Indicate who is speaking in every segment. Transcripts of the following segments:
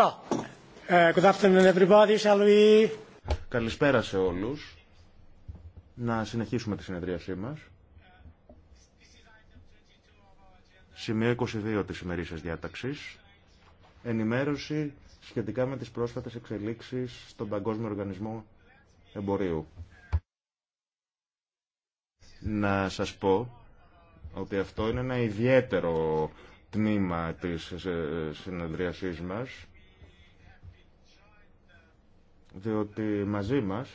Speaker 1: Uh, Καλησπέρα σε όλους. Να συνεχίσουμε τη συνεδρίασή μας. Σημείο 22 της ημερήσιας διάταξης. Ενημέρωση σχετικά με τις πρόσφατες εξελίξεις στον Παγκόσμιο Οργανισμό Εμπορίου. Να σας πω ότι αυτό είναι ένα ιδιαίτερο τμήμα της ε, συνεδριασής μας διότι μαζί μας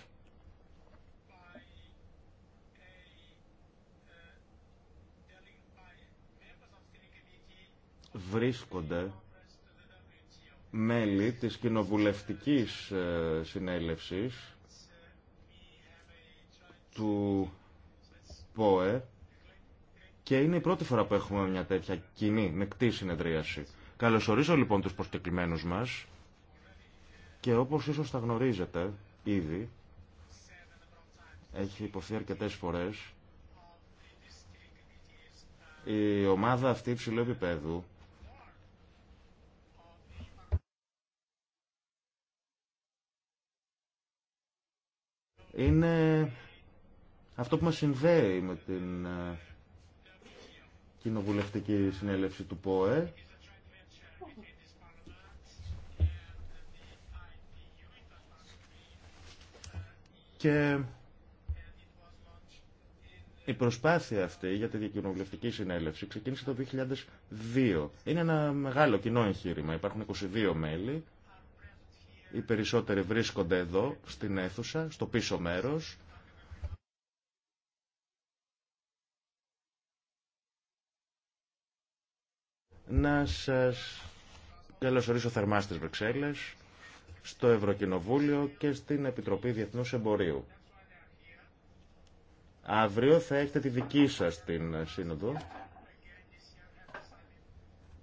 Speaker 1: βρίσκονται μέλη της κοινοβουλευτικής ε, συνέλευσης του ΠΟΕ και είναι η πρώτη φορά που έχουμε μια τέτοια κοινή, μεκτή συνεδρίαση. Καλωσορίζω λοιπόν τους προσκεκλημένους μας και όπως ίσως τα γνωρίζετε ήδη, έχει υποθεί αρκετές φορές, η ομάδα αυτή υψηλού επίπεδου είναι αυτό που μας συνδέει με την ε, κοινοβουλευτική συνέλευση του ΠΟΕ Και η προσπάθεια αυτή για τη διακοινοβουλευτική συνέλευση ξεκίνησε το 2002. Είναι ένα μεγάλο κοινό εγχείρημα. Υπάρχουν 22 μέλη. Οι περισσότεροι βρίσκονται εδώ, στην αίθουσα, στο πίσω μέρος. Να σας καλωσορίσω θερμά στις Βρυξέλλες στο Ευρωκοινοβούλιο και στην Επιτροπή Διεθνούς Εμπορίου. Αύριο θα έχετε τη δική σας την σύνοδο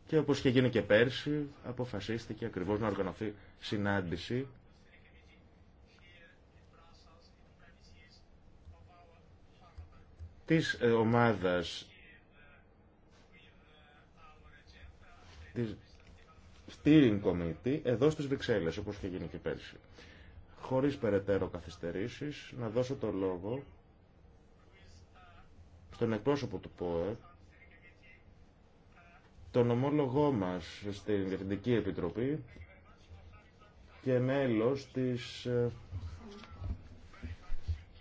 Speaker 1: και όπως είχε γίνει και πέρσι αποφασίστηκε ακριβώς να οργανωθεί συνάντηση της ομάδας της Steering Committee εδώ στις Βρυξέλλες, όπως είχε γίνει και πέρσι. Χωρίς περαιτέρω καθυστερήσεις, να δώσω το λόγο στον εκπρόσωπο του ΠΟΕ, τον ομόλογό μας στην Διευθυντική Επιτροπή και μέλος της ε,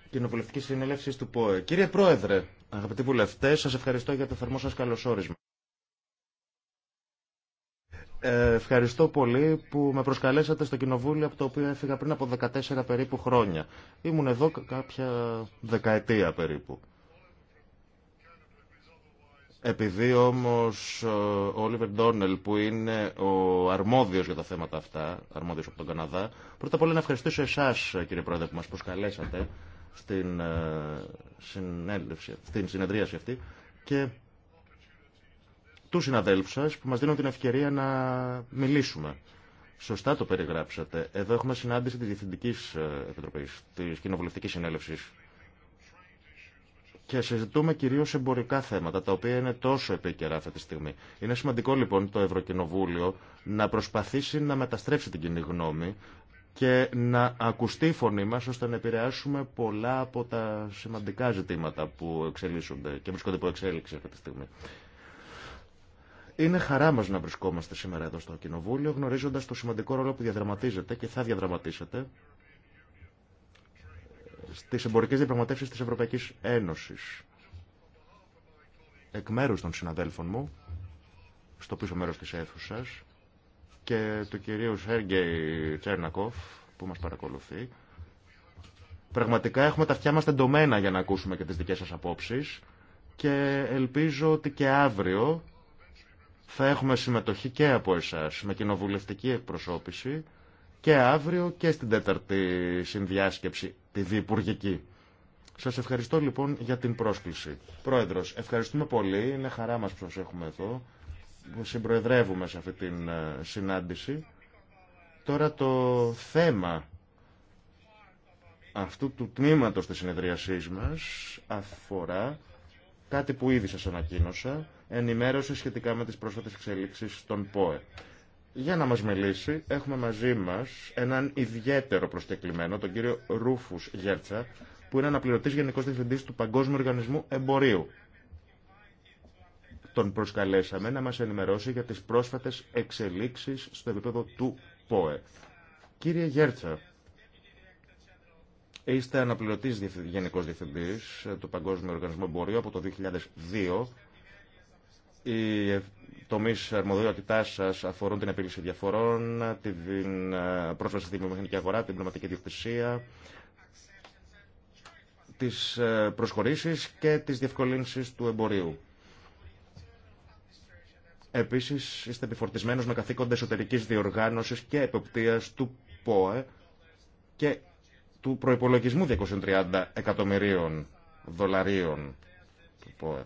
Speaker 1: Κοινοβουλευτικής Συνέλευσης του ΠΟΕ. Κύριε Πρόεδρε, αγαπητοί βουλευτές, σας ευχαριστώ για το θερμό σας καλωσόρισμα. Ε, ευχαριστώ πολύ που με προσκαλέσατε στο κοινοβούλιο από το οποίο έφυγα πριν από 14 περίπου χρόνια. Ήμουν εδώ κάποια δεκαετία περίπου. Επειδή όμως ε, ο Όλιβερ Ντόνελ που είναι ο αρμόδιος για τα θέματα αυτά, αρμόδιος από τον Καναδά, πρώτα απ' όλα να ευχαριστήσω εσάς κύριε Πρόεδρε που μας προσκαλέσατε στην, ε, στην συνεδρίαση αυτή και του συναδέλφου σα που μα δίνουν την ευκαιρία να μιλήσουμε. Σωστά το περιγράψατε. Εδώ έχουμε συνάντηση τη Διευθυντική ε, Επιτροπή, τη κοινοβουλευτική συνέλευση. Και συζητούμε κυρίω εμπορικά θέματα, τα οποία είναι τόσο επίκαιρα αυτή τη στιγμή. Είναι σημαντικό λοιπόν το Ευρωκοινοβούλιο να προσπαθήσει να μεταστρέψει την κοινή γνώμη και να ακουστεί η φωνή μας ώστε να επηρεάσουμε πολλά από τα σημαντικά ζητήματα που εξελίσσονται και βρίσκονται υπό εξέλιξη αυτή τη στιγμή. Είναι χαρά μας να βρισκόμαστε σήμερα εδώ στο Κοινοβούλιο γνωρίζοντας το σημαντικό ρόλο που διαδραματίζεται και θα διαδραματίσετε στι εμπορικέ διαπραγματεύσει της Ευρωπαϊκής Ένωσης. Εκ μέρου των συναδέλφων μου, στο πίσω μέρο τη αίθουσα και του κυρίου Σέργεϊ Τσέρνακοφ που μας παρακολουθεί. Πραγματικά έχουμε τα αυτιά μας τεντωμένα για να ακούσουμε και τις δικές σας απόψει και ελπίζω ότι και αύριο θα έχουμε συμμετοχή και από εσάς με κοινοβουλευτική εκπροσώπηση και αύριο και στην τέταρτη συνδιάσκεψη, τη διυπουργική. Σας ευχαριστώ λοιπόν για την πρόσκληση. Πρόεδρος, ευχαριστούμε πολύ. Είναι χαρά μας που σας έχουμε εδώ. Συμπροεδρεύουμε σε αυτή την ε, συνάντηση. Τώρα το θέμα αυτού του τμήματος της συνεδριασής μας αφορά κάτι που ήδη σας ανακοίνωσα ενημέρωση σχετικά με τις πρόσφατες εξελίξεις των ΠΟΕ. Για να μας μιλήσει, έχουμε μαζί μας έναν ιδιαίτερο προσκεκλημένο, τον κύριο Ρούφους Γέρτσα, που είναι αναπληρωτής Γενικός Διευθυντής του Παγκόσμιου Οργανισμού Εμπορίου. Τον προσκαλέσαμε να μας ενημερώσει για τις πρόσφατες εξελίξεις στο επίπεδο του ΠΟΕ. Κύριε Γέρτσα, είστε αναπληρωτής Γενικός Διευθυντής του Παγκόσμιου Οργανισμού Εμπορίου από το 2002 οι τομεί αρμοδιότητά σα αφορούν την επίλυση διαφορών, την ε, πρόσβαση στη βιομηχανική αγορά, την πνευματική διοκτησία, τι ε, προσχωρήσει και τι διευκολύνσει του εμπορίου. Επίση, είστε επιφορτισμένο με καθήκοντα εσωτερική διοργάνωση και εποπτεία του ΠΟΕ και του προπολογισμού 230 εκατομμυρίων δολαρίων του ΠΟΕ.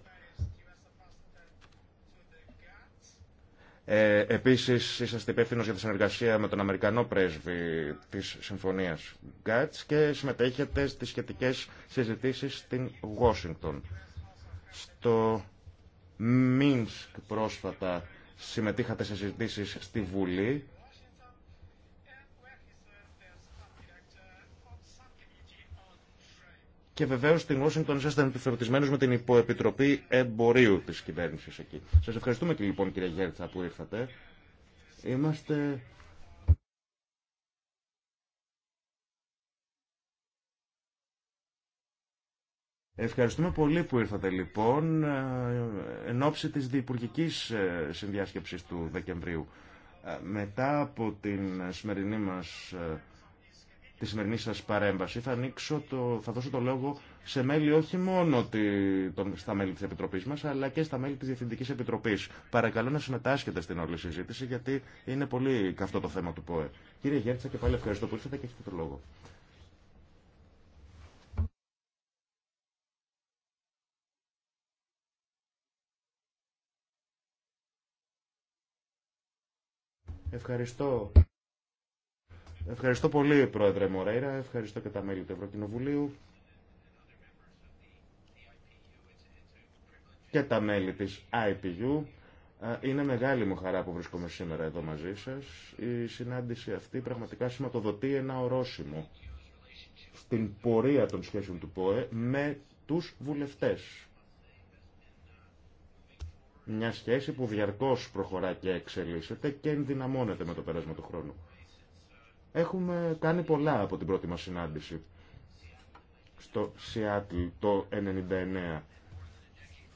Speaker 1: Ε, Επίση, είσαστε υπεύθυνο για τη συνεργασία με τον Αμερικανό πρέσβη τη Συμφωνία Γκάτ και συμμετέχετε στι σχετικέ συζητήσει στην Ουάσιγκτον. Στο Μίνσκ πρόσφατα συμμετείχατε σε συζητήσεις στη Βουλή Και βεβαίω στην Ουάσιγκτον είσαστε επιφορτισμένου με την υποεπιτροπή εμπορίου τη κυβέρνηση εκεί. Σα ευχαριστούμε και λοιπόν κύριε Γέρτσα που ήρθατε. Είμαστε Ευχαριστούμε πολύ που ήρθατε λοιπόν ε, εν ώψη της διευπουργικής ε, Συνδιάσκεψης του Δεκεμβρίου. Ε, μετά από την σημερινή μας τη σημερινή σας παρέμβαση. Θα, το, δώσω το λόγο σε μέλη όχι μόνο στα μέλη της Επιτροπής μας, αλλά και στα μέλη της Διευθυντικής Επιτροπής. Παρακαλώ να συμμετάσχετε στην όλη συζήτηση, γιατί είναι πολύ καυτό το θέμα του ΠΟΕ. Κύριε Γέρτσα, και πάλι ευχαριστώ που ήρθατε και έχετε το λόγο. Ευχαριστώ. Ευχαριστώ πολύ, Πρόεδρε Μορέιρα. Ευχαριστώ και τα μέλη του Ευρωκοινοβουλίου και τα μέλη της IPU. Ε, είναι μεγάλη μου χαρά που βρίσκομαι σήμερα εδώ μαζί σας. Η συνάντηση αυτή πραγματικά σηματοδοτεί ένα ορόσημο στην πορεία των σχέσεων του ΠΟΕ με τους βουλευτές. Μια σχέση που διαρκώς προχωρά και εξελίσσεται και ενδυναμώνεται με το πέρασμα του χρόνου. Έχουμε κάνει πολλά από την πρώτη μας συνάντηση στο Σιάτλ το 1999.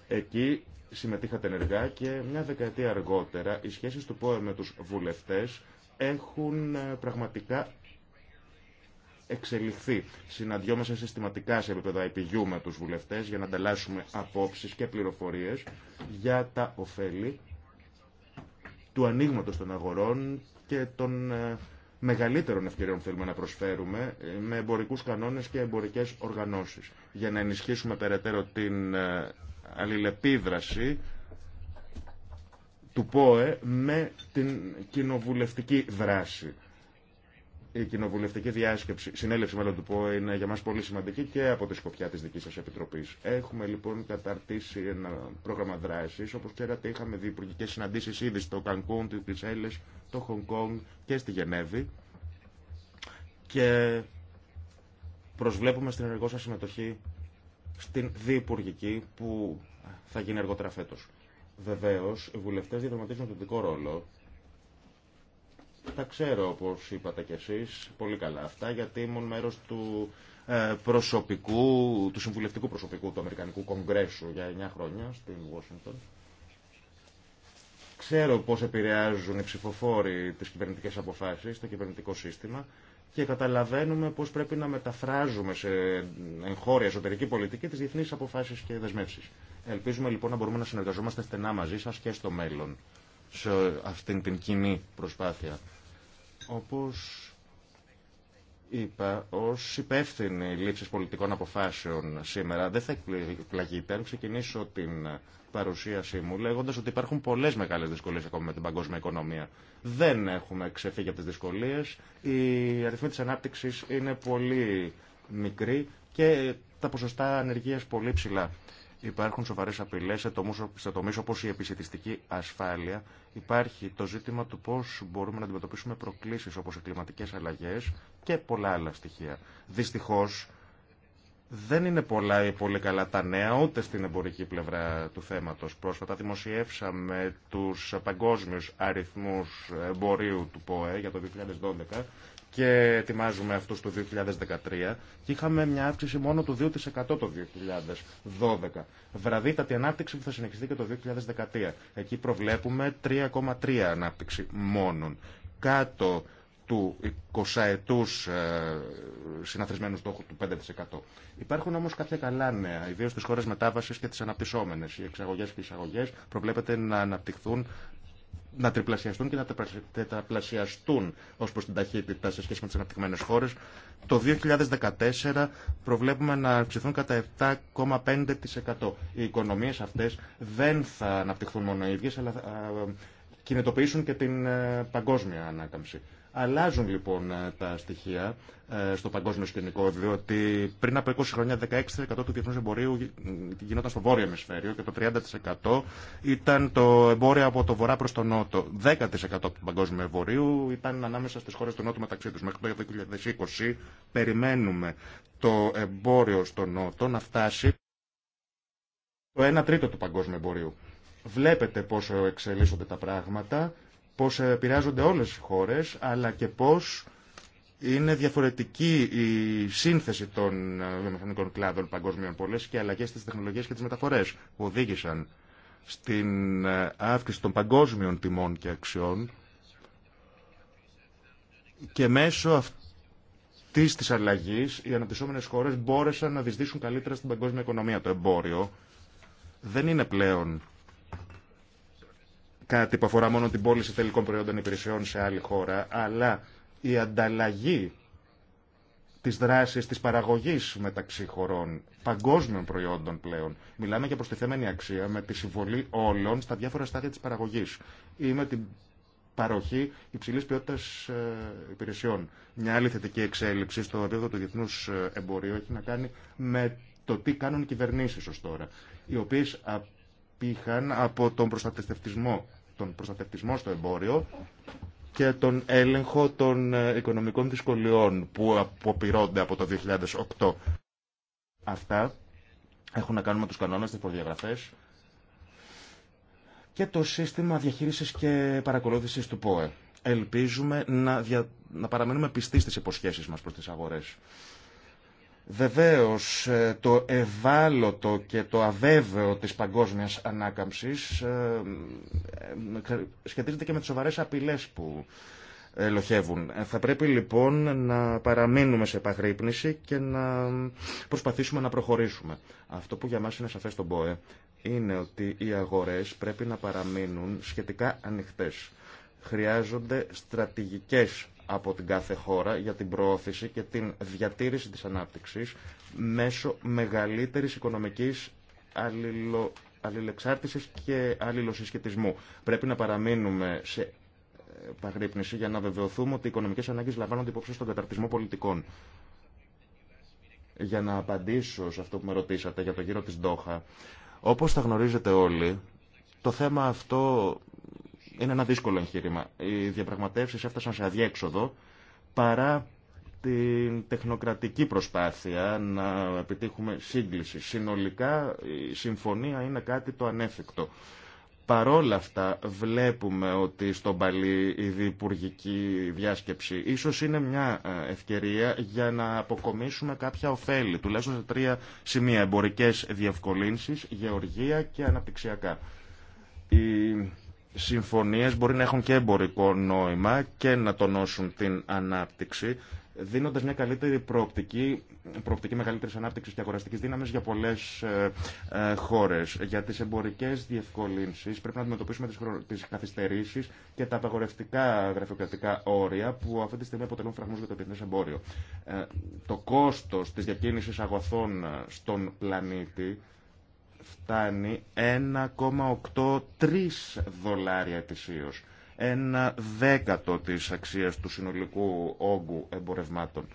Speaker 1: Εκεί συμμετείχατε ενεργά και μια δεκαετία αργότερα οι σχέσεις του ΠΟΕ με τους βουλευτές έχουν ε, πραγματικά εξελιχθεί. Συναντιόμαστε συστηματικά σε επίπεδο IPU με τους βουλευτές για να ανταλλάσσουμε απόψεις και πληροφορίες για τα ωφέλη του ανοίγματο των αγορών και των ε, μεγαλύτερων ευκαιριών θέλουμε να προσφέρουμε ε, με εμπορικούς κανόνες και εμπορικές οργανώσεις για να ενισχύσουμε περαιτέρω την ε, αλληλεπίδραση του ΠΟΕ με την κοινοβουλευτική δράση η κοινοβουλευτική διάσκεψη, συνέλευση μάλλον του ΠΟΕ είναι για μας πολύ σημαντική και από τη σκοπιά της δικής σας Επιτροπής. Έχουμε λοιπόν καταρτήσει ένα πρόγραμμα δράσης, όπως ξέρατε είχαμε διπουργικέ συναντήσεις ήδη στο Κανκούν, τη Βρυσέλλες, το Χονγκ και στη Γενέβη και προσβλέπουμε στην ενεργό σας συμμετοχή στην διπουργική που θα γίνει αργότερα φέτος. Βεβαίως, οι βουλευτές διαδραματίζουν δικό ρόλο τα ξέρω, όπως είπατε κι εσείς, πολύ καλά αυτά, γιατί ήμουν μέρος του ε, προσωπικού, του συμβουλευτικού προσωπικού του Αμερικανικού Κογκρέσου για 9 χρόνια στην Washington. Ξέρω πώς επηρεάζουν οι ψηφοφόροι τις κυβερνητικές αποφάσεις, το κυβερνητικό σύστημα και καταλαβαίνουμε πώς πρέπει να μεταφράζουμε σε εγχώρια εσωτερική πολιτική τις διεθνείς αποφάσεις και δεσμεύσεις. Ελπίζουμε λοιπόν να μπορούμε να συνεργαζόμαστε στενά μαζί σας και στο μέλλον σε αυτήν την κοινή προσπάθεια όπως είπα, ως υπεύθυνη λήψης πολιτικών αποφάσεων σήμερα, δεν θα εκπλαγείτε αν ξεκινήσω την παρουσίασή μου λέγοντας ότι υπάρχουν πολλές μεγάλες δυσκολίες ακόμα με την παγκόσμια οικονομία. Δεν έχουμε ξεφύγει από τις δυσκολίες, οι αριθμοί της ανάπτυξης είναι πολύ μικροί και τα ποσοστά ανεργίας πολύ ψηλά. Υπάρχουν σοβαρέ απειλέ σε τομεί όπω η επισητιστική ασφάλεια. Υπάρχει το ζήτημα του πώ μπορούμε να αντιμετωπίσουμε προκλήσει όπω οι κλιματικέ αλλαγέ και πολλά άλλα στοιχεία. Δυστυχώ δεν είναι πολλά ή πολύ καλά τα νέα ούτε στην εμπορική πλευρά του θέματος. Πρόσφατα δημοσιεύσαμε τους παγκόσμιους αριθμούς εμπορίου του ΠΟΕ για το 2012 και ετοιμάζουμε αυτούς το 2013 και είχαμε μια αύξηση μόνο του 2% το 2012. την ανάπτυξη που θα συνεχιστεί και το 2013. Εκεί προβλέπουμε 3,3 ανάπτυξη μόνον. Κάτω του 20 ετούς ε, συναθρισμένου στόχου του 5%. Υπάρχουν όμως κάποια καλά νέα, ιδίως στις χώρες μετάβασης και τις αναπτυσσόμενες. Οι εξαγωγές και οι εισαγωγές προβλέπεται να αναπτυχθούν να τριπλασιαστούν και να τετραπλασιαστούν ω προ την ταχύτητα σε σχέση με τι αναπτυγμένε χώρε. Το 2014 προβλέπουμε να αυξηθούν κατά 7,5%. Οι οικονομίε αυτέ δεν θα αναπτυχθούν μόνο οι ίδιε, αλλά θα ε, κινητοποιήσουν και την ε, παγκόσμια ανάκαμψη. Αλλάζουν λοιπόν ε, τα στοιχεία ε, στο παγκόσμιο σκηνικό, διότι πριν από 20 χρόνια 16% του διεθνού εμπορίου γινόταν στο βόρειο ημισφαίριο και το 30% ήταν το εμπόριο από το βορρά προ το νότο. 10% του παγκόσμιου εμπορίου ήταν ανάμεσα στι χώρε του νότου μεταξύ του. Μέχρι το 2020 περιμένουμε το εμπόριο στο νότο να φτάσει το 1 τρίτο του παγκόσμιου εμπορίου. Βλέπετε πόσο εξελίσσονται τα πράγματα πώς ε, επηρεάζονται όλες οι χώρες, αλλά και πώς είναι διαφορετική η σύνθεση των ε, βιομηχανικών κλάδων παγκοσμίων πολλές και αλλαγές στις τεχνολογίες και τις μεταφορές που οδήγησαν στην ε, αύξηση των παγκόσμιων τιμών και αξιών και μέσω αυτής της αλλαγής οι αναπτυσσόμενες χώρες μπόρεσαν να δυσδύσουν καλύτερα στην παγκόσμια οικονομία. Το εμπόριο δεν είναι πλέον κάτι που αφορά μόνο την πώληση τελικών προϊόντων υπηρεσιών σε άλλη χώρα, αλλά η ανταλλαγή τη δράση τη παραγωγή μεταξύ χωρών, παγκόσμιων προϊόντων πλέον. Μιλάμε για προστιθέμενη αξία με τη συμβολή όλων στα διάφορα στάδια τη παραγωγή ή με την παροχή υψηλή ποιότητα ε, υπηρεσιών. Μια άλλη θετική εξέλιξη στο επίπεδο του διεθνού ε, εμπορίου έχει να κάνει με το τι κάνουν οι κυβερνήσει ω τώρα, οι οποίες απήχαν από τον προστατευτισμό τον προστατευτισμό στο εμπόριο και τον έλεγχο των ε, οικονομικών δυσκολιών που αποπειρώνται από το 2008. Αυτά έχουν να κάνουν με τους κανόνες, της προδιαγραφές και το σύστημα διαχείρισης και παρακολούθησης του ΠΟΕ. Ελπίζουμε να, δια... να παραμείνουμε πιστοί στις υποσχέσεις μας προς τις αγορές. Βεβαίως ε, το ευάλωτο και το αβέβαιο της παγκόσμιας ανάκαμψης ε, ε, σχετίζεται και με τις σοβαρές απειλές που ελοχεύουν. Θα πρέπει λοιπόν να παραμείνουμε σε επαγρύπνηση και να προσπαθήσουμε να προχωρήσουμε. Αυτό που για μας είναι σαφές στον ΠΟΕ είναι ότι οι αγορές πρέπει να παραμείνουν σχετικά ανοιχτές. Χρειάζονται στρατηγικές από την κάθε χώρα για την προώθηση και την διατήρηση της ανάπτυξης μέσω μεγαλύτερης οικονομικής αλληλο... αλληλεξάρτησης και αλληλοσυσχετισμού. Πρέπει να παραμείνουμε σε ε, παγρύπνηση για να βεβαιωθούμε ότι οι οικονομικές ανάγκες λαμβάνονται υπόψη στον καταρτισμό πολιτικών. Για να απαντήσω σε αυτό που με ρωτήσατε για το γύρο της Ντόχα, όπως θα γνωρίζετε όλοι, το θέμα αυτό είναι ένα δύσκολο εγχείρημα. Οι διαπραγματεύσεις έφτασαν σε αδιέξοδο παρά την τεχνοκρατική προσπάθεια να επιτύχουμε σύγκληση. Συνολικά η συμφωνία είναι κάτι το ανέφικτο. Παρόλα αυτά βλέπουμε ότι στον Παλί η διπουργική διάσκεψη ίσως είναι μια ε, ευκαιρία για να αποκομίσουμε κάποια ωφέλη, τουλάχιστον σε τρία σημεία, εμπορικές διευκολύνσεις, γεωργία και αναπτυξιακά συμφωνίες μπορεί να έχουν και εμπορικό νόημα και να τονώσουν την ανάπτυξη, δίνοντας μια καλύτερη προοπτική, προοπτική μεγαλύτερης ανάπτυξης και αγοραστικής δύναμης για πολλές ε, ε χώρες. Για τις εμπορικές διευκολύνσεις πρέπει να αντιμετωπίσουμε τις, τις καθυστερήσεις και τα απαγορευτικά γραφειοκρατικά όρια που αυτή τη στιγμή αποτελούν φραγμούς για το διεθνές εμπόριο. Ε, το κόστος της διακίνησης αγωθών ε, στον πλανήτη φτάνει 1,83 δολάρια ετησίως. Ένα δέκατο της αξίας του συνολικού όγκου εμπορευμάτων.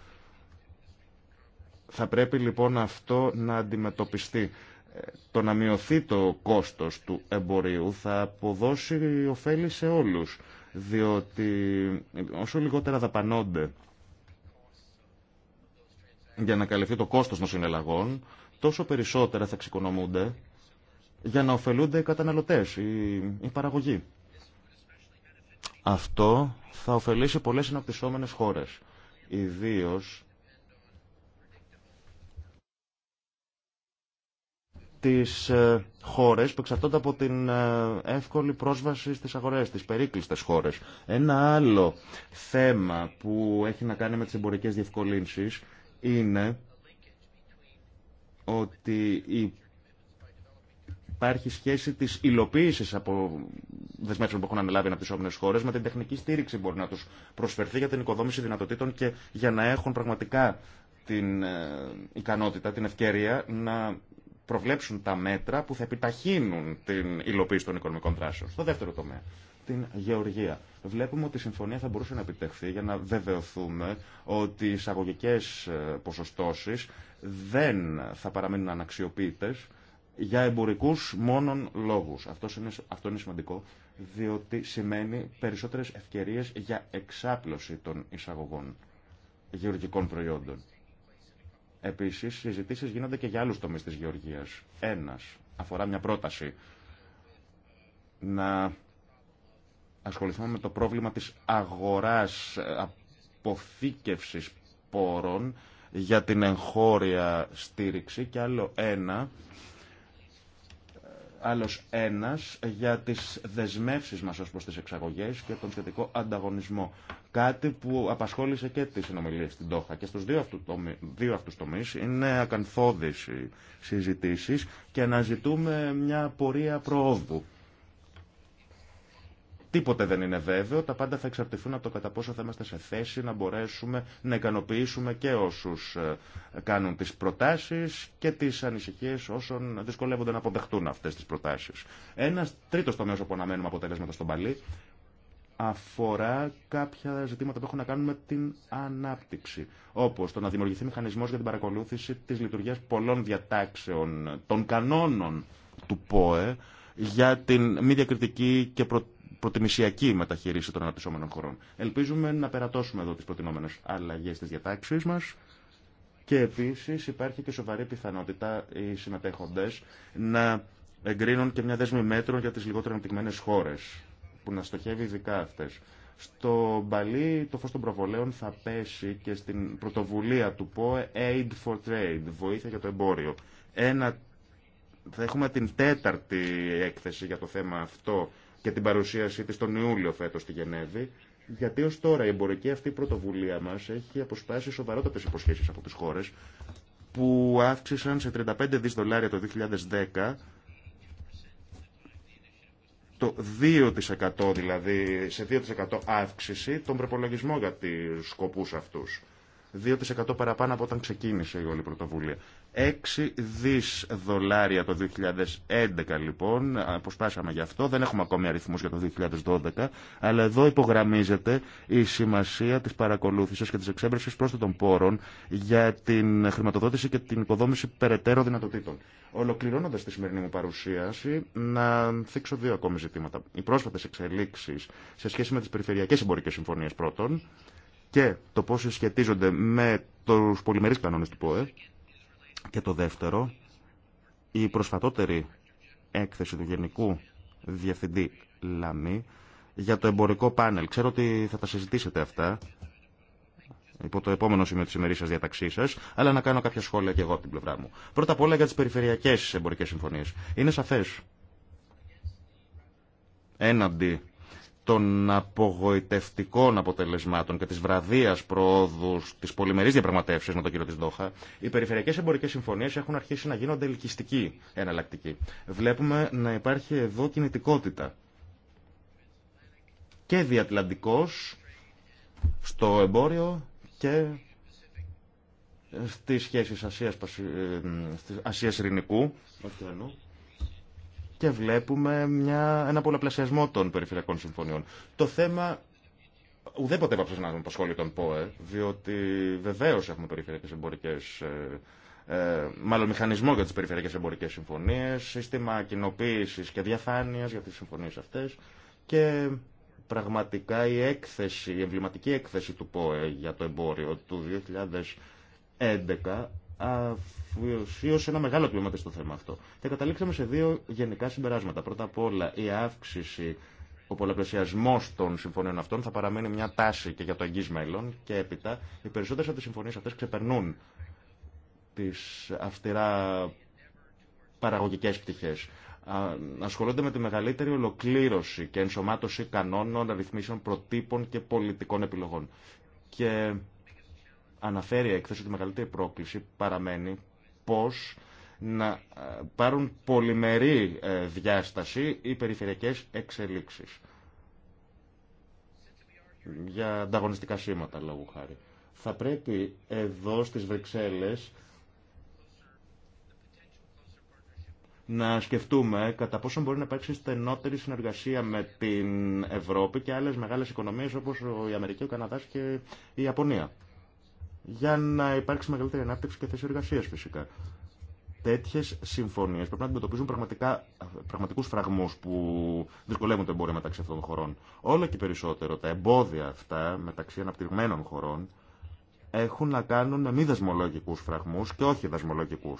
Speaker 1: Θα πρέπει λοιπόν αυτό να αντιμετωπιστεί. Ε, το να μειωθεί το κόστος του εμπορίου θα αποδώσει ωφέλη σε όλους, διότι όσο λιγότερα δαπανώνται για να καλυφθεί το κόστος των συνελλαγών, τόσο περισσότερα θα εξοικονομούνται για να ωφελούνται οι καταναλωτές, η παραγωγή. Αυτό θα ωφελήσει πολλές αναπτυσσόμενες χώρες, ιδίως τις ε, χώρες που εξαρτώνται από την ε, εύκολη πρόσβαση στις αγορές, τις περίκλειστες χώρες. Ένα άλλο θέμα που έχει να κάνει με τις εμπορικές διευκολύνσεις είναι ότι υπάρχει σχέση της υλοποίησης από δεσμεύσεων που έχουν αναλάβει αναπτυσσόμενες χώρες με την τεχνική στήριξη μπορεί να τους προσφερθεί για την οικοδόμηση δυνατοτήτων και για να έχουν πραγματικά την ε, ικανότητα, την ευκαιρία να προβλέψουν τα μέτρα που θα επιταχύνουν την υλοποίηση των οικονομικών δράσεων. Στο δεύτερο τομέα, την γεωργία. Βλέπουμε ότι η συμφωνία θα μπορούσε να επιτευχθεί για να βεβαιωθούμε ότι οι εισαγωγικέ ε, ποσοστώσει δεν θα παραμείνουν αναξιοποιητέ για εμπορικού μόνον λόγου. Αυτό είναι, αυτό είναι σημαντικό, διότι σημαίνει περισσότερε ευκαιρίε για εξάπλωση των εισαγωγών γεωργικών προϊόντων. Επίση, συζητήσει γίνονται και για άλλου τομεί τη γεωργία. Ένα αφορά μια πρόταση να ασχοληθούμε με το πρόβλημα της αγοράς αποθήκευσης πόρων για την εγχώρια στήριξη και άλλο ένα άλλος ένας για τις δεσμεύσεις μας ως προς τις εξαγωγές και τον σχετικό ανταγωνισμό. Κάτι που απασχόλησε και τις συνομιλίες στην Τόχα και στους δύο, αυτού, δύο αυτούς τομείς είναι ακανθώδεις συζητήσεις και αναζητούμε μια πορεία προόδου Τίποτε δεν είναι βέβαιο, τα πάντα θα εξαρτηθούν από το κατά πόσο θα είμαστε σε θέση να μπορέσουμε να ικανοποιήσουμε και όσους ε, κάνουν τις προτάσεις και τις ανησυχίες όσων δυσκολεύονται να αποδεχτούν αυτές τις προτάσεις. Ένα τρίτο τομέας όπου αναμένουμε αποτελέσματα στον Παλί αφορά κάποια ζητήματα που έχουν να κάνουν με την ανάπτυξη. Όπω το να δημιουργηθεί μηχανισμό για την παρακολούθηση τη λειτουργία πολλών διατάξεων των κανόνων του ΠΟΕ για την μη διακριτική και προ προτιμησιακή μεταχείριση των αναπτυσσόμενων χωρών. Ελπίζουμε να περατώσουμε εδώ τι προτινόμενε αλλαγέ τη διατάξεις μα και επίση υπάρχει και σοβαρή πιθανότητα οι συμμετέχοντε να εγκρίνουν και μια δέσμη μέτρων για τι λιγότερο αναπτυγμένε χώρε που να στοχεύει ειδικά αυτέ. Στο Μπαλί το φως των προβολέων θα πέσει και στην πρωτοβουλία του ΠΟΕ Aid for Trade, βοήθεια για το εμπόριο. Ένα, θα έχουμε την τέταρτη έκθεση για το θέμα αυτό και την παρουσίασή της τον Ιούλιο φέτος στη Γενέβη, γιατί ως τώρα η εμπορική αυτή πρωτοβουλία μας έχει αποσπάσει σοβαρότατες υποσχέσεις από τις χώρες που αύξησαν σε 35 δις δολάρια το 2010 το 2% δηλαδή, σε 2% αύξηση τον προπολογισμό για τους σκοπούς αυτούς. 2% παραπάνω από όταν ξεκίνησε η όλη πρωτοβουλία. 6 δις δολάρια το 2011 λοιπόν, αποσπάσαμε γι' αυτό, δεν έχουμε ακόμη αριθμούς για το 2012, αλλά εδώ υπογραμμίζεται η σημασία της παρακολούθησης και της εξέμπρεσης πρόσθετων πόρων για την χρηματοδότηση και την οικοδόμηση περαιτέρω δυνατοτήτων. Ολοκληρώνοντα τη σημερινή μου παρουσίαση, να θίξω δύο ακόμη ζητήματα. Οι πρόσφατε εξελίξει σε σχέση με τι περιφερειακέ εμπορικέ συμφωνίε πρώτον και το πώ συσχετίζονται με του πολυμερεί κανόνε του ΠΟΕ και το δεύτερο, η προσφατότερη έκθεση του Γενικού Διευθυντή Λαμή για το εμπορικό πάνελ. Ξέρω ότι θα τα συζητήσετε αυτά υπό το επόμενο σημείο τη σας διαταξή σα, αλλά να κάνω κάποια σχόλια και εγώ από την πλευρά μου. Πρώτα απ' όλα για τι περιφερειακέ εμπορικέ συμφωνίε. Είναι σαφέ έναντι των απογοητευτικών αποτελεσμάτων και τη βραδία προόδου τη πολυμερή διαπραγματεύση με τον κύριο τη Δόχα, οι περιφερειακέ εμπορικέ συμφωνίε έχουν αρχίσει να γίνονται ελκυστικοί, εναλλακτικοί. Βλέπουμε να υπάρχει εδώ κινητικότητα. Και διατλαντικό στο εμπόριο και στις σχέσεις Ασίας, ε, Ασίας Ειρηνικού, και βλέπουμε μια, ένα πολλαπλασιασμό των περιφερειακών συμφωνιών. Το θέμα ουδέποτε έπαψε να το σχόλιο των ΠΟΕ, διότι βεβαίω έχουμε περιφερειακέ εμπορικέ. Ε, ε, μάλλον μηχανισμό για τι περιφερειακέ εμπορικέ συμφωνίε, σύστημα κοινοποίηση και διαφάνεια για τι συμφωνίε αυτέ και πραγματικά η έκθεση, η εμβληματική έκθεση του ΠΟΕ για το εμπόριο του 2011 αφιωσίωσε ένα μεγάλο τμήμα στο θέμα αυτό. Και καταλήξαμε σε δύο γενικά συμπεράσματα. Πρώτα απ' όλα, η αύξηση, ο πολλαπλασιασμό των συμφωνίων αυτών θα παραμένει μια τάση και για το εγγύ μέλλον. Και έπειτα, οι περισσότερε από τι συμφωνίε αυτέ ξεπερνούν τι αυστηρά παραγωγικέ πτυχέ ασχολούνται με τη μεγαλύτερη ολοκλήρωση και ενσωμάτωση κανόνων, αριθμίσεων, προτύπων και πολιτικών επιλογών. Και αναφέρει η έκθεση ότι η μεγαλύτερη πρόκληση παραμένει πώς να ε, πάρουν πολυμερή ε, διάσταση οι περιφερειακές εξελίξεις. Για ανταγωνιστικά σήματα, λόγου χάρη. Θα πρέπει εδώ στις Βρυξέλλες να σκεφτούμε κατά πόσο μπορεί να υπάρξει στενότερη συνεργασία με την Ευρώπη και άλλες μεγάλες οικονομίες όπως η Αμερική, ο Καναδάς και η Ιαπωνία για να υπάρξει μεγαλύτερη ανάπτυξη και θέση εργασία φυσικά. Τέτοιε συμφωνίε πρέπει να αντιμετωπίζουν πραγματικού φραγμού που δυσκολεύουν το εμπόριο μεταξύ αυτών των χωρών. Όλο και περισσότερο τα εμπόδια αυτά μεταξύ αναπτυγμένων χωρών έχουν να κάνουν με μη δασμολογικού φραγμού και όχι δασμολογικού.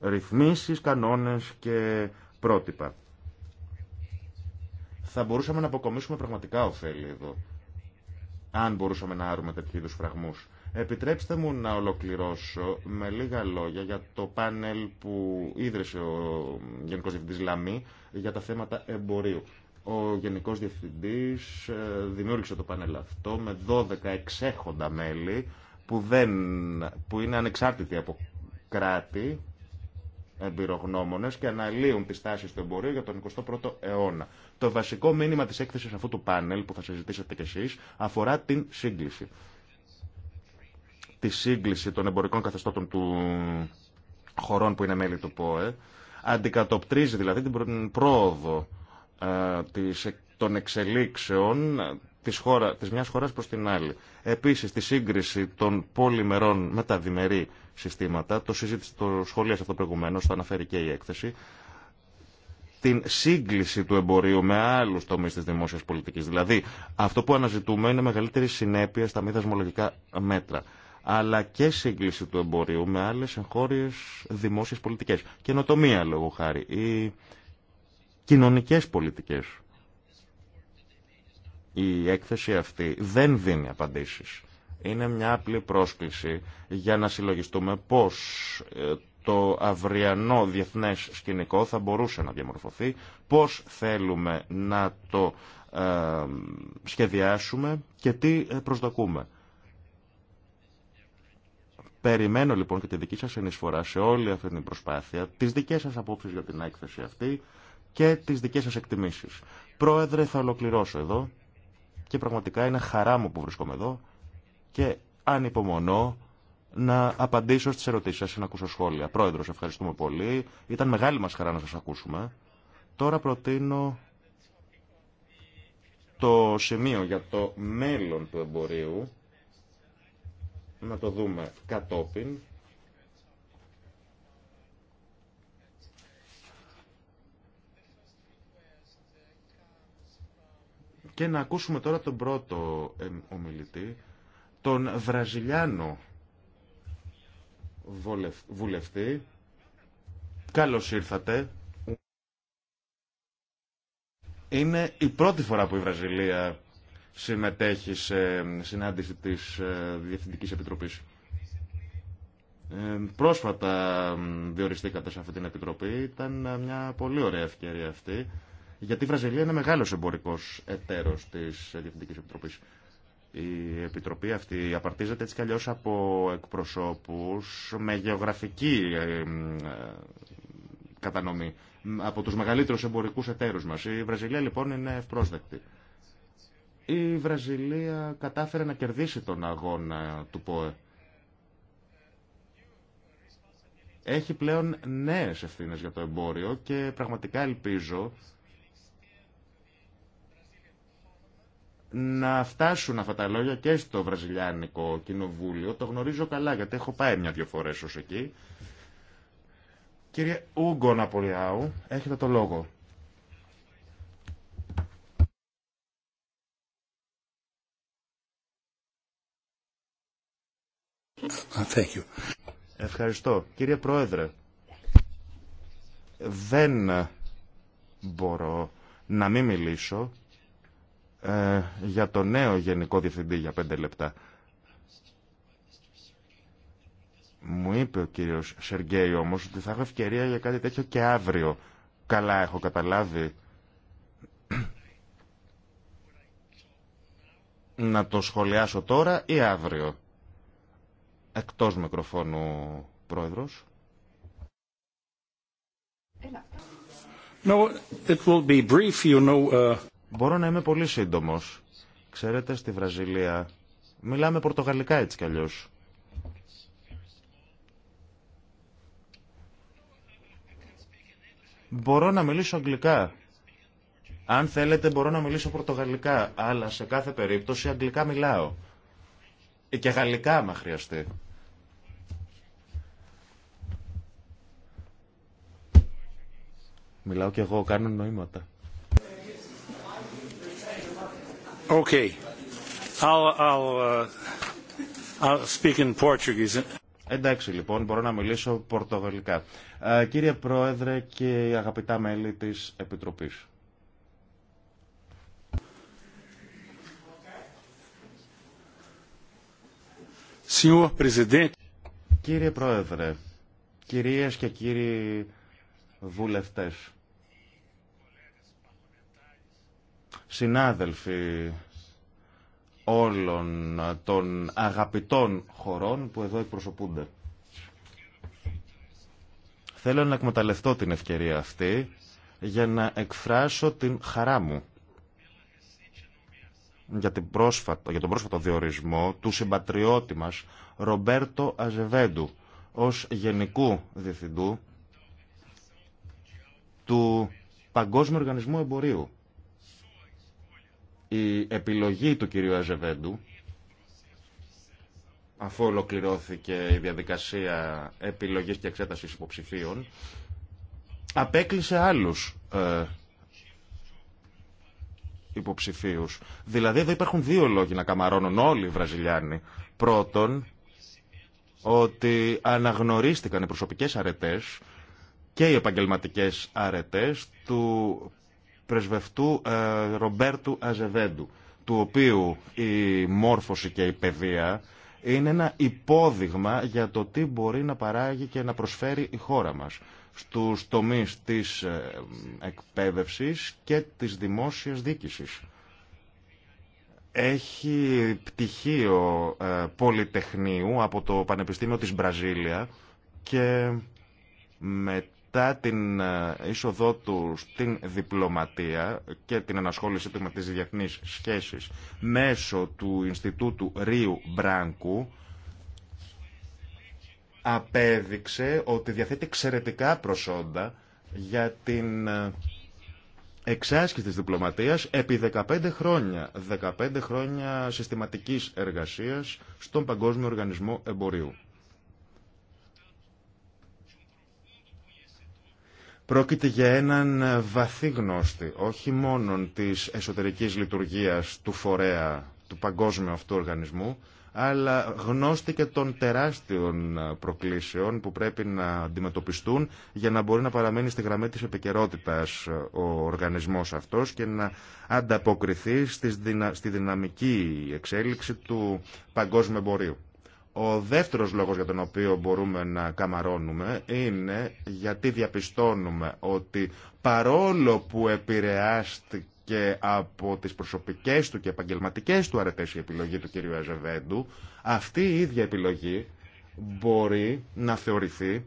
Speaker 1: Ρυθμίσει, κανόνε και πρότυπα. Θα μπορούσαμε να αποκομίσουμε πραγματικά ωφέλη εδώ αν μπορούσαμε να άρουμε τέτοιου είδου φραγμού. Επιτρέψτε μου να ολοκληρώσω με λίγα λόγια για το πάνελ που ίδρυσε ο Γενικό Διευθυντή Λαμή για τα θέματα εμπορίου. Ο Γενικό Διευθυντή ε, δημιούργησε το πάνελ αυτό με 12 εξέχοντα μέλη που, δεν, που είναι ανεξάρτητοι από κράτη, εμπειρογνώμονε και αναλύουν τι τάσει του εμπορίου για τον 21ο αιώνα. Το βασικό μήνυμα της έκθεσης αυτού του πάνελ που θα συζητήσετε κι εσείς αφορά την σύγκληση. Τη σύγκληση των εμπορικών καθεστώτων του χωρών που είναι μέλη του ΠΟΕ αντικατοπτρίζει δηλαδή την πρόοδο των εξελίξεων της, χώρα, της μιας χώρας προς την άλλη. Επίσης, τη σύγκριση των πολυμερών με τα διμερή συστήματα, το, συζήτηση, το σχολείο αυτό προηγουμένω, το αναφέρει και η έκθεση, ...την σύγκληση του εμπορίου με άλλου τομεί τη δημόσια πολιτική. Δηλαδή, αυτό που αναζητούμε είναι μεγαλύτερη συνέπεια στα μη δασμολογικά μέτρα αλλά και σύγκληση του εμπορίου με άλλες εγχώριε δημόσιε Καινοτομία, λόγω χάρη, ή κοινωνικές πολιτικές. Η έκθεση αυτή δεν δίνει απαντήσει Είναι μια απλή πρόσκληση για να συλλογιστούμε πώς ε, το αυριανό διεθνές σκηνικό θα μπορούσε να διαμορφωθεί, πώς θέλουμε να το ε, σχεδιάσουμε και τι ε, προσδοκούμε. Περιμένω λοιπόν και τη δική σας ενισφορά σε όλη αυτή την προσπάθεια, τις δικές σας απόψεις για την έκθεση αυτή και τις δικές σας εκτιμήσεις. Πρόεδρε, θα ολοκληρώσω εδώ και πραγματικά είναι χαρά μου που βρίσκομαι εδώ και ανυπομονώ να απαντήσω στις ερωτήσεις σας ή να ακούσω σχόλια. Πρόεδρος, ευχαριστούμε πολύ. Ήταν μεγάλη μας χαρά να σας ακούσουμε. Τώρα προτείνω το σημείο για το μέλλον του εμπορίου. Να το δούμε κατόπιν. Και να ακούσουμε τώρα τον πρώτο ε, ομιλητή, τον Βραζιλιάνο βουλευτή. Καλώς ήρθατε. Είναι η πρώτη φορά που η Βραζιλία συμμετέχει σε συνάντηση της ε, Διευθυντικής Επιτροπής. Ε, πρόσφατα διοριστήκατε σε αυτή την Επιτροπή. Ήταν ε, μια πολύ ωραία ευκαιρία αυτή. Γιατί η Βραζιλία είναι μεγάλος εμπορικός εταίρος της Διευθυντικής Επιτροπής. Η Επιτροπή αυτή απαρτίζεται έτσι κι από εκπροσώπους με γεωγραφική ε, κατανομή από τους μεγαλύτερους εμπορικούς εταίρους μας. Η Βραζιλία λοιπόν είναι ευπρόσδεκτη. Η Βραζιλία κατάφερε να κερδίσει τον αγώνα του ΠΟΕ. Έχει πλέον νέες ευθύνες για το εμπόριο και πραγματικά ελπίζω να φτάσουν αυτά τα λόγια και στο Βραζιλιάνικο Κοινοβούλιο. Το γνωρίζω καλά γιατί έχω πάει μια-δυο φορέ ω εκεί. Κύριε Ούγκο Ναπολιάου, έχετε το λόγο. Ah, thank you. Ευχαριστώ. Κύριε Πρόεδρε, δεν μπορώ να μην μιλήσω ε, για το νέο Γενικό Διευθυντή για πέντε λεπτά. Μου είπε ο κύριος Σεργέη όμως ότι θα έχω ευκαιρία για κάτι τέτοιο και αύριο. Καλά έχω καταλάβει. Να το σχολιάσω τώρα ή αύριο. Εκτός μικροφώνου, πρόεδρος. No, it will be brief, you know, uh, Μπορώ να είμαι πολύ σύντομο. Ξέρετε, στη Βραζιλία μιλάμε πορτογαλικά έτσι κι αλλιώ. Μπορώ να μιλήσω αγγλικά. Αν θέλετε μπορώ να μιλήσω πορτογαλικά, αλλά σε κάθε περίπτωση αγγλικά μιλάω. Και γαλλικά άμα χρειαστεί. Μιλάω κι εγώ, κάνω νοήματα. Uh, Εντάξει λοιπόν, μπορώ να μιλήσω πορτογαλικά. Ε, κύριε Πρόεδρε και αγαπητά μέλη της Επιτροπής. Κύριε Πρόεδρε, κυρίες και κύριοι βουλευτές, συνάδελφοι όλων των αγαπητών χωρών που εδώ εκπροσωπούνται. Θέλω να εκμεταλλευτώ την ευκαιρία αυτή για να εκφράσω την χαρά μου για, την πρόσφατο, για τον πρόσφατο διορισμό του συμπατριώτη μας Ρομπέρτο Αζεβέντου ως Γενικού Διευθυντού του Παγκόσμιου Οργανισμού Εμπορίου η επιλογή του κυρίου Αζεβέντου αφού ολοκληρώθηκε η διαδικασία επιλογής και εξέτασης υποψηφίων απέκλεισε άλλους ε, υποψηφίους. Δηλαδή εδώ υπάρχουν δύο λόγοι να καμαρώνουν όλοι οι Βραζιλιάνοι. Πρώτον, ότι αναγνωρίστηκαν οι προσωπικές αρετές και οι επαγγελματικές αρετές του πρεσβευτού ε, Ρομπέρτου Αζεβέντου, του οποίου η μόρφωση και η παιδεία είναι ένα υπόδειγμα για το τι μπορεί να παράγει και να προσφέρει η χώρα μας στους τομείς της ε, εκπαίδευσης και της δημόσιας δίκησης. Έχει πτυχίο ε, πολυτεχνείου από το Πανεπιστήμιο της Μπραζίλια και με μετά την ε, είσοδό του στην διπλωματία και την ενασχόλησή του με τις διεθνείς μέσω του Ινστιτούτου Ρίου Μπράνκου απέδειξε ότι διαθέτει εξαιρετικά προσόντα για την ε, εξάσκηση της διπλωματίας επί 15 χρόνια, 15 χρόνια συστηματικής εργασίας στον Παγκόσμιο Οργανισμό Εμπορίου. Πρόκειται για έναν βαθύ γνώστη, όχι μόνο της εσωτερικής λειτουργίας του φορέα, του παγκόσμιου αυτού οργανισμού, αλλά γνώστη και των τεράστιων προκλήσεων που πρέπει να αντιμετωπιστούν για να μπορεί να παραμένει στη γραμμή της επικαιρότητα ο οργανισμός αυτός και να ανταποκριθεί στη δυναμική εξέλιξη του παγκόσμιου εμπορίου. Ο δεύτερος λόγος για τον οποίο μπορούμε να καμαρώνουμε είναι γιατί διαπιστώνουμε ότι παρόλο που επηρεάστηκε από τις προσωπικές του και επαγγελματικές του αρετές η επιλογή του κυρίου Αζεβέντου, αυτή η ίδια επιλογή μπορεί να θεωρηθεί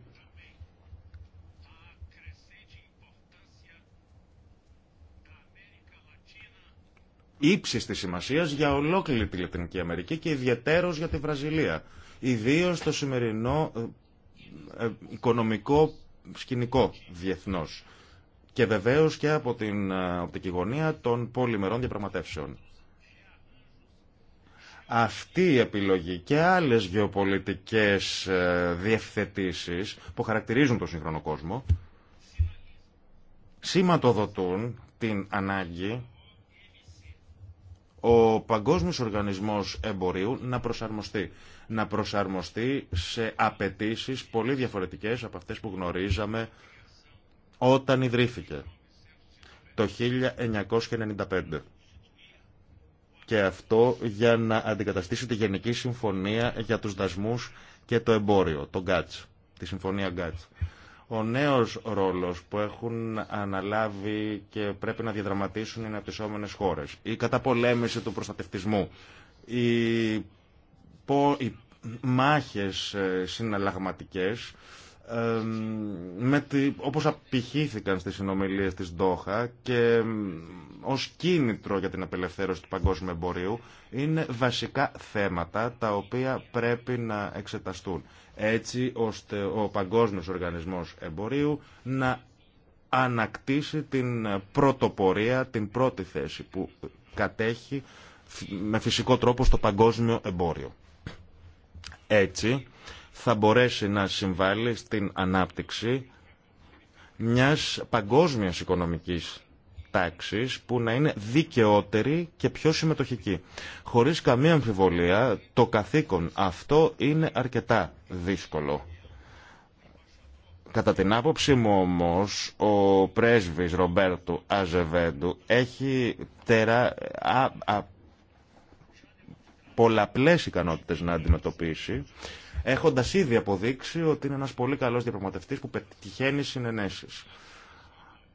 Speaker 1: ύψη τη σημασία για ολόκληρη τη Λατινική Αμερική και ιδιαίτερος για τη Βραζιλία. Ιδίω το σημερινό ε, ε, οικονομικό σκηνικό διεθνώ. Και βεβαίως και από την ε, οπτική γωνία των πολυμερών διαπραγματεύσεων. Αυτή η επιλογή και άλλες γεωπολιτικές διευθετήσεις που χαρακτηρίζουν τον σύγχρονο κόσμο σηματοδοτούν την ανάγκη ο Παγκόσμιος Οργανισμός Εμπορίου να προσαρμοστεί. Να προσαρμοστεί σε απαιτήσει πολύ διαφορετικές από αυτές που γνωρίζαμε όταν ιδρύθηκε το 1995. Και αυτό για να αντικαταστήσει τη Γενική Συμφωνία για τους Δασμούς και το Εμπόριο, το ΓΑΤΣ, τη Συμφωνία GATS. Ο νέος ρόλος που έχουν αναλάβει και πρέπει να διαδραματίσουν οι αναπτυσσόμενες χώρες, η καταπολέμηση του προστατευτισμού, οι, μάχες ε, συναλλαγματικές, με τη, όπως απηχήθηκαν στις συνομιλίες της Ντόχα και ως κίνητρο για την απελευθέρωση του παγκόσμιου εμπορίου είναι βασικά θέματα τα οποία πρέπει να εξεταστούν έτσι ώστε ο Παγκόσμιος Οργανισμός Εμπορίου να ανακτήσει την πρωτοπορία, την πρώτη θέση που κατέχει με φυσικό τρόπο στο παγκόσμιο εμπόριο. Έτσι θα μπορέσει να συμβάλλει στην ανάπτυξη μιας παγκόσμιας οικονομικής τάξης που να είναι δικαιότερη και πιο συμμετοχική. Χωρίς καμία αμφιβολία το καθήκον αυτό είναι αρκετά δύσκολο. Κατά την άποψή μου όμως, ο πρέσβης Ρομπέρτου Αζεβέντου έχει τερα... α... α... πολλαπλές ικανότητες να αντιμετωπίσει, έχοντας ήδη αποδείξει ότι είναι ένας πολύ καλός διαπραγματευτής που πετυχαίνει συνενέσεις.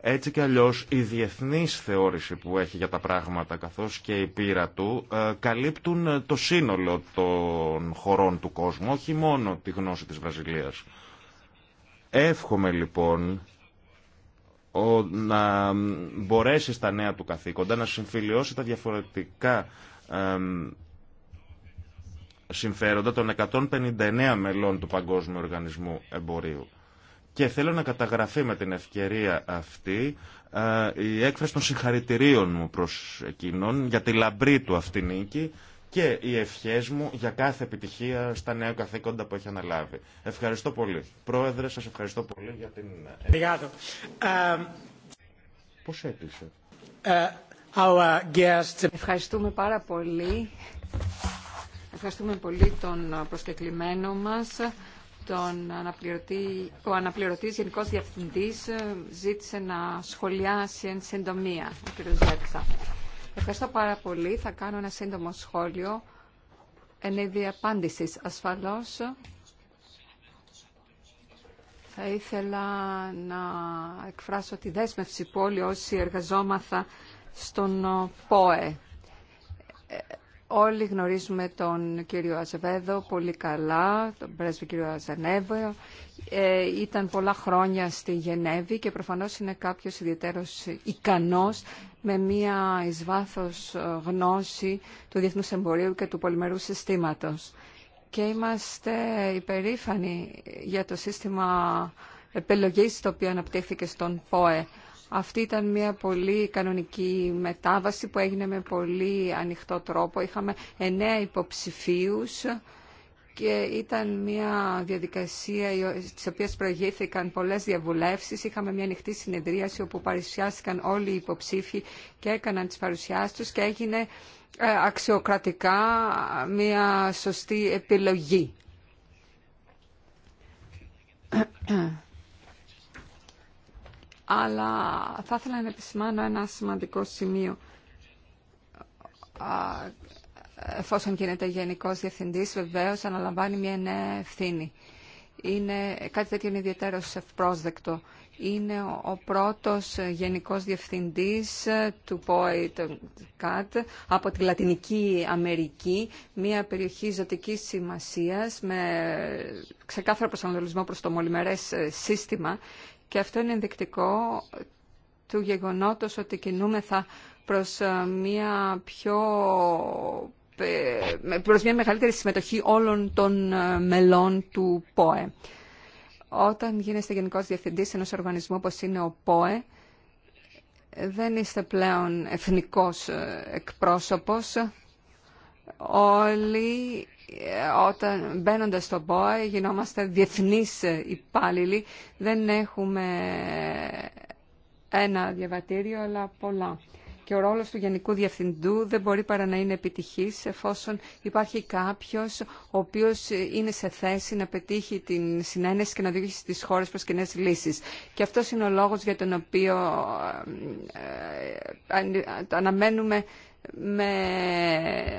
Speaker 1: Έτσι κι αλλιώς η διεθνής θεώρηση που έχει για τα πράγματα καθώς και η πείρα του ε, καλύπτουν ε, το σύνολο των χωρών του κόσμου, όχι μόνο τη γνώση της Βραζιλίας. Εύχομαι λοιπόν ο, να μπορέσει στα νέα του καθήκοντα να συμφιλειώσει τα διαφορετικά συμφέροντα των 159 μελών του Παγκόσμιου Οργανισμού Εμπορίου. Και θέλω να καταγραφεί με την ευκαιρία αυτή ε, η έκφραση των συγχαρητηρίων μου προς εκείνον για τη λαμπρή του αυτή νίκη και οι ευχές μου για κάθε επιτυχία στα νέα καθήκοντα που έχει αναλάβει. Ευχαριστώ πολύ. Πρόεδρε, σας ευχαριστώ πολύ για την... Ευχαριστώ. Πώς ε,
Speaker 2: Ευχαριστούμε πάρα πολύ. Ευχαριστούμε πολύ τον προσκεκλημένο μας τον αναπληρωτή, ο αναπληρωτής Γενικός Διευθυντής ε, ζήτησε να σχολιάσει εν συντομία, ο κ. Ευχαριστώ πάρα πολύ. Θα κάνω ένα σύντομο σχόλιο εν είδη απάντησης. Ασφαλώς θα ήθελα να εκφράσω τη δέσμευση που όλοι όσοι εργαζόμαθα στον ΠΟΕ ε, Όλοι γνωρίζουμε τον κύριο Αζεβέδο πολύ καλά, τον πρέσβη κύριο Αζανέβο. Ε, ήταν πολλά χρόνια στη Γενέβη και προφανώς είναι κάποιος ιδιαίτερος ικανός με μία εις ε, γνώση του διεθνούς εμπορίου και του πολυμερού συστήματος. Και είμαστε υπερήφανοι για το σύστημα επιλογής το οποίο αναπτύχθηκε στον ΠΟΕ αυτή ήταν μια πολύ κανονική μετάβαση που έγινε με πολύ ανοιχτό τρόπο. Είχαμε εννέα υποψηφίους και ήταν μια διαδικασία της οποίας προηγήθηκαν πολλές διαβουλεύσεις. Είχαμε μια ανοιχτή συνεδρίαση όπου παρουσιάστηκαν όλοι οι υποψήφοι και έκαναν τις παρουσιάσεις τους και έγινε ε, αξιοκρατικά μια σωστή επιλογή αλλά θα ήθελα να επισημάνω ένα σημαντικό σημείο. Εφόσον γίνεται γενικό Διευθυντή, βεβαίω αναλαμβάνει μια νέα ευθύνη. Είναι, κάτι τέτοιο είναι ιδιαίτερο ευπρόσδεκτο. Είναι ο πρώτος γενικός διευθυντής ε, του ΠΟΕ, από τη Λατινική Αμερική, μια περιοχή ζωτικής σημασίας με ε, ξεκάθαρο προσανατολισμό προς το μολυμερές ε, σύστημα και αυτό είναι ενδεικτικό του γεγονότος ότι κινούμεθα προς ε, μια πιο ε, προς μια μεγαλύτερη συμμετοχή όλων των ε, μελών του ΠΟΕ. Όταν γίνεστε γενικός διευθυντής ενός οργανισμού όπως είναι ο ΠΟΕ, δεν είστε πλέον εθνικός εκπρόσωπος. Όλοι όταν μπαίνοντα στον ΠΟΕ γινόμαστε διεθνείς υπάλληλοι, δεν έχουμε ένα διαβατήριο αλλά πολλά. Και ο ρόλος του Γενικού Διευθυντού δεν μπορεί παρά να είναι επιτυχής εφόσον υπάρχει κάποιος ο οποίος είναι σε θέση να πετύχει την συνένεση και να οδηγήσει τις χώρες προς κοινέ λύσεις. Και αυτός είναι ο λόγος για τον οποίο ε, ε, ε, αναμένουμε με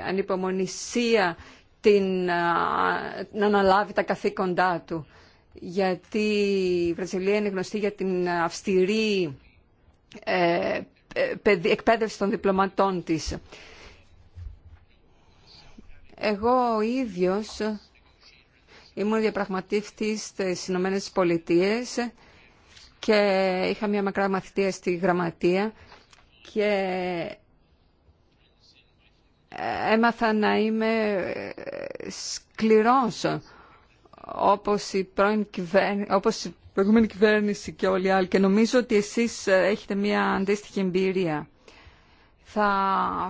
Speaker 2: ανυπομονησία την, να αναλάβει τα καθήκοντά του. Γιατί η Βραζιλία είναι γνωστή για την αυστηρή ε, εκπαίδευση των διπλωματών της. Εγώ ο ίδιος ήμουν διαπραγματεύτης στις Ηνωμένε Πολιτείες και είχα μια μακρά μαθητεία στη γραμματεία και έμαθα να είμαι σκληρός όπως η, πρώην κυβέρνη, όπως η προηγούμενη κυβέρνηση και όλοι οι άλλοι και νομίζω ότι εσείς ε, έχετε μια αντίστοιχη εμπειρία. Θα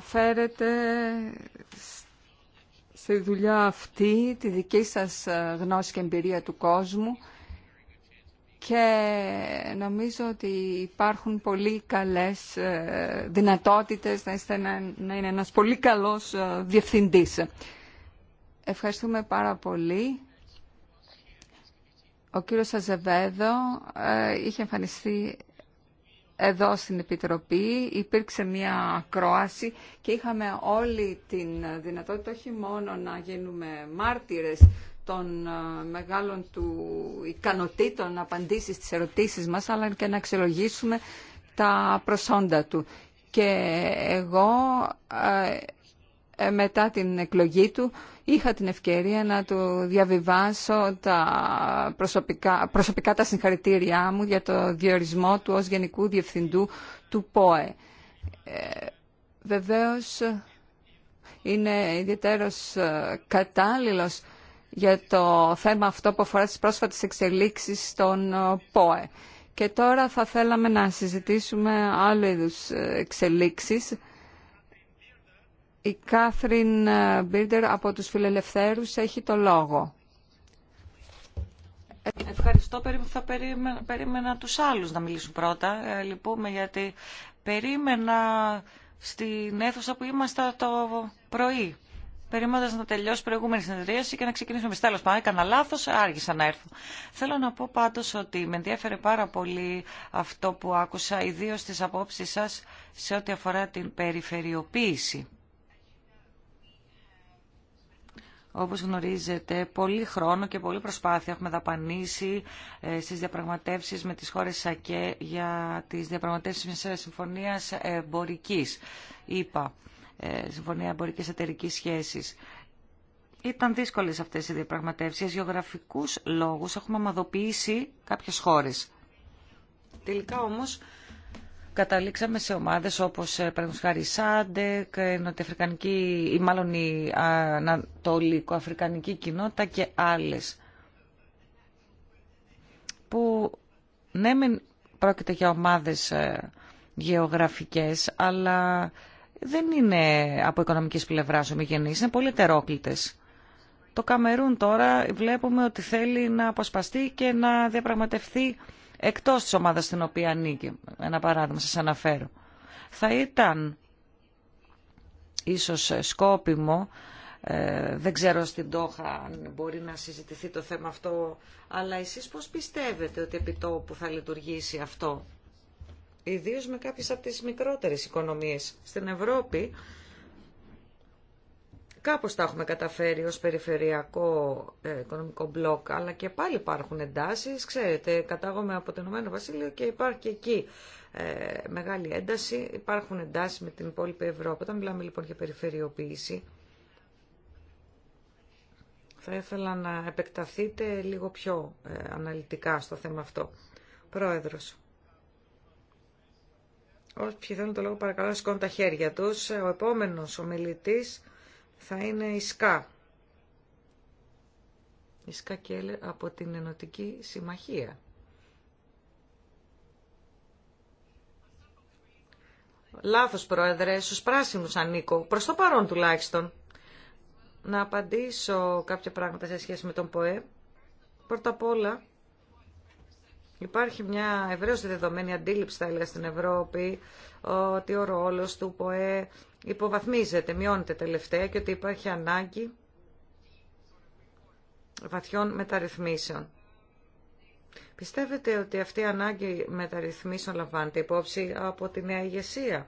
Speaker 2: φέρετε στη δουλειά αυτή τη δική σας ε, γνώση και εμπειρία του κόσμου και νομίζω ότι υπάρχουν πολύ καλές ε, δυνατότητες να, είστε να, είναι ένας πολύ καλός ε, διευθυντής. Ευχαριστούμε πάρα πολύ. Ο κύριος Αζεβέδο ε, είχε εμφανιστεί εδώ στην Επιτροπή, υπήρξε μια ακρόαση και είχαμε όλη την δυνατότητα όχι μόνο να γίνουμε μάρτυρες των ε, μεγάλων του ικανοτήτων να απαντήσει στις ερωτήσεις μας, αλλά και να αξιολογήσουμε τα προσόντα του. Και εγώ ε, ε, μετά την εκλογή του είχα την ευκαιρία να του διαβιβάσω τα προσωπικά, προσωπικά τα συγχαρητήριά μου για το διορισμό του ως Γενικού Διευθυντού του ΠΟΕ. βεβαίως είναι ιδιαίτερος κατάλληλος για το θέμα αυτό που αφορά τις πρόσφατες εξελίξεις στον ε, ΠΟΕ. Και τώρα θα θέλαμε να συζητήσουμε άλλου είδου ε, εξελίξεις. Η Κάθριν ε, Μπίρντερ από τους Φιλελευθέρους έχει το λόγο.
Speaker 3: Ευχαριστώ. Θα περίμενα, περίμενα τους άλλους να μιλήσουν πρώτα. Λυπούμε γιατί περίμενα στην αίθουσα που ήμασταν το πρωί περιμένοντα να τελειώσει προηγούμενη συνεδρίαση και να ξεκινήσουμε Τέλο πάντων, έκανα λάθο, άργησα να έρθω. Θέλω να πω πάντω ότι με ενδιαφέρε πάρα πολύ αυτό που άκουσα, ιδίω τι απόψει σα σε ό,τι αφορά την περιφερειοποίηση. Όπως γνωρίζετε, πολύ χρόνο και πολύ προσπάθεια έχουμε δαπανίσει ε, στις διαπραγματεύσεις με τις χώρες ΣΑΚΕ για τις διαπραγματεύσεις μιας συμφωνίας εμπορικής, είπα. Ε, Συμφωνία Εμπορικής εταιρική Σχέσης. Ήταν δύσκολες αυτές οι διαπραγματεύσεις. γεωγραφικούς λόγους έχουμε ομαδοποιήσει κάποιες χώρες. Τελικά όμως καταλήξαμε σε ομάδες όπως ε, παραδείγματος χάρη η Σάντεκ, ε, η Νοτιοαφρικανική ή μάλλον η Ανατολικοαφρικανική κοινότητα και άλλες που ναι μην πρόκειται για ομάδες γεωγραφικές αλλά δεν είναι από οικονομικής πλευράς ομιγενείς, είναι πολύ Το Καμερούν τώρα βλέπουμε ότι θέλει να αποσπαστεί και να διαπραγματευτεί εκτός τη ομάδα στην οποία ανήκει. Ένα παράδειγμα σας αναφέρω. Θα ήταν ίσως σκόπιμο, ε, δεν ξέρω στην Τόχα αν μπορεί να συζητηθεί το θέμα αυτό, αλλά εσείς πώς πιστεύετε ότι επί τόπου θα λειτουργήσει αυτό ιδίως με κάποιες από τις μικρότερες οικονομίες στην Ευρώπη, κάπως τα έχουμε καταφέρει ως περιφερειακό ε, οικονομικό μπλοκ, αλλά και πάλι υπάρχουν εντάσεις. Ξέρετε, κατάγομαι από το Ηνωμένο Βασίλειο και υπάρχει και εκεί ε, μεγάλη ένταση. Υπάρχουν εντάσεις με την υπόλοιπη Ευρώπη. Όταν μιλάμε λοιπόν για περιφερειοποίηση, θα ήθελα να επεκταθείτε λίγο πιο ε, αναλυτικά στο θέμα αυτό. Πρόεδρος. Όσοι θέλουν το λόγο παρακαλώ να σηκώνουν τα χέρια τους. Ο επόμενος ομιλητής θα είναι η ΣΚΑ. Η ΣΚΑ από την Ενωτική Συμμαχία. Λάθος πρόεδρε, στους πράσινους ανήκω, προς το παρόν τουλάχιστον. Να απαντήσω κάποια πράγματα σε σχέση με τον ΠΟΕ. Πρώτα απ' όλα, Υπάρχει μια ευρέως δεδομένη αντίληψη, θα έλεγα, στην Ευρώπη ότι ο ρόλος του ΠΟΕ υποβαθμίζεται, μειώνεται τελευταία και ότι υπάρχει ανάγκη βαθιών μεταρρυθμίσεων. Πιστεύετε ότι αυτή η ανάγκη μεταρρυθμίσεων λαμβάνεται υπόψη από τη νέα ηγεσία,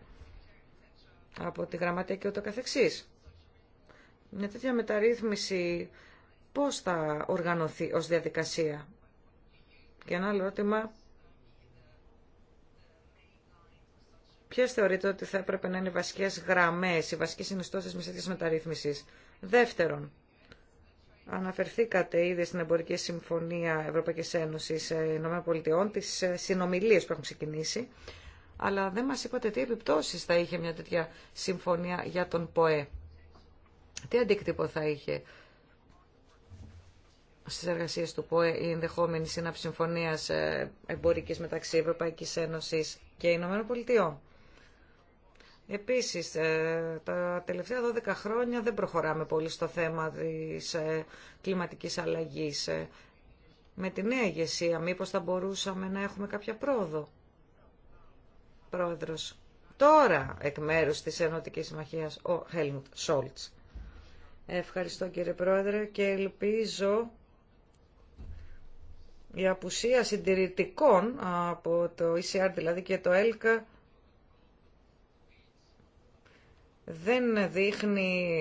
Speaker 3: από τη γραμματεία και ούτω καθεξής. Μια τέτοια μεταρρύθμιση πώς θα οργανωθεί ως διαδικασία. Και ένα άλλο ερώτημα. Ποιε θεωρείτε ότι θα έπρεπε να είναι οι βασικέ γραμμέ, οι βασικέ συνιστώσει τη μεταρρύθμιση. Δεύτερον, αναφερθήκατε ήδη στην Εμπορική Συμφωνία Ευρωπαϊκή Ένωση ε, ΗΠΑ, τι ε, συνομιλίε που έχουν ξεκινήσει, αλλά δεν μα είπατε τι επιπτώσει θα είχε μια τέτοια συμφωνία για τον ΠΟΕ. Τι αντίκτυπο θα είχε Στι εργασίε του ΠΟΕ η ενδεχόμενη σύναψη συμφωνίας ε, εμπορικής μεταξύ Ευρωπαϊκή Ένωσης και Ηνωμένων Πολιτειών. Επίσης, ε, τα τελευταία 12 χρόνια δεν προχωράμε πολύ στο θέμα της ε, κλιματικής αλλαγής. Με τη νέα ηγεσία μήπως θα μπορούσαμε να έχουμε κάποια πρόοδο. Πρόεδρος, τώρα εκ μέρους της Ενωτικής Συμμαχίας, ο Χέλμουντ Σόλτς. Ευχαριστώ κύριε Πρόεδρε και ελπίζω η απουσία συντηρητικών από το ECR δηλαδή και το ΕΛΚΑ δεν δείχνει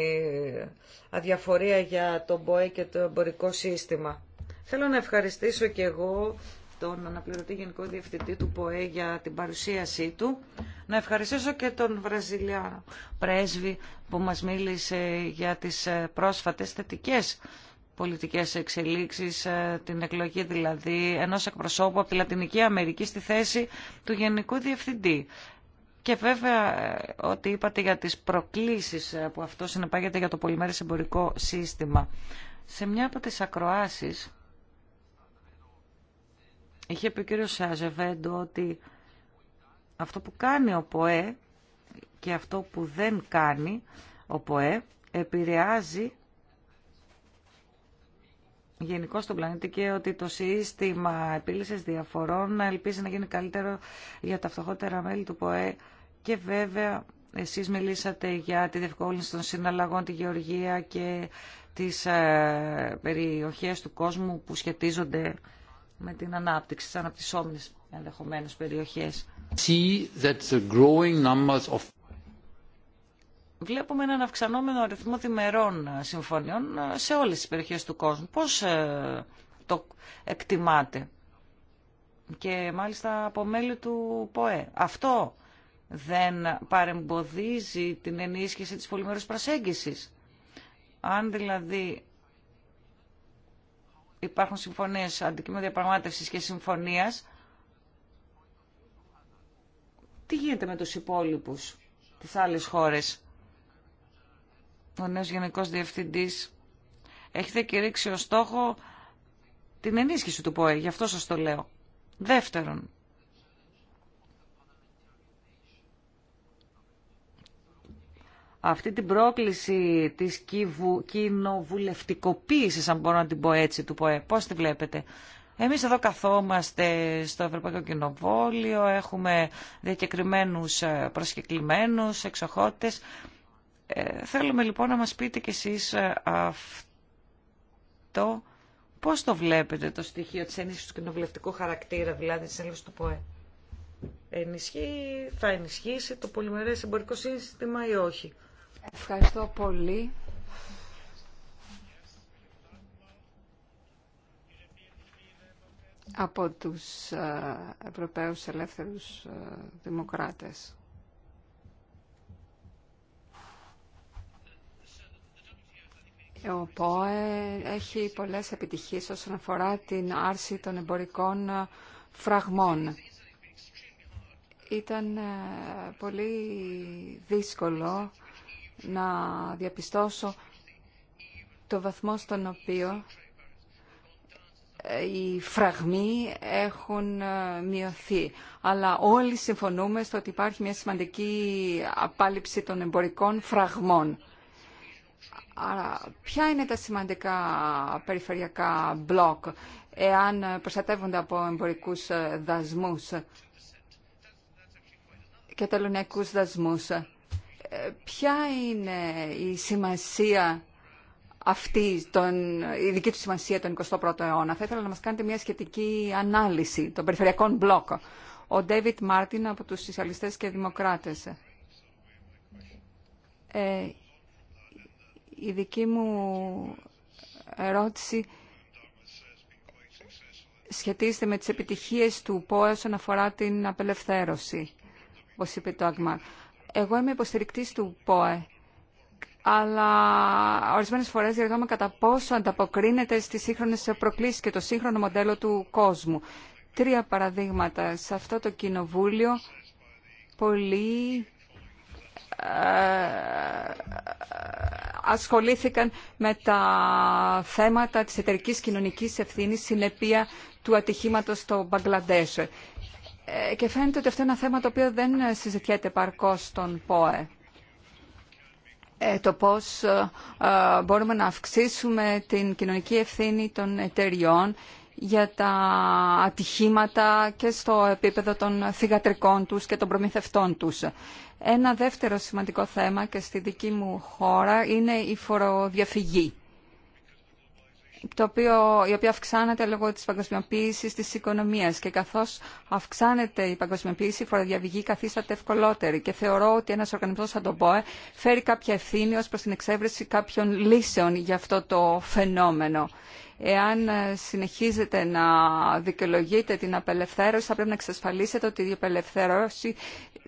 Speaker 3: αδιαφορία για το ΠΟΕ και το εμπορικό σύστημα. Θέλω να ευχαριστήσω και εγώ τον αναπληρωτή Γενικό Διευθυντή του ΠΟΕ για την παρουσίασή του. Να ευχαριστήσω και τον Βραζιλιάνο πρέσβη που μας μίλησε για τις ε, πρόσφατες θετικές πολιτικές εξελίξεις, ε, την εκλογή δηλαδή ενός εκπροσώπου από τη Λατινική Αμερική στη θέση του Γενικού Διευθυντή. Και βέβαια ε, ότι είπατε για τις προκλήσεις ε, που αυτό συνεπάγεται για το πολυμέρες εμπορικό σύστημα. Σε μια από τις ακροάσεις είχε πει ο κύριος Αζεβέντο ότι αυτό που κάνει ο ΠΟΕ και αυτό που δεν κάνει ο ΠΟΕ επηρεάζει γενικώ στον πλανήτη και ότι το σύστημα επίλυσης διαφορών ελπίζει να γίνει καλύτερο για τα φτωχότερα μέλη του ΠΟΕ και βέβαια εσείς μιλήσατε για τη διευκόλυνση των συναλλαγών, τη γεωργία και τις ε, περιοχές του κόσμου που σχετίζονται με την ανάπτυξη, τις αναπτυσσόμενες ενδεχομένες περιοχές.
Speaker 2: See that growing of
Speaker 3: βλέπουμε έναν αυξανόμενο αριθμό διμερών ε, συμφωνιών ε, σε όλες τις περιοχές του κόσμου. Πώς ε, το εκτιμάτε και μάλιστα από μέλη του ΠΟΕ. Αυτό δεν παρεμποδίζει την ενίσχυση της πολυμερούς προσέγγισης. Αν δηλαδή υπάρχουν συμφωνίες αντικείμενο διαπραγμάτευσης και συμφωνίας, τι γίνεται με τους υπόλοιπους, τις άλλες χώρες ο νέος Γενικός Διευθυντής, έχετε κηρύξει ως στόχο την ενίσχυση του ΠΟΕ, γι' αυτό σας το λέω. Δεύτερον, αυτή την πρόκληση της κοινοβουλευτικοποίησης, αν μπορώ να την πω έτσι, του ΠΟΕ, πώς τη βλέπετε. Εμείς εδώ καθόμαστε στο Ευρωπαϊκό Κοινοβόλιο, έχουμε διακεκριμένους ε, προσκεκλημένους, εξοχότες... Ε, θέλουμε λοιπόν να μας πείτε κι εσείς ε, αυτό, πώς το βλέπετε το στοιχείο της ενίσχυσης του κοινοβουλευτικού χαρακτήρα, δηλαδή της ένλυσης του ΠΟΕ. Ενισχύει, θα ενισχύσει το πολυμερές εμπορικό σύστημα ή όχι. Ευχαριστώ πολύ.
Speaker 2: από τους ε, Ευρωπαίους Ελεύθερους Δημοκράτες. Ο ΠΟΕ έχει πολλές επιτυχίες όσον αφορά την άρση των εμπορικών ε, φραγμών. Ήταν ε, πολύ δύσκολο να διαπιστώσω το βαθμό στον οποίο ε, οι φραγμοί έχουν μειωθεί. Αλλά όλοι συμφωνούμε στο ότι υπάρχει μια σημαντική απάλληψη των εμπορικών φραγμών. Άρα, ποια είναι τα σημαντικά περιφερειακά μπλοκ, εάν προστατεύονται από εμπορικούς ε, δασμούς και τελωνιακούς δασμούς. Ε, ποια είναι η σημασία αυτή, τον, η δική του σημασία των 21ο αιώνα. Θα ήθελα να μας κάνετε μια σχετική ανάλυση των περιφερειακών μπλοκ. Ο Ντέβιτ Μάρτιν από τους Σοσιαλιστές και Δημοκράτες. Ε, η δική μου ερώτηση σχετίζεται με τις επιτυχίες του ΠΟΕ όσον αφορά την απελευθέρωση, όπως είπε το Αγμάρ. Εγώ είμαι υποστηρικτής του ΠΟΕ, αλλά ορισμένες φορές διαρωτάμε κατά πόσο ανταποκρίνεται στις σύγχρονες προκλήσεις και το σύγχρονο μοντέλο του κόσμου. Τρία παραδείγματα. Σε αυτό το κοινοβούλιο πολλοί ε, ασχολήθηκαν με τα θέματα της εταιρικής κοινωνικής ευθύνης συνεπία του ατυχήματος στο Μπαγκλαντές. Ε, και φαίνεται ότι αυτό είναι ένα θέμα το οποίο δεν συζητιέται παρκώς στον ΠΟΕ. Ε, το πώς μπορούμε να αυξήσουμε την κοινωνική ευθύνη των εταιριών για τα ατυχήματα και στο επίπεδο των θυγατρικών τους και των προμηθευτών τους. Ένα δεύτερο σημαντικό θέμα και στη δική μου χώρα είναι η φοροδιαφυγή, το οποίο, η οποία αυξάνεται λόγω της παγκοσμιοποίησης της οικονομίας και καθώς αυξάνεται η παγκοσμιοποίηση η φοροδιαφυγή καθίσταται ευκολότερη και θεωρώ ότι ένας οργανισμός σαν τον ΠΟΕ φέρει κάποια ευθύνη ως προς την εξέβρεση κάποιων λύσεων για αυτό το φαινόμενο. Εάν ε, συνεχίζετε να δικαιολογείτε την απελευθέρωση, θα πρέπει να εξασφαλίσετε ότι η απελευθέρωση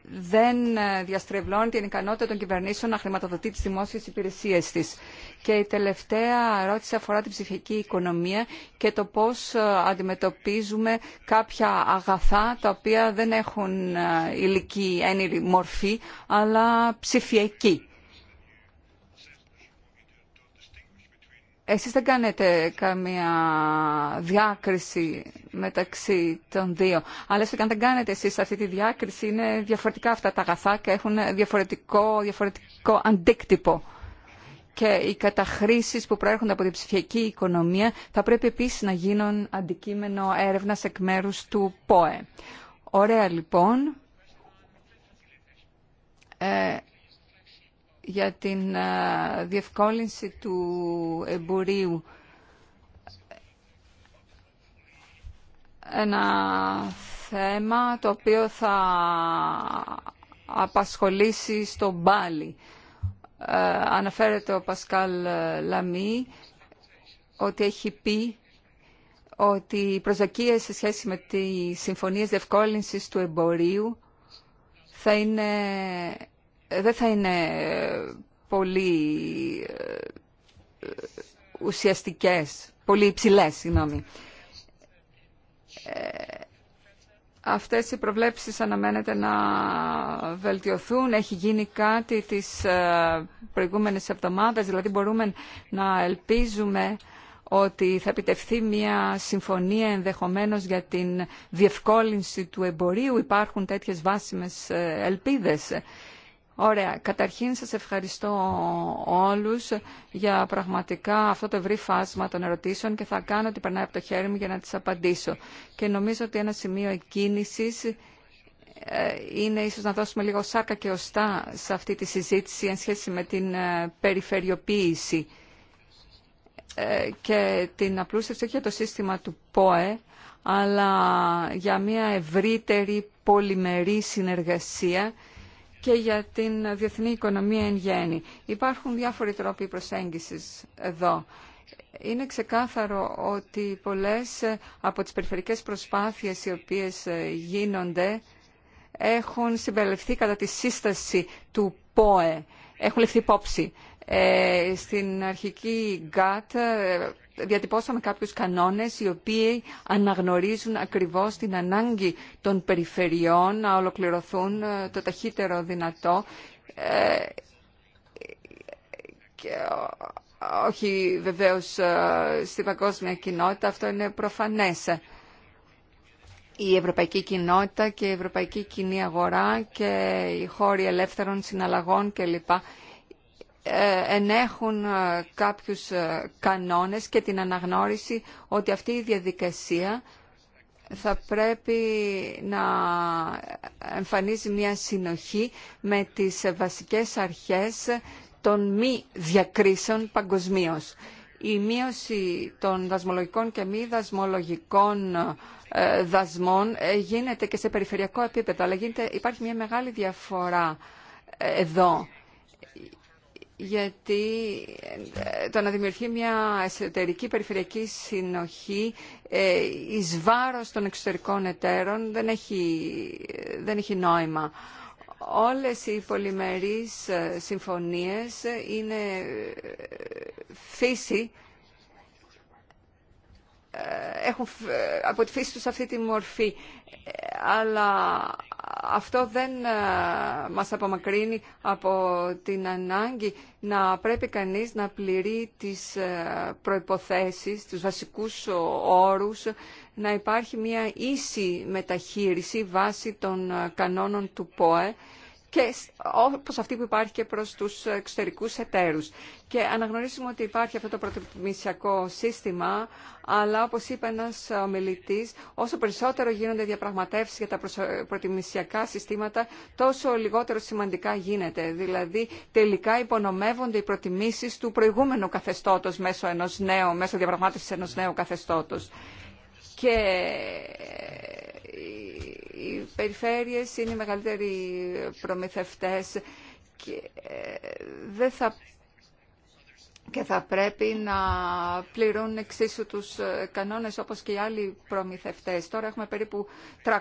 Speaker 2: δεν ε, διαστρεβλώνει την ικανότητα των κυβερνήσεων να χρηματοδοτεί τις δημόσιες υπηρεσίες της. Και η τελευταία ερώτηση αφορά την ψηφιακή οικονομία και το πώς ε, αντιμετωπίζουμε κάποια αγαθά τα οποία δεν έχουν υλική ένυρη μορφή, αλλά ψηφιακή. Εσείς δεν κάνετε καμία διάκριση μεταξύ των δύο. Αλλά και αν δεν κάνετε εσείς αυτή τη διάκριση είναι διαφορετικά αυτά τα αγαθά και έχουν διαφορετικό, διαφορετικό αντίκτυπο. Και οι καταχρήσεις που προέρχονται από την ψηφιακή οικονομία θα πρέπει επίσης να γίνουν αντικείμενο έρευνας εκ μέρους του ΠΟΕ. Ωραία λοιπόν. Ε, για την ε, διευκόλυνση του εμπορίου. Ένα θέμα το οποίο θα απασχολήσει στο Μπάλι. Ε, αναφέρεται ο Πασκάλ Λαμί ότι έχει πει ότι οι προσδοκίες σε σχέση με τις συμφωνίες διευκόλυνσης του εμπορίου θα είναι ε, δεν θα είναι ε, πολύ ε, ουσιαστικές, πολύ υψηλέ, συγγνώμη. Αυτές οι προβλέψεις αναμένεται να βελτιωθούν. Έχει γίνει κάτι τις προηγούμενες εβδομάδες, δηλαδή μπορούμε να ελπίζουμε ότι θα επιτευχθεί μια συμφωνία ενδεχομένως για την διευκόλυνση του εμπορίου. Υπάρχουν τέτοιες βάσιμες ελπίδες. Ωραία. Καταρχήν σας ευχαριστώ όλους για πραγματικά αυτό το ευρύ φάσμα των ερωτήσεων και θα κάνω ότι περνάει από το χέρι μου για να τις απαντήσω. Και νομίζω ότι ένα σημείο εκκίνησης ε, είναι ίσως να δώσουμε λίγο σάρκα και οστά σε αυτή τη συζήτηση εν σχέση με την ε, περιφερειοποίηση ε, και την απλούστευση όχι για το σύστημα του ΠΟΕ, αλλά για μια ευρύτερη πολυμερή συνεργασία και για την διεθνή οικονομία εν γέννη. Υπάρχουν διάφοροι τρόποι προσέγγισης εδώ. Είναι ξεκάθαρο ότι πολλές από τις περιφερικές προσπάθειες οι οποίες γίνονται έχουν συμπεριληφθεί κατά τη σύσταση του ΠΟΕ. Έχουν ληφθεί υπόψη. Ε, στην αρχική ΓΚΑΤ ε, διατυπώσαμε κάποιους κανόνες οι οποίοι αναγνωρίζουν ακριβώς την ανάγκη των περιφερειών να ολοκληρωθούν ε, το ταχύτερο δυνατό ε, και ε, όχι βεβαίως στην παγκόσμια κοινότητα, αυτό είναι προφανές. Η ευρωπαϊκή κοινότητα και η ευρωπαϊκή κοινή αγορά και οι χώροι ελεύθερων συναλλαγών κλπ ε, ενέχουν ε, κάποιους ε, κανόνες και την αναγνώριση ότι αυτή η διαδικασία θα πρέπει να εμφανίζει μια συνοχή με τις βασικές αρχές των μη διακρίσεων παγκοσμίω. Η μείωση των δασμολογικών και μη δασμολογικών δασμών γίνεται και σε περιφερειακό επίπεδο, αλλά γίνεται, υπάρχει μια μεγάλη διαφορά εδώ γιατί ε, το να δημιουργεί μια εσωτερική περιφερειακή συνοχή ε, εις βάρος των εξωτερικών εταίρων δεν έχει, δεν έχει νόημα. Όλες οι πολυμερείς ε, συμφωνίες είναι φύση ε, έχουν ε, από τη φύση τους αυτή τη μορφή. Ε, αλλά αυτό δεν μας απομακρύνει από την ανάγκη να πρέπει κανείς να πληρεί τις προϋποθέσεις, τους βασικούς όρους, να υπάρχει μια ίση μεταχείριση βάσει των κανόνων του ΠΟΕ και όπως αυτή που υπάρχει και προς τους εξωτερικούς εταίρους. Και αναγνωρίζουμε ότι υπάρχει αυτό το πρωτομισιακό σύστημα, αλλά όπως είπε ένας ομιλητής, όσο περισσότερο γίνονται διαπραγματεύσεις για τα προτιμησιακά συστήματα, τόσο λιγότερο σημαντικά γίνεται. Δηλαδή τελικά υπονομεύονται οι προτιμήσεις του προηγούμενου καθεστώτος μέσω, ενός νέου, μέσω διαπραγμάτευσης ενός νέου καθεστώτος οι περιφέρειες είναι οι μεγαλύτεροι προμηθευτές και ε, δεν θα και θα πρέπει να πληρούν εξίσου τους ε, κανόνες όπως και οι άλλοι προμηθευτές. Τώρα έχουμε περίπου 300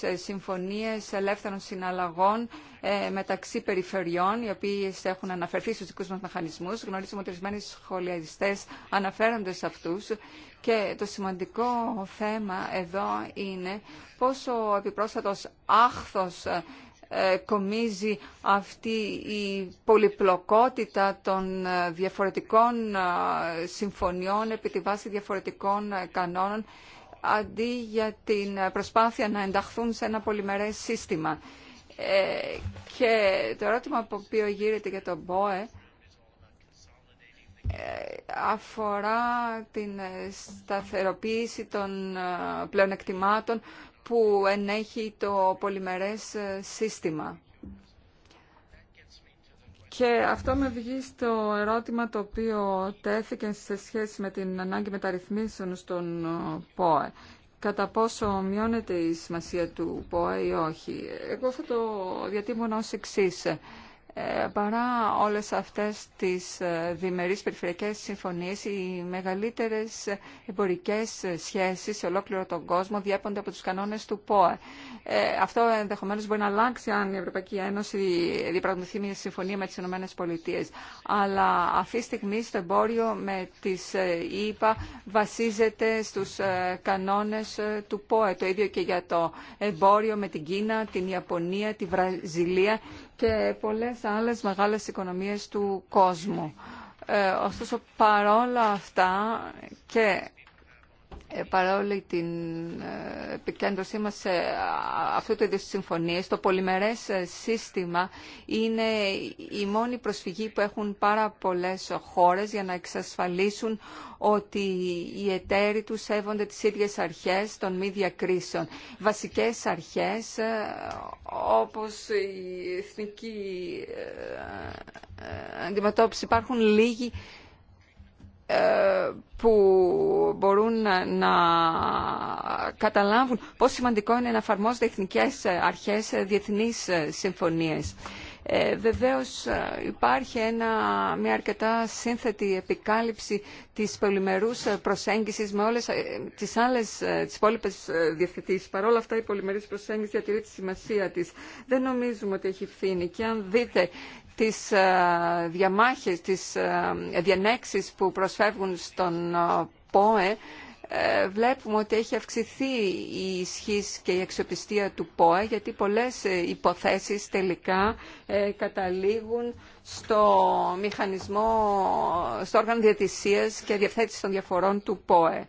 Speaker 2: ε, συμφωνίες ελεύθερων συναλλαγών ε, μεταξύ περιφερειών, οι οποίες έχουν αναφερθεί στους δικούς μας μηχανισμούς. Γνωρίζουμε ότι ορισμένοι σχολιαστές αναφέρονται σε αυτούς και το σημαντικό θέμα εδώ είναι πόσο επιπρόσθετος άχθος ε, κομίζει αυτή η πολυπλοκότητα των ε, διαφορετικών ε, συμφωνιών επί τη βάση διαφορετικών κανόνων αντί για την προσπάθεια να ενταχθούν σε ένα πολυμερές σύστημα. Και το ερώτημα που οποίο γύρεται για τον ΠΟΕ αφορά την σταθεροποίηση των πλεονεκτημάτων που ενέχει το πολυμερές ε, σύστημα. Και αυτό με βγει στο ερώτημα το οποίο τέθηκε σε σχέση με την ανάγκη μεταρρυθμίσεων στον ε, ΠΟΕ. Κατά πόσο μειώνεται η σημασία του ΠΟΕ ή όχι. Εγώ θα το διατύπωνα ως εξής. Ε, παρά όλες αυτές τις ε, διμερείς περιφερειακές συμφωνίες, οι μεγαλύτερες εμπορικές σχέσεις σε ολόκληρο τον κόσμο διέπονται από τους κανόνες του ΠΟΕ. αυτό ενδεχομένως μπορεί να αλλάξει αν η Ευρωπαϊκή Ένωση διαπραγματευτεί μια συμφωνία με τις ΗΠΑ. Αλλά αυτή τη στιγμή το εμπόριο με τις ε, ΗΠΑ βασίζεται στους κανόνες του ΠΟΕ. Το ίδιο και για το εμπόριο με την Κίνα, την Ιαπωνία, τη Βραζιλία και πολλές άλλες μεγάλες οικονομίες του κόσμου. Ε, ωστόσο παρόλα αυτά και ε, παρά την ε, επικέντρωσή μας σε αυτού του είδους συμφωνίες, το πολυμερές ε, σύστημα είναι η μόνη προσφυγή που έχουν πάρα πολλές χώρες για να εξασφαλίσουν ότι οι εταίροι τους σέβονται τις ίδιες αρχές των μη διακρίσεων. Βασικές αρχές όπως η εθνική αντιμετώπιση υπάρχουν λίγοι που μπορούν να καταλάβουν πόσο σημαντικό είναι να εφαρμόζονται εθνικές αρχές διεθνείς συμφωνίες. Ε, βεβαίως ε, υπάρχει ένα, μια αρκετά σύνθετη επικάλυψη της πολυμερούς ε, προσέγγισης με όλες ε, τις άλλες τις υπόλοιπες διευθετήσεις. Παρ' όλα αυτά η πολυμερής προσέγγιση διατηρεί τη σημασία της. Δεν νομίζουμε ότι έχει ευθύνη και αν δείτε τις διαμάχες, τις διανέξεις που προσφεύγουν στον ΠΟΕ ε, βλέπουμε ότι έχει αυξηθεί η ισχύς και η αξιοπιστία του ΠΟΕ γιατί πολλές ε, υποθέσεις τελικά ε, καταλήγουν στο μηχανισμό, στο όργανο διατησίας και διευθέτηση των διαφορών του ΠΟΕ.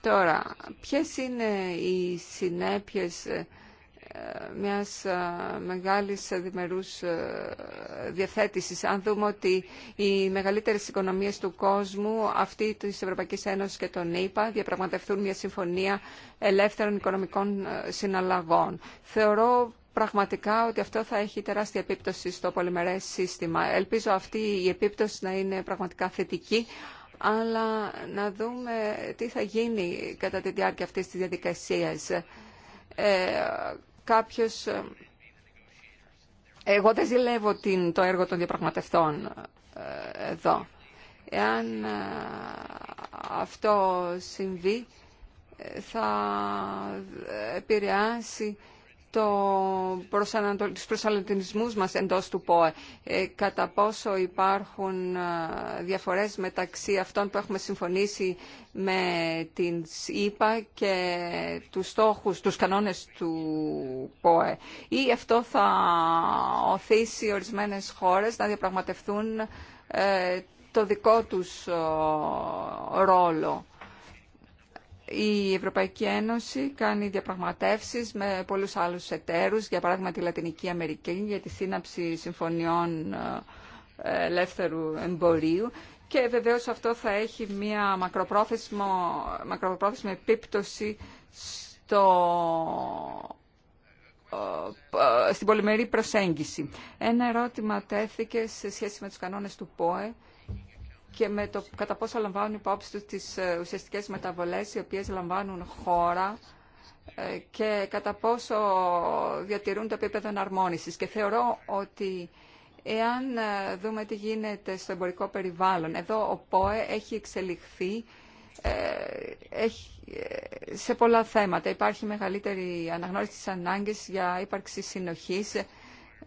Speaker 2: Τώρα, ποιες είναι οι συνέπειες μιας ε, μεγάλης διμερούς ε, διαθέτησης. Αν δούμε ότι οι μεγαλύτερες οικονομίες του κόσμου, αυτή της Ευρωπαϊκής Ένωσης και των ΗΠΑ, διαπραγματευτούν μια συμφωνία ελεύθερων οικονομικών ε, συναλλαγών. Θεωρώ πραγματικά ότι αυτό θα έχει τεράστια επίπτωση στο πολυμερές σύστημα. Ελπίζω αυτή η επίπτωση να είναι πραγματικά θετική, αλλά να δούμε τι θα γίνει κατά τη διάρκεια αυτής της διαδικασίας κάποιος... Ε, εγώ δεν ζηλεύω την, το έργο των διαπραγματευτών ε, εδώ. Εάν ε, αυτό συμβεί, θα επηρεάσει το προσανατολ... τους προσανατολισμούς μας εντός του ΠΟΕ. Ε, κατά πόσο υπάρχουν διαφορές μεταξύ αυτών που έχουμε συμφωνήσει με την ΣΥΠΑ και τους στόχους, τους κανόνες του ΠΟΕ. Ή αυτό θα οθήσει ορισμένες χώρες να διαπραγματευτούν ε, το δικό τους ρόλο η Ευρωπαϊκή Ένωση κάνει διαπραγματεύσεις με πολλούς άλλους εταίρους, για παράδειγμα τη Λατινική Αμερική, για τη σύναψη συμφωνιών ε, ελεύθερου εμπορίου και βεβαίως αυτό θα έχει μια μακροπρόθεσμη επίπτωση στο, ε, ε, στην πολυμερή προσέγγιση. Ένα ερώτημα τέθηκε σε σχέση με τους κανόνες του ΠΟΕ και με το κατά πόσο λαμβάνουν υπόψη του τις ε, ουσιαστικές μεταβολές οι οποίες λαμβάνουν χώρα ε, και κατά πόσο διατηρούν το επίπεδο εναρμόνισης. Και θεωρώ ότι εάν ε, δούμε τι γίνεται στο εμπορικό περιβάλλον, εδώ ο ΠΟΕ έχει εξελιχθεί σε πολλά θέματα. Υπάρχει μεγαλύτερη αναγνώριση της ανάγκης για ύπαρξη συνοχής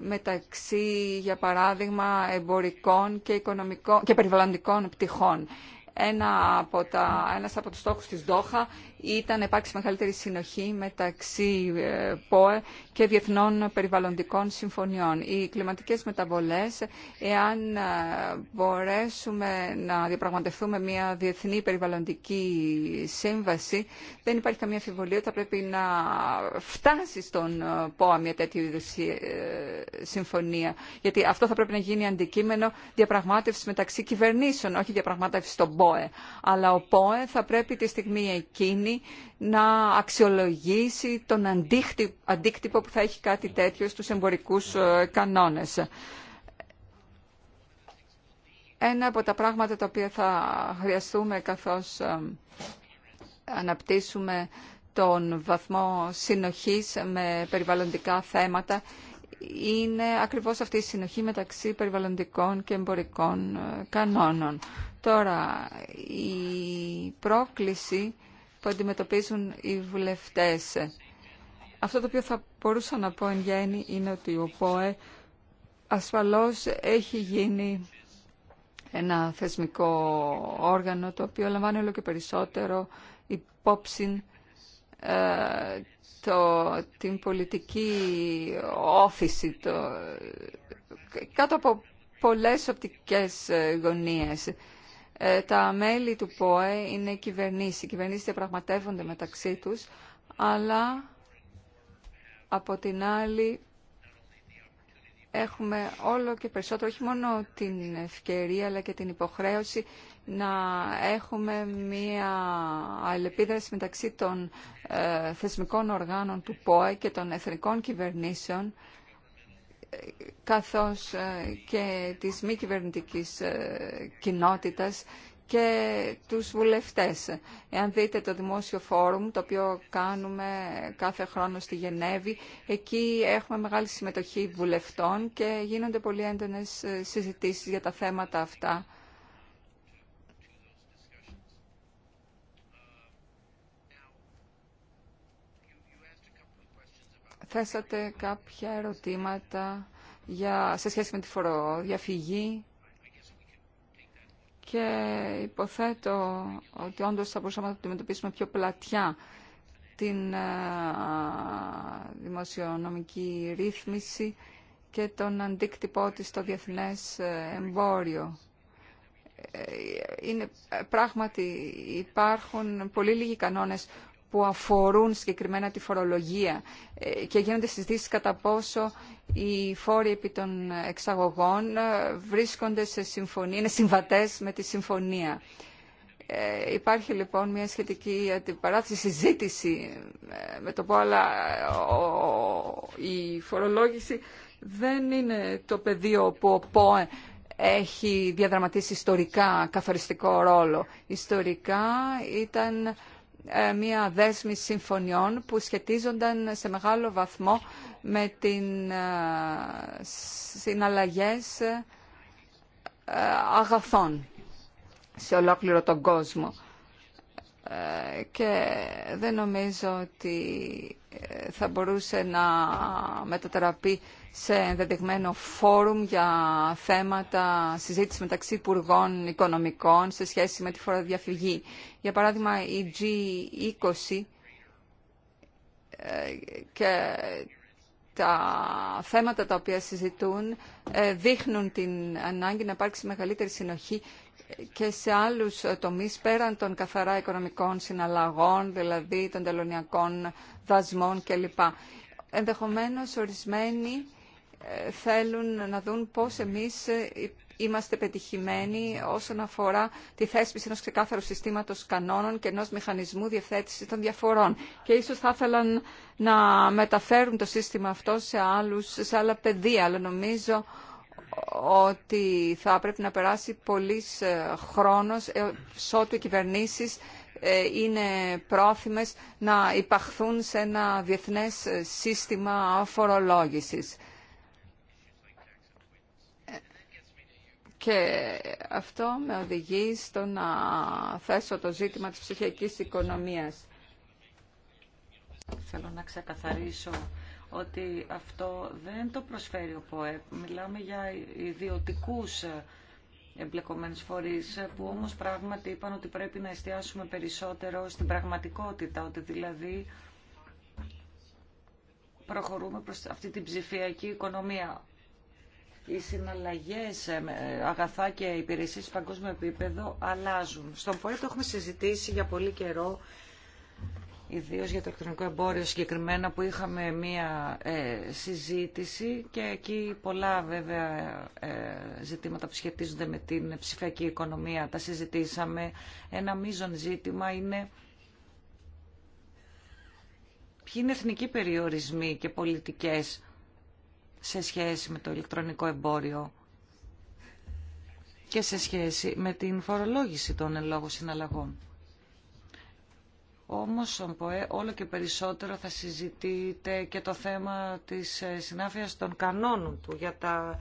Speaker 2: μεταξύ, για παράδειγμα, εμπορικών και, οικονομικών και περιβαλλοντικών πτυχών. Ένα από τα, ένας από τους στόχους της Δόχα ήταν υπάρξει μεγαλύτερη συνοχή μεταξύ ε, ΠΟΕ και διεθνών περιβαλλοντικών συμφωνιών. Οι κλιματικές μεταβολές, εάν ε, μπορέσουμε να διαπραγματευτούμε μια διεθνή περιβαλλοντική σύμβαση, δεν υπάρχει καμία αφιβολία ότι θα πρέπει να φτάσει στον ε, ΠΟΑ μια τέτοια συμφωνία. Γιατί αυτό θα πρέπει να γίνει αντικείμενο διαπραγμάτευση μεταξύ κυβερνήσεων, όχι διαπραγμάτευση στον ΠΟΕ. Αλλά ο ΠΟΕ θα πρέπει τη στιγμή εκείνη να αξιολογήσει τον αντίκτυπο που θα έχει κάτι τέτοιο στους εμπορικούς ε, κανόνες. Ένα από τα πράγματα τα οποία θα χρειαστούμε καθώς ε, αναπτύσσουμε τον βαθμό συνοχής με περιβαλλοντικά θέματα είναι ακριβώς αυτή η συνοχή μεταξύ περιβαλλοντικών και εμπορικών ε, κανόνων. Τώρα, η πρόκληση που αντιμετωπίζουν οι βουλευτές. Αυτό το οποίο θα μπορούσα να πω εν γέννη είναι ότι ο ΠΟΕ ασφαλώς έχει γίνει ένα θεσμικό όργανο το οποίο λαμβάνει όλο και περισσότερο υπόψη ε, το, την πολιτική όφηση το, κάτω από πολλές οπτικές γωνίες. Ε, τα μέλη του ΠΟΕ είναι κυβερνήσει. Οι κυβερνήσεις διαπραγματεύονται μεταξύ τους, αλλά από την άλλη έχουμε όλο και περισσότερο, όχι μόνο την ευκαιρία, αλλά και την υποχρέωση να έχουμε μία αλληλεπίδραση μεταξύ των ε, θεσμικών οργάνων του ΠΟΕ και των εθνικών κυβερνήσεων, καθώς ε, και της μη κυβερνητική ε, κοινότητας και τους βουλευτές. Εάν δείτε το Δημόσιο Φόρουμ, το οποίο κάνουμε κάθε χρόνο στη Γενέβη, εκεί έχουμε μεγάλη συμμετοχή βουλευτών και γίνονται πολύ έντονες ε, συζητήσεις για τα θέματα αυτά θέσατε κάποια ερωτήματα για, σε σχέση με τη φοροδιαφυγή και υποθέτω ότι όντως θα μπορούσαμε να αντιμετωπίσουμε πιο πλατιά την δημοσιονομική ρύθμιση και τον αντίκτυπό της στο διεθνές ε, εμπόριο. Ε, ε, είναι, πράγματι υπάρχουν πολύ λίγοι κανόνες που αφορούν συγκεκριμένα τη φορολογία ε, και γίνονται συζητήσεις κατά πόσο οι φόροι επί των εξαγωγών ε, βρίσκονται σε συμφωνία, είναι συμβατές με τη συμφωνία. Ε, υπάρχει λοιπόν μια σχετική αντιπαράθεση, συζήτηση με το πω, αλλά η φορολόγηση δεν είναι το πεδίο που ο ΠΟΕ έχει διαδραματίσει ιστορικά καθοριστικό ρόλο. Ιστορικά ήταν ε, μία δέσμη συμφωνιών που σχετίζονταν σε μεγάλο βαθμό με την ε, συναλλαγές ε, αγαθών σε ολόκληρο τον κόσμο. Ε, και δεν νομίζω ότι ε, θα μπορούσε να μετατραπεί σε ενδεδειγμένο φόρουμ για θέματα συζήτηση μεταξύ υπουργών οικονομικών σε σχέση με τη φοροδιαφυγή. Για παράδειγμα, η G20 ε, και τα θέματα τα οποία συζητούν δείχνουν την ανάγκη να υπάρξει μεγαλύτερη συνοχή και σε άλλους τομείς πέραν των καθαρά οικονομικών συναλλαγών, δηλαδή των τελωνιακών δασμών κλπ. Ενδεχομένως ορισμένοι ε, θέλουν να δουν πώς εμείς ε, είμαστε πετυχημένοι όσον αφορά τη θέσπιση ενός ξεκάθαρου συστήματος κανόνων και ενός μηχανισμού διευθέτησης των διαφορών. Και ίσως θα ήθελαν να μεταφέρουν το σύστημα αυτό σε, σε άλλα πεδία, αλλά νομίζω ότι θα πρέπει να περάσει πολύς ε, χρόνος ε, ότου οι κυβερνήσεις ε, είναι πρόθυμες να υπαχθούν σε ένα διεθνές σύστημα φορολόγησης. Και αυτό με οδηγεί στο να θέσω το ζήτημα της ψυχιακής οικονομίας. Θέλω να ξεκαθαρίσω
Speaker 3: ότι αυτό δεν το προσφέρει ο ΠΟΕ. Μιλάμε για ιδιωτικού ε, εμπλεκομένους φορείς ε, που όμως πράγματι είπαν ότι πρέπει να εστιάσουμε περισσότερο στην πραγματικότητα, ότι δηλαδή προχωρούμε προς αυτή την ψηφιακή οικονομία. Οι συναλλαγές ε, αγαθά και υπηρεσίες σε παγκόσμιο επίπεδο αλλάζουν. Στον ΠΟΕ το έχουμε συζητήσει για πολύ καιρό ιδίω για το ηλεκτρονικό εμπόριο συγκεκριμένα που είχαμε μία ε, συζήτηση και εκεί πολλά βέβαια ε, ζητήματα που σχετίζονται με την ψηφιακή οικονομία τα συζητήσαμε. Ένα μείζον ζήτημα είναι ποιοι είναι εθνικοί περιορισμοί και πολιτικές σε σχέση με το ηλεκτρονικό εμπόριο και σε σχέση με την φορολόγηση των ελόγων συναλλαγών. Όμως, όλο και περισσότερο θα συζητείτε και το θέμα της ε, συνάφειας των κανόνων του για, τα,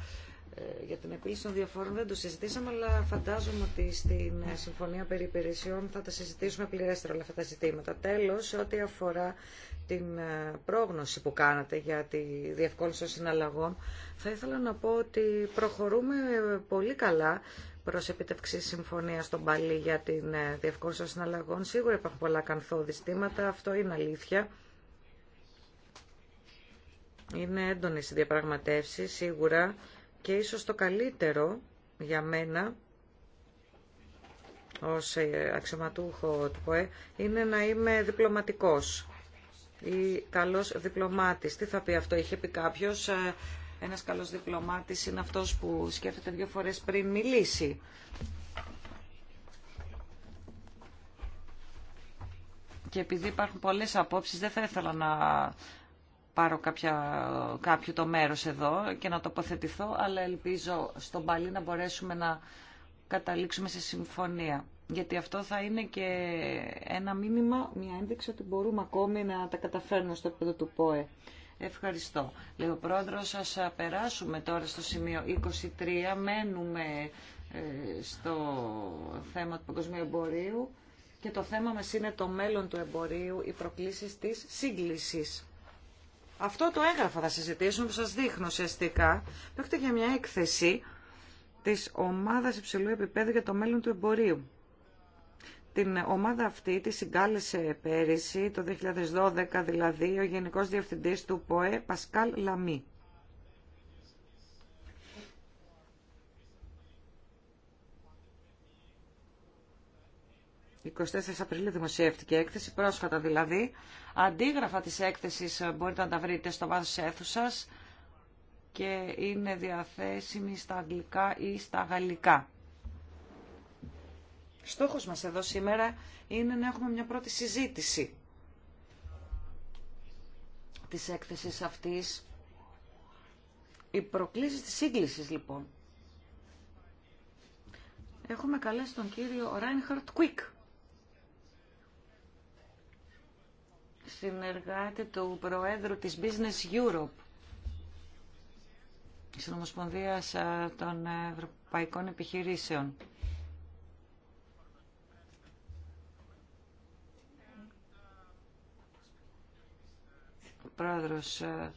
Speaker 3: ε, για την επίλυση των διαφόρων. Δεν το συζητήσαμε, αλλά φαντάζομαι ότι στην ε, Συμφωνία περί θα τα συζητήσουμε πληρέστερα όλα αυτά τα ζητήματα. Τέλος, ό,τι αφορά την πρόγνωση που κάνατε για τη διευκόλυνση των συναλλαγών, θα ήθελα να πω ότι προχωρούμε πολύ καλά προς επιτευξή συμφωνία στον Παλί για την ε, διευκόλυνση των συναλλαγών. Σίγουρα υπάρχουν πολλά κανθόδη στήματα, αυτό είναι αλήθεια. Είναι έντονη η διαπραγματεύσεις, σίγουρα, και ίσως το καλύτερο για μένα ως ε, αξιωματούχο του ΠΟΕ είναι να είμαι διπλωματικός ή καλός διπλωμάτης. Τι θα πει αυτό, είχε πει κάποιος ε, ένας καλός διπλωμάτης είναι αυτός που σκέφτεται δύο φορές πριν μιλήσει. Και επειδή υπάρχουν πολλές απόψεις, δεν θα ήθελα να πάρω κάποια, κάποιο το μέρος εδώ και να τοποθετηθώ, αλλά ελπίζω στον Παλί να μπορέσουμε να καταλήξουμε σε συμφωνία. Γιατί αυτό θα είναι και ένα μήνυμα, μια ένδειξη ότι μπορούμε ακόμη να τα καταφέρνουμε στο επίπεδο του ΠΟΕ. Ευχαριστώ. Λέω πρόεδρο, σας περάσουμε τώρα στο σημείο 23. Μένουμε ε, στο θέμα του παγκοσμίου εμπορίου και το θέμα μας είναι το μέλλον του εμπορίου, οι προκλήσεις της σύγκλησης. Αυτό το έγγραφο θα συζητήσουμε που σας δείχνω ουσιαστικά. Πρόκειται για μια έκθεση της ομάδας υψηλού επίπεδου για το μέλλον του εμπορίου. Την ομάδα αυτή τη συγκάλεσε πέρυσι, το 2012 δηλαδή, ο Γενικός Διευθυντής του ΠΟΕ, Πασκάλ Λαμή. «24 Απριλίου δημοσιεύτηκε έκθεση, πρόσφατα δηλαδή. Αντίγραφα της έκθεσης μπορείτε να τα βρείτε στο βάθος έθουσας και είναι διαθέσιμη στα αγγλικά ή στα γαλλικά. Στόχος μας εδώ σήμερα είναι να έχουμε μια πρώτη συζήτηση της έκθεσης αυτής. Οι προκλήσεις της σύγκλησης λοιπόν. Έχουμε καλέσει τον κύριο Ράινχαρτ Κουίκ. Συνεργάτη του Προέδρου της Business Europe. Συνομοσπονδίας ε, των Ευρωπαϊκών Επιχειρήσεων. πρόεδρος, ε,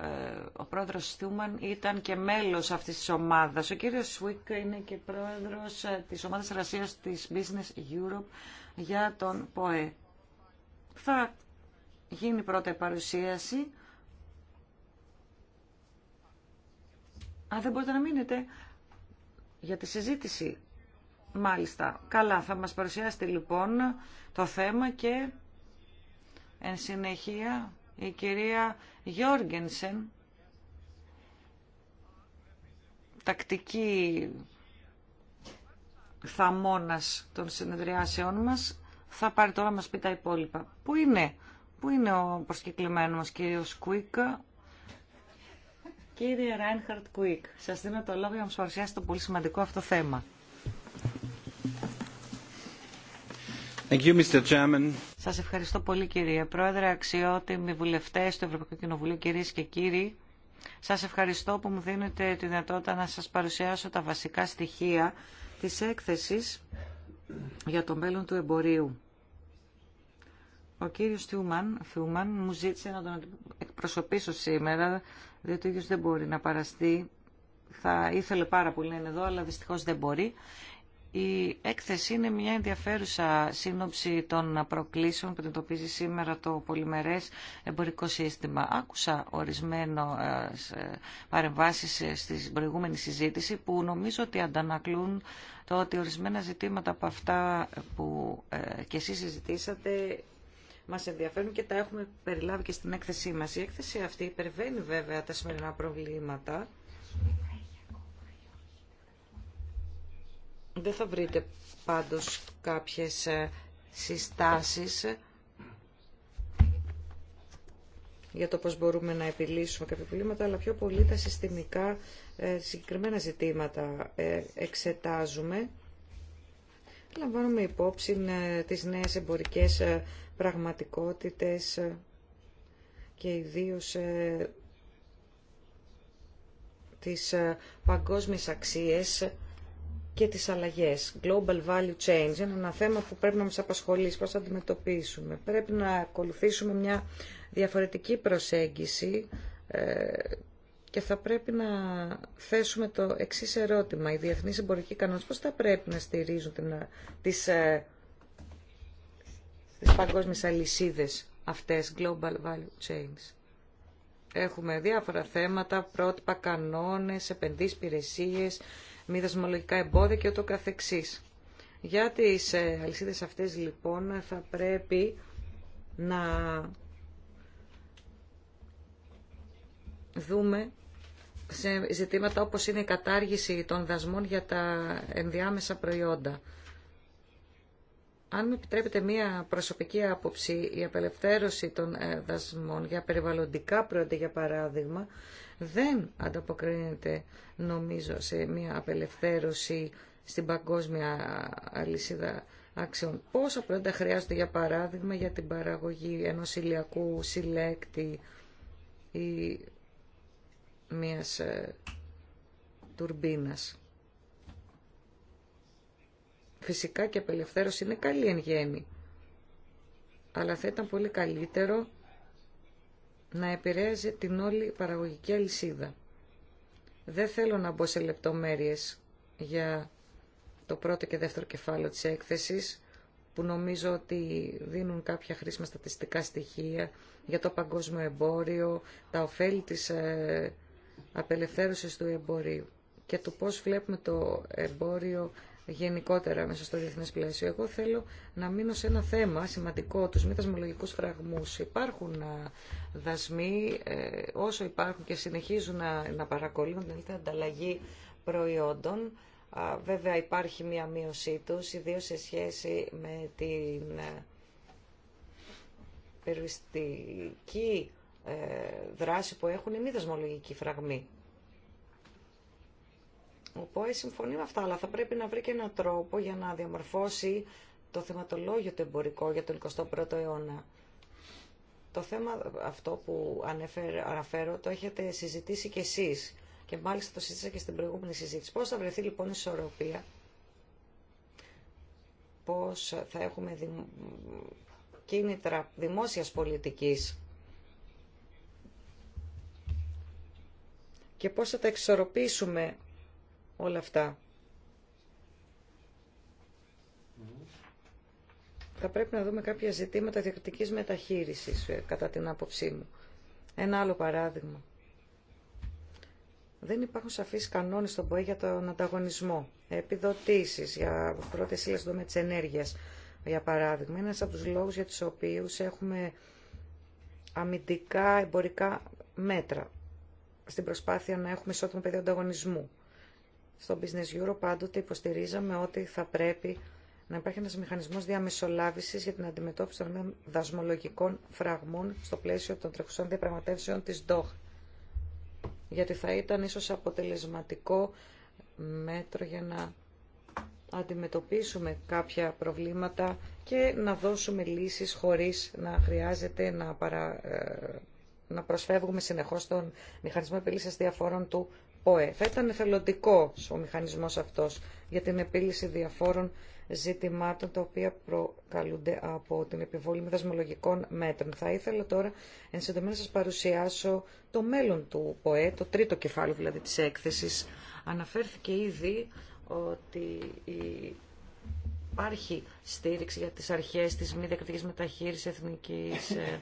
Speaker 3: ε, ο πρόεδρος Θούμαν ήταν και μέλος αυτής της ομάδας. Ο κύριος Σουίκ είναι και πρόεδρος ε, της ομάδας Εργασία της Business Europe για τον ΠΟΕ. Θα γίνει πρώτα η παρουσίαση. Αν δεν μπορείτε να μείνετε για τη συζήτηση, μάλιστα. Καλά, θα μας παρουσιάσετε λοιπόν το θέμα και εν συνεχεία η κυρία Γιόργενσεν, τακτική θαμώνας των συνεδριάσεών μας, θα πάρει τώρα να μας πει τα υπόλοιπα. Πού είναι, πού είναι ο προσκεκλημένος μας κύριος Κουίκ, Κύριε Ράινχαρτ Κουίκ, σας δίνω το λόγο για να μας παρουσιάσετε το πολύ σημαντικό αυτό θέμα. Σας ευχαριστώ πολύ κύριε Πρόεδρε, αξιότιμοι βουλευτές του Ευρωπαϊκού Κοινοβουλίου, κυρίες και κύριοι. Σας ευχαριστώ που μου δίνετε τη δυνατότητα να σας παρουσιάσω τα βασικά στοιχεία της έκθεσης για το μέλλον του εμπορίου. Ο κύριος Θιούμαν, μου ζήτησε να τον εκπροσωπήσω σήμερα, διότι ο ίδιος δεν μπορεί να παραστεί. Θα ήθελε πάρα πολύ να είναι εδώ, αλλά δυστυχώς δεν μπορεί. Η έκθεση είναι μια ενδιαφέρουσα σύνοψη των προκλήσεων που εντοπίζει σήμερα το πολυμερές εμπορικό σύστημα. Άκουσα ορισμένο ε, ε, παρεμβάσεις ε, στην προηγούμενη συζήτηση που νομίζω ότι αντανακλούν το ότι ορισμένα ζητήματα από αυτά που και εσείς συζητήσατε μας ενδιαφέρουν και τα έχουμε περιλάβει και στην έκθεσή μας. Η έκθεση αυτή υπερβαίνει βέβαια τα σημερινά προβλήματα Δεν θα βρείτε πάντως κάποιες ε, συστάσεις για το πώς μπορούμε να επιλύσουμε κάποια προβλήματα, αλλά πιο πολύ τα συστημικά ε, συγκεκριμένα ζητήματα ε, εξετάζουμε. Λαμβάνουμε υπόψη τις νέες εμπορικές πραγματικότητες και ιδίως τις παγκόσμιες αξίες και τις αλλαγές. Global Value Change είναι ένα θέμα που πρέπει να μας απασχολήσει, πώς θα αντιμετωπίσουμε. Πρέπει να ακολουθήσουμε μια διαφορετική προσέγγιση ε, και θα πρέπει να θέσουμε το εξή ερώτημα. Οι διεθνείς εμπορικοί κανόνες πώς θα πρέπει να στηρίζουν την, ε, τις, ε, τις παγκόσμιες αλυσίδες αυτές, Global Value Chains. Έχουμε διάφορα θέματα, πρότυπα, κανόνες, επενδύσεις, υπηρεσίε μη δασμολογικά εμπόδια και ούτω καθεξής. Για τις ε, αλυσίδες αυτές λοιπόν θα πρέπει να δούμε σε ζητήματα όπως είναι η κατάργηση των δασμών για τα ενδιάμεσα προϊόντα. Αν με επιτρέπετε μία προσωπική άποψη, η απελευθέρωση των ε, δασμών για περιβαλλοντικά προϊόντα, για παράδειγμα, δεν ανταποκρίνεται νομίζω σε μια απελευθέρωση στην παγκόσμια αλυσίδα αξιών. Πόσα προϊόντα χρειάζονται για παράδειγμα για την παραγωγή ενός ηλιακού συλλέκτη ή μιας ε, τουρμπίνας. Φυσικά και απελευθέρωση είναι καλή εν γέννη, αλλά θα ήταν πολύ καλύτερο να επηρέαζε την όλη παραγωγική αλυσίδα. Δεν θέλω να μπω σε λεπτομέρειες για το πρώτο και δεύτερο κεφάλαιο της έκθεσης, που νομίζω ότι δίνουν κάποια χρήσιμα στατιστικά στοιχεία για το παγκόσμιο εμπόριο, τα ωφέλη της ε, απελευθέρωσης του εμπορίου και το πώς βλέπουμε το εμπόριο γενικότερα μέσα στο διεθνέ πλαίσιο. Εγώ θέλω να μείνω σε ένα θέμα σημαντικό, του μη δασμολογικού φραγμούς. Υπάρχουν ε, δασμοί, ε, όσο υπάρχουν και συνεχίζουν να, να παρακολουθούν δηλαδή, την ανταλλαγή προϊόντων, βέβαια υπάρχει μία μείωσή τους, ιδίως σε σχέση με την ε, περιοριστική δράση που έχουν οι μη δασμολογικοί φραγμοί. Ο ΠΟΕ συμφωνεί με αυτά, αλλά θα πρέπει να βρει και έναν τρόπο για να διαμορφώσει το θεματολόγιο του εμπορικό για τον 21ο αιώνα. Το θέμα αυτό που αναφέρω το έχετε συζητήσει κι εσείς και μάλιστα το συζήτησα και στην προηγούμενη συζήτηση. Πώς θα βρεθεί λοιπόν η ισορροπία, πώς θα έχουμε κίνητρα δημόσιας πολιτικής και πώς θα τα εξορροπήσουμε όλα αυτά. Θα πρέπει να δούμε κάποια ζητήματα διακριτικής μεταχείρισης, ε, κατά την άποψή μου. Ένα άλλο παράδειγμα. Δεν υπάρχουν σαφείς κανόνες στον ΠΟΕ για τον ανταγωνισμό. Επιδοτήσεις για πρώτες ύλες δούμε της ενέργειας, για παράδειγμα. Είναι ένας από τους λόγους για τους οποίους έχουμε αμυντικά εμπορικά μέτρα στην προσπάθεια να έχουμε ισότιμο πεδίο ανταγωνισμού στο Business Euro πάντοτε υποστηρίζαμε ότι θα πρέπει να υπάρχει ένας μηχανισμός διαμεσολάβησης για την αντιμετώπιση των δασμολογικών φραγμών στο πλαίσιο των τρεχουσών διαπραγματεύσεων της ΔΟΧ. Γιατί θα ήταν ίσως αποτελεσματικό μέτρο για να αντιμετωπίσουμε κάποια προβλήματα και να δώσουμε λύσεις χωρίς να χρειάζεται να, παρα... Ε, να προσφεύγουμε συνεχώς τον μηχανισμό επίλυσης διαφόρων του θα ήταν εθελοντικό ο μηχανισμό αυτός για την επίλυση διαφόρων ζητημάτων τα οποία προκαλούνται από την επιβολή με δασμολογικών μέτρων. Θα ήθελα τώρα εν συντομή να σας παρουσιάσω το μέλλον του ΠΟΕ, το τρίτο κεφάλαιο δηλαδή της έκθεσης. Αναφέρθηκε ήδη ότι υπάρχει στήριξη για τις αρχές της μη διακριτικής μεταχείρισης εθνικής ε,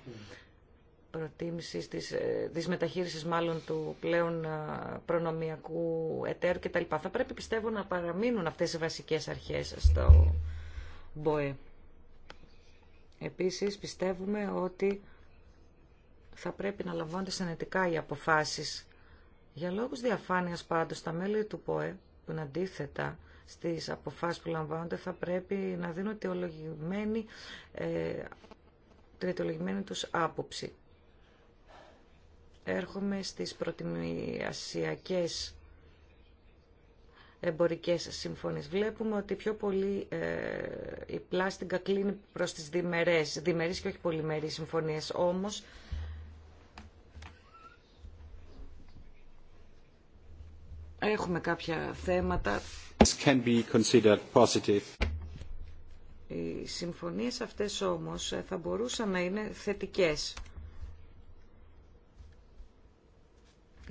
Speaker 3: προτίμησης της, ε, της μεταχείρισης μάλλον του πλέον ε, προνομιακού εταίρου κτλ. Θα πρέπει πιστεύω να παραμείνουν αυτές οι βασικές αρχές στο ΜΠΟΕ. Επίσης πιστεύουμε ότι θα πρέπει να λαμβάνονται συνετικά οι αποφάσεις. Για λόγους διαφάνειας πάντως τα μέλη του ΠΟΕ που είναι αντίθετα στις αποφάσεις που λαμβάνονται θα πρέπει να δίνουν τριτολογημένη ε, τους άποψη. Έρχομαι στις προτιμιασιακές εμπορικές συμφωνίες. Βλέπουμε ότι πιο πολύ ε, η πλάστιγκα κλείνει προς τις διμερές, διμερείς και όχι πολυμερείς συμφωνίες. Όμως, έχουμε κάποια θέματα.
Speaker 1: Can be considered
Speaker 3: Οι συμφωνίες αυτές όμως θα μπορούσαν να είναι θετικές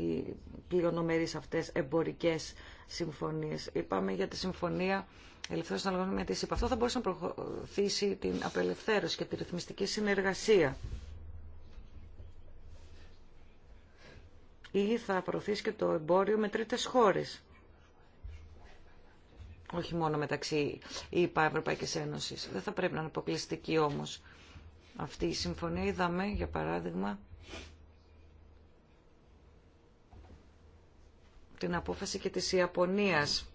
Speaker 3: οι πλειονομερείς αυτές εμπορικές συμφωνίες. Είπαμε για τη συμφωνία ελευθέρωση των αλλαγών με τη Αυτό θα μπορούσε να προωθήσει την απελευθέρωση και τη ρυθμιστική συνεργασία. Ή θα προωθήσει και το εμπόριο με τρίτες χώρες. Όχι μόνο μεταξύ ΙΠΑ Ευρωπαϊκής Ένωσης. Δεν θα πρέπει να είναι αποκλειστική όμως αυτή η συμφωνία. Είδαμε, για παράδειγμα, την απόφαση και της Ιαπωνίας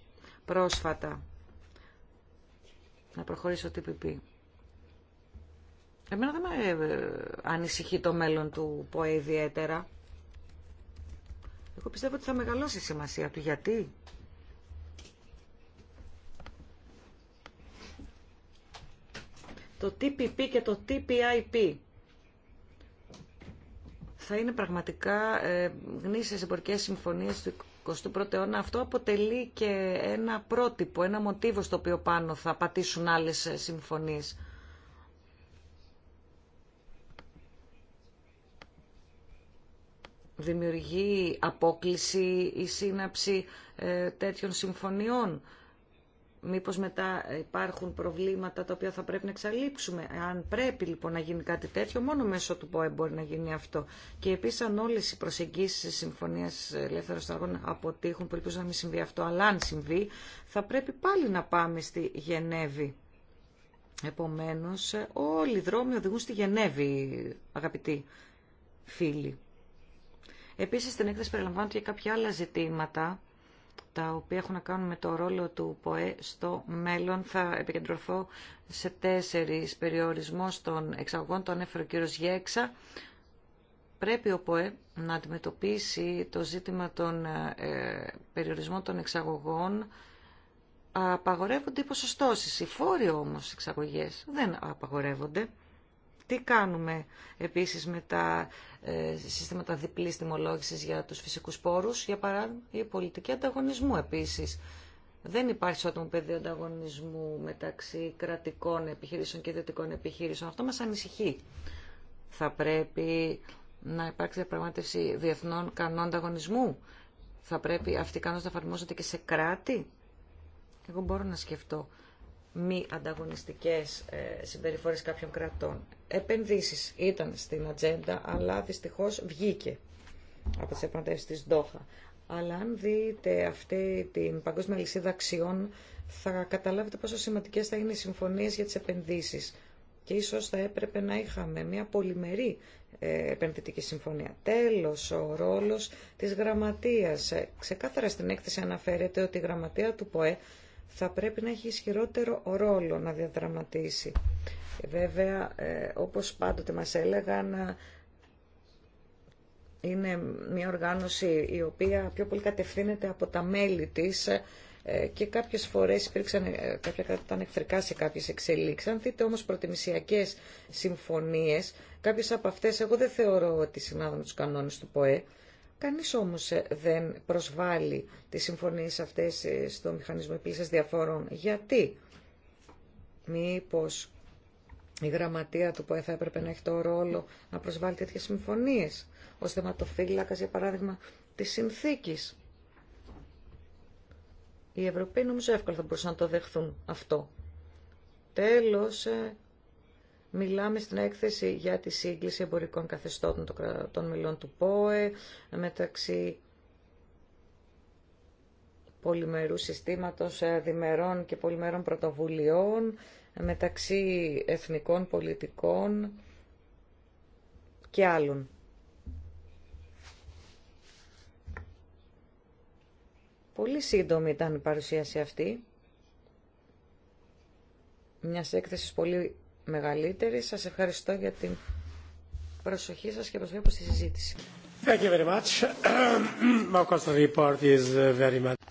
Speaker 3: πρόσφατα να προχωρήσει ο TPP. Εμένα δεν με ε, ανησυχεί το μέλλον του ΠΟΕ ιδιαίτερα. Εγώ πιστεύω ότι θα μεγαλώσει η σημασία του. Γιατί? Το TPP και το TPIP θα είναι πραγματικά ε, γνήσιες εμπορικές συμφωνίες του αυτό αποτελεί και ένα πρότυπο, ένα μοτίβο στο οποίο πάνω θα πατήσουν άλλες ε, συμφωνίες. Δημιουργεί απόκληση η σύναψη ε, τέτοιων συμφωνιών Μήπως μετά υπάρχουν προβλήματα τα οποία θα πρέπει να εξαλείψουμε. Αν πρέπει λοιπόν να γίνει κάτι τέτοιο, μόνο μέσω του ΠΟΕ μπορεί να γίνει αυτό. Και επίσης αν όλες οι προσεγγίσεις της Συμφωνίας Ελεύθερων Σταγών αποτύχουν, που ελπίζω να μην συμβεί αυτό, αλλά αν συμβεί, θα πρέπει πάλι να πάμε στη Γενέβη. Επομένως, όλοι οι δρόμοι οδηγούν στη Γενέβη, αγαπητοί φίλοι. Επίσης, στην έκθεση περιλαμβάνονται και κάποια άλλα ζητήματα τα οποία έχουν να κάνουν με το ρόλο του ΠΟΕ στο μέλλον. Θα επικεντρωθώ σε τέσσερις περιορισμούς των εξαγωγών, τον έφερε ο κύριος Γέξα. Πρέπει ο ΠΟΕ να αντιμετωπίσει το ζήτημα των ε, περιορισμών των εξαγωγών. Απαγορεύονται οι ποσοστώσεις. Οι φόροι όμως εξαγωγές δεν απαγορεύονται. Τι κάνουμε επίσης με τα ε, συστήματα διπλής τιμολόγησης για τους φυσικούς πόρους, για παράδειγμα η πολιτική ανταγωνισμού επίσης. Δεν υπάρχει ισότιμο πεδίο ανταγωνισμού μεταξύ κρατικών επιχειρήσεων και ιδιωτικών επιχειρήσεων. Αυτό μας ανησυχεί. Θα πρέπει να υπάρξει διαπραγμάτευση διεθνών κανόν ανταγωνισμού. Θα πρέπει αυτή η κανόνες να εφαρμόζονται και σε κράτη. Εγώ μπορώ να σκεφτώ μη ανταγωνιστικές ε, συμπεριφορές κάποιων κρατών. Επενδύσεις ήταν στην ατζέντα, αλλά δυστυχώς βγήκε από τις επανατεύσεις της Ντόχα. Αλλά αν δείτε αυτή την παγκόσμια λυσίδα αξιών, θα καταλάβετε πόσο σημαντικές θα είναι οι συμφωνίες για τις επενδύσεις. Και ίσως θα έπρεπε να είχαμε μια πολυμερή ε, επενδυτική συμφωνία. Τέλος, ο ρόλος της γραμματείας. Ε, ξεκάθαρα στην έκθεση αναφέρεται ότι η γραμματεία του ΠΟΕ θα πρέπει να έχει ισχυρότερο ρόλο να διαδραματίσει. Ε, βέβαια, ε, όπως πάντοτε μας έλεγαν, ε, είναι μια οργάνωση η οποία πιο πολύ κατευθύνεται από τα μέλη της και κάποιες φορές υπήρξαν κάποια κράτη ήταν εχθρικά σε κάποιες εξελίξεις. Αν δείτε όμως προτιμησιακές συμφωνίες, κάποιες από αυτές εγώ δεν θεωρώ ότι συνάδουν τους κανόνες του ΠΟΕ, Κανείς όμως ε, δεν προσβάλλει τις συμφωνίες αυτές ε, στο μηχανισμό επίλυσης διαφορών. Γιατί μήπως η γραμματεία του ΠΟΕ θα έπρεπε να έχει το ρόλο να προσβάλλει τέτοιες συμφωνίες ως θεματοφύλακας, για παράδειγμα, της συνθήκης. Οι Ευρωπαίοι νομίζω εύκολα θα μπορούσαν να το δεχθούν αυτό. Τέλος, ε, Μιλάμε στην έκθεση για τη σύγκληση εμπορικών καθεστώτων των κρατών μελών του ΠΟΕ μεταξύ πολυμερού συστήματος ε, διμερών και πολυμερών πρωτοβουλειών, μεταξύ εθνικών πολιτικών και άλλων. Πολύ σύντομη ήταν η παρουσίαση αυτή. Μια έκθεση πολύ μεγαλύτερη. Σας ευχαριστώ για την
Speaker 2: προσοχή σας και προσβλέπω στη συζήτηση. Thank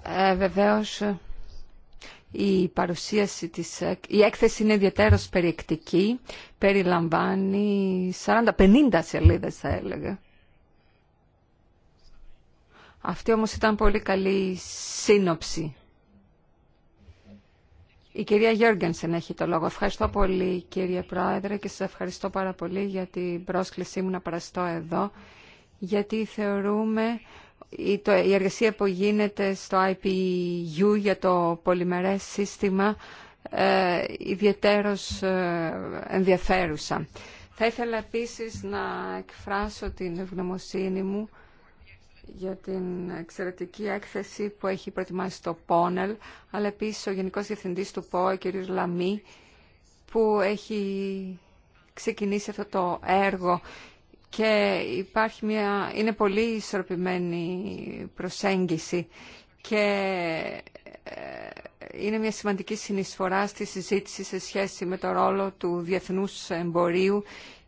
Speaker 2: ε, βεβαίως, η παρουσίαση της, η έκθεση είναι ιδιαίτερως περιεκτική, περιλαμβάνει 40-50 σελίδες θα έλεγα. Αυτή όμως ήταν πολύ καλή σύνοψη η κυρία Γιώργενσεν έχει το λόγο. Ευχαριστώ πολύ κύριε Πρόεδρε και σας ευχαριστώ πάρα πολύ για την πρόσκλησή μου να παραστώ εδώ γιατί θεωρούμε η εργασία που γίνεται στο IPU για το πολυμερές σύστημα ε, ιδιαίτερος ε, ενδιαφέρουσα. Θα ήθελα επίσης να εκφράσω την ευγνωμοσύνη μου για την εξαιρετική έκθεση που έχει προετοιμάσει το Πόνελ, αλλά επίσης ο Γενικός Διευθυντής του ΠΟΕ, κ. Λαμή, που έχει ξεκινήσει αυτό το έργο και υπάρχει μια, είναι πολύ ισορροπημένη προσέγγιση και ε, είναι μια σημαντική συνεισφορά στη συζήτηση σε σχέση με το ρόλο του διεθνούς εμπορίου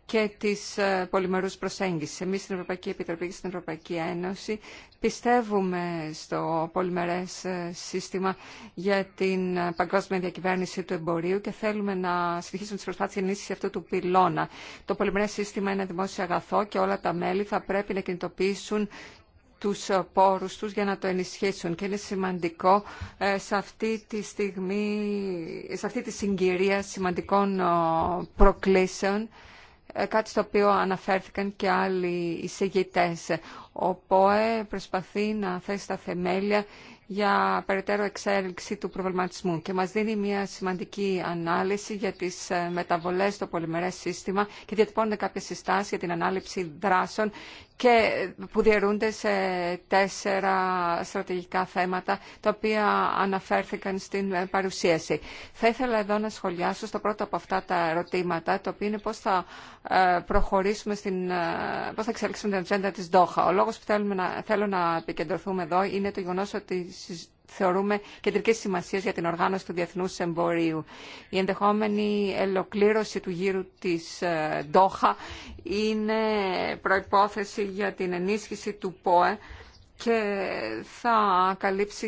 Speaker 2: και της ε, πολυμερούς προσέγγισης. Εμείς στην Ευρωπαϊκή Επιτροπή και στην Ευρωπαϊκή Ένωση πιστεύουμε στο πολυμερές ε, σύστημα για την ε, παγκόσμια διακυβέρνηση του εμπορίου και θέλουμε να συνεχίσουμε τις προσπάθειες ενίσχυσης αυτού του πυλώνα. Το πολυμερές σύστημα είναι δημόσιο αγαθό και όλα τα μέλη θα πρέπει να κινητοποιήσουν τους πόρους τους για να το ενισχύσουν και είναι σημαντικό σε αυτή τη στιγμή, σε αυτή τη συγκυρία σημαντικών προκλήσεων ε, κάτι στο οποίο αναφέρθηκαν και άλλοι εισηγητές. Ο ΠΟΕ προσπαθεί να θέσει τα θεμέλια για περαιτέρω εξέλιξη του προβληματισμού και μας δίνει μια σημαντική ανάλυση για τις ε, μεταβολές στο πολυμερές σύστημα και διατυπώνεται κάποια συστάσεις για την ανάληψη δράσεων και που διαιρούνται σε τέσσερα στρατηγικά θέματα τα οποία αναφέρθηκαν στην ε, παρουσίαση. Θα ήθελα εδώ να σχολιάσω στο πρώτο από αυτά τα ερωτήματα το οποίο είναι πώς θα ε, προχωρήσουμε στην, ε, πώς θα εξελίξουμε την ατζέντα της Δόχα. Ο λόγος που θέλουμε να, θέλω να επικεντρωθούμε εδώ είναι το γεγονό ότι θεωρούμε κεντρική σημασία για την οργάνωση του διεθνού εμπορίου. Η ενδεχόμενη ελοκλήρωση του γύρου τη ε, Ντόχα είναι προπόθεση για την ενίσχυση του ΠΟΕ και θα καλύψει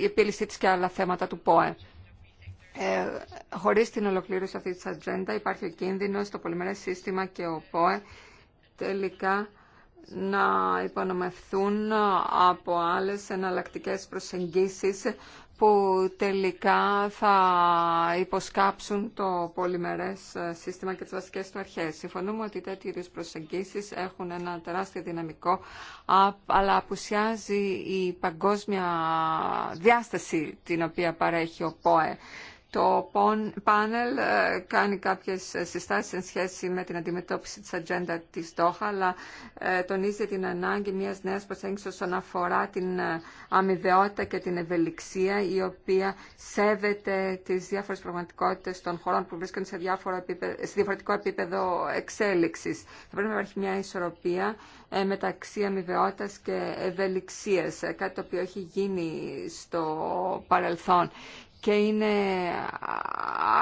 Speaker 2: η επίλυσή της και άλλα θέματα του ΠΟΕ. Ε, χωρίς την ολοκλήρωση αυτής της ατζέντα υπάρχει ο κίνδυνος, το πολυμερές σύστημα και ο ΠΟΕ τελικά να υπονομευθούν από άλλες εναλλακτικές προσεγγίσεις που τελικά θα υποσκάψουν το πολυμερές σύστημα και τις βασικές του αρχές. Συμφωνούμε ότι τέτοιες προσεγγίσεις έχουν ένα τεράστιο δυναμικό, αλλά απουσιάζει η παγκόσμια διάσταση την οποία παρέχει ο ΠΟΕ. Το πάνελ ε, κάνει κάποιες ε, συστάσεις σε σχέση με την αντιμετώπιση της ατζέντα της Δόχα, αλλά ε, τονίζει την ανάγκη μιας νέας προσέγγισης όσον αφορά την αμοιβαιότητα και την ευελιξία, η οποία σέβεται τις διάφορες πραγματικότητες των χωρών που βρίσκονται σε, διάφορο διαφορετικό επίπεδο εξέλιξης. Θα πρέπει να υπάρχει μια ισορροπία μεταξύ αμοιβαιότητας και ευελιξίας, κάτι το οποίο έχει γίνει στο παρελθόν και είναι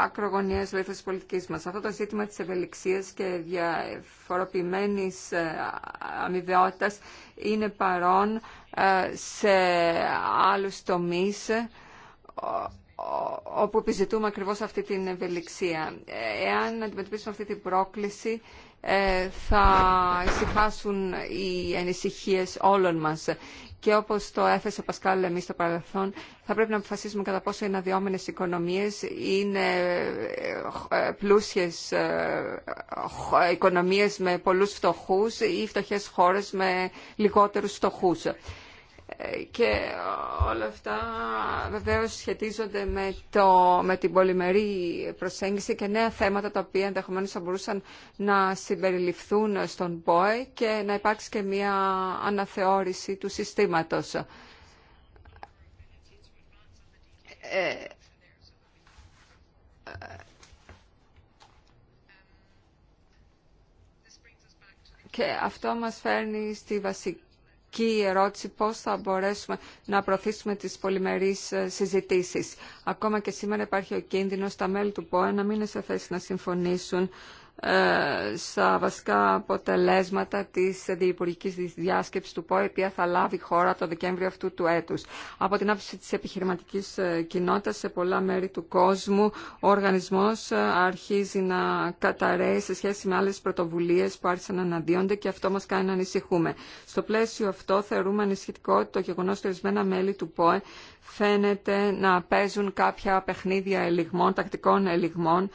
Speaker 2: ακρογωνιαίες λήθος της πολιτικής μας. Αυτό το ζήτημα της ευελιξίας και διαφοροποιημένης ε, αμοιβαιότητας είναι παρόν ε, σε άλλους τομείς ε, όπου επιζητούμε ακριβώς αυτή την ευελιξία. Εάν αντιμετωπίσουμε αυτή την πρόκληση, θα ησυχάσουν οι ανησυχίε όλων μας και όπω το έθεσε ο Πασκάλ εμείς στο παρελθόν, θα πρέπει να αποφασίσουμε κατά πόσο οι αναδυόμενες οικονομίες είναι ε, ε, πλούσιε ε, οικονομίε με πολλού φτωχού ή φτωχέ χώρε με λιγότερου φτωχού. Ε, και όλα αυτά βεβαίως σχετίζονται με, το, με την πολυμερή προσέγγιση και νέα θέματα τα οποία ενδεχομένως θα μπορούσαν να συμπεριληφθούν στον ΠΟΕ και να υπάρξει και μια αναθεώρηση του συστήματος. Ε, ε, και αυτό μας φέρνει στη βασική η ερώτηση πώς θα μπορέσουμε να προωθήσουμε τις πολυμερείς ε, συζητήσεις. Ακόμα και σήμερα υπάρχει ο κίνδυνος τα μέλη του ΠΟΕ να μην είναι σε θέση να συμφωνήσουν ε, στα βασικά αποτελέσματα της διευπουργικής διάσκεψης του ΠΟΕ, η οποία θα λάβει χώρα το Δεκέμβριο αυτού του έτους. Από την άποψη της επιχειρηματικής ε, κοινότητας σε πολλά μέρη του κόσμου, ο οργανισμός ε, αρχίζει να καταραίει σε σχέση με άλλες πρωτοβουλίες που άρχισαν να αναδύονται και αυτό μας κάνει να ανησυχούμε. Στο πλαίσιο αυτό θεωρούμε ανησυχητικό ότι το γεγονός ότι ορισμένα μέλη του ΠΟΕ φαίνεται να παίζουν κάποια παιχνίδια ελιγμών, τακτικών ελιγμών,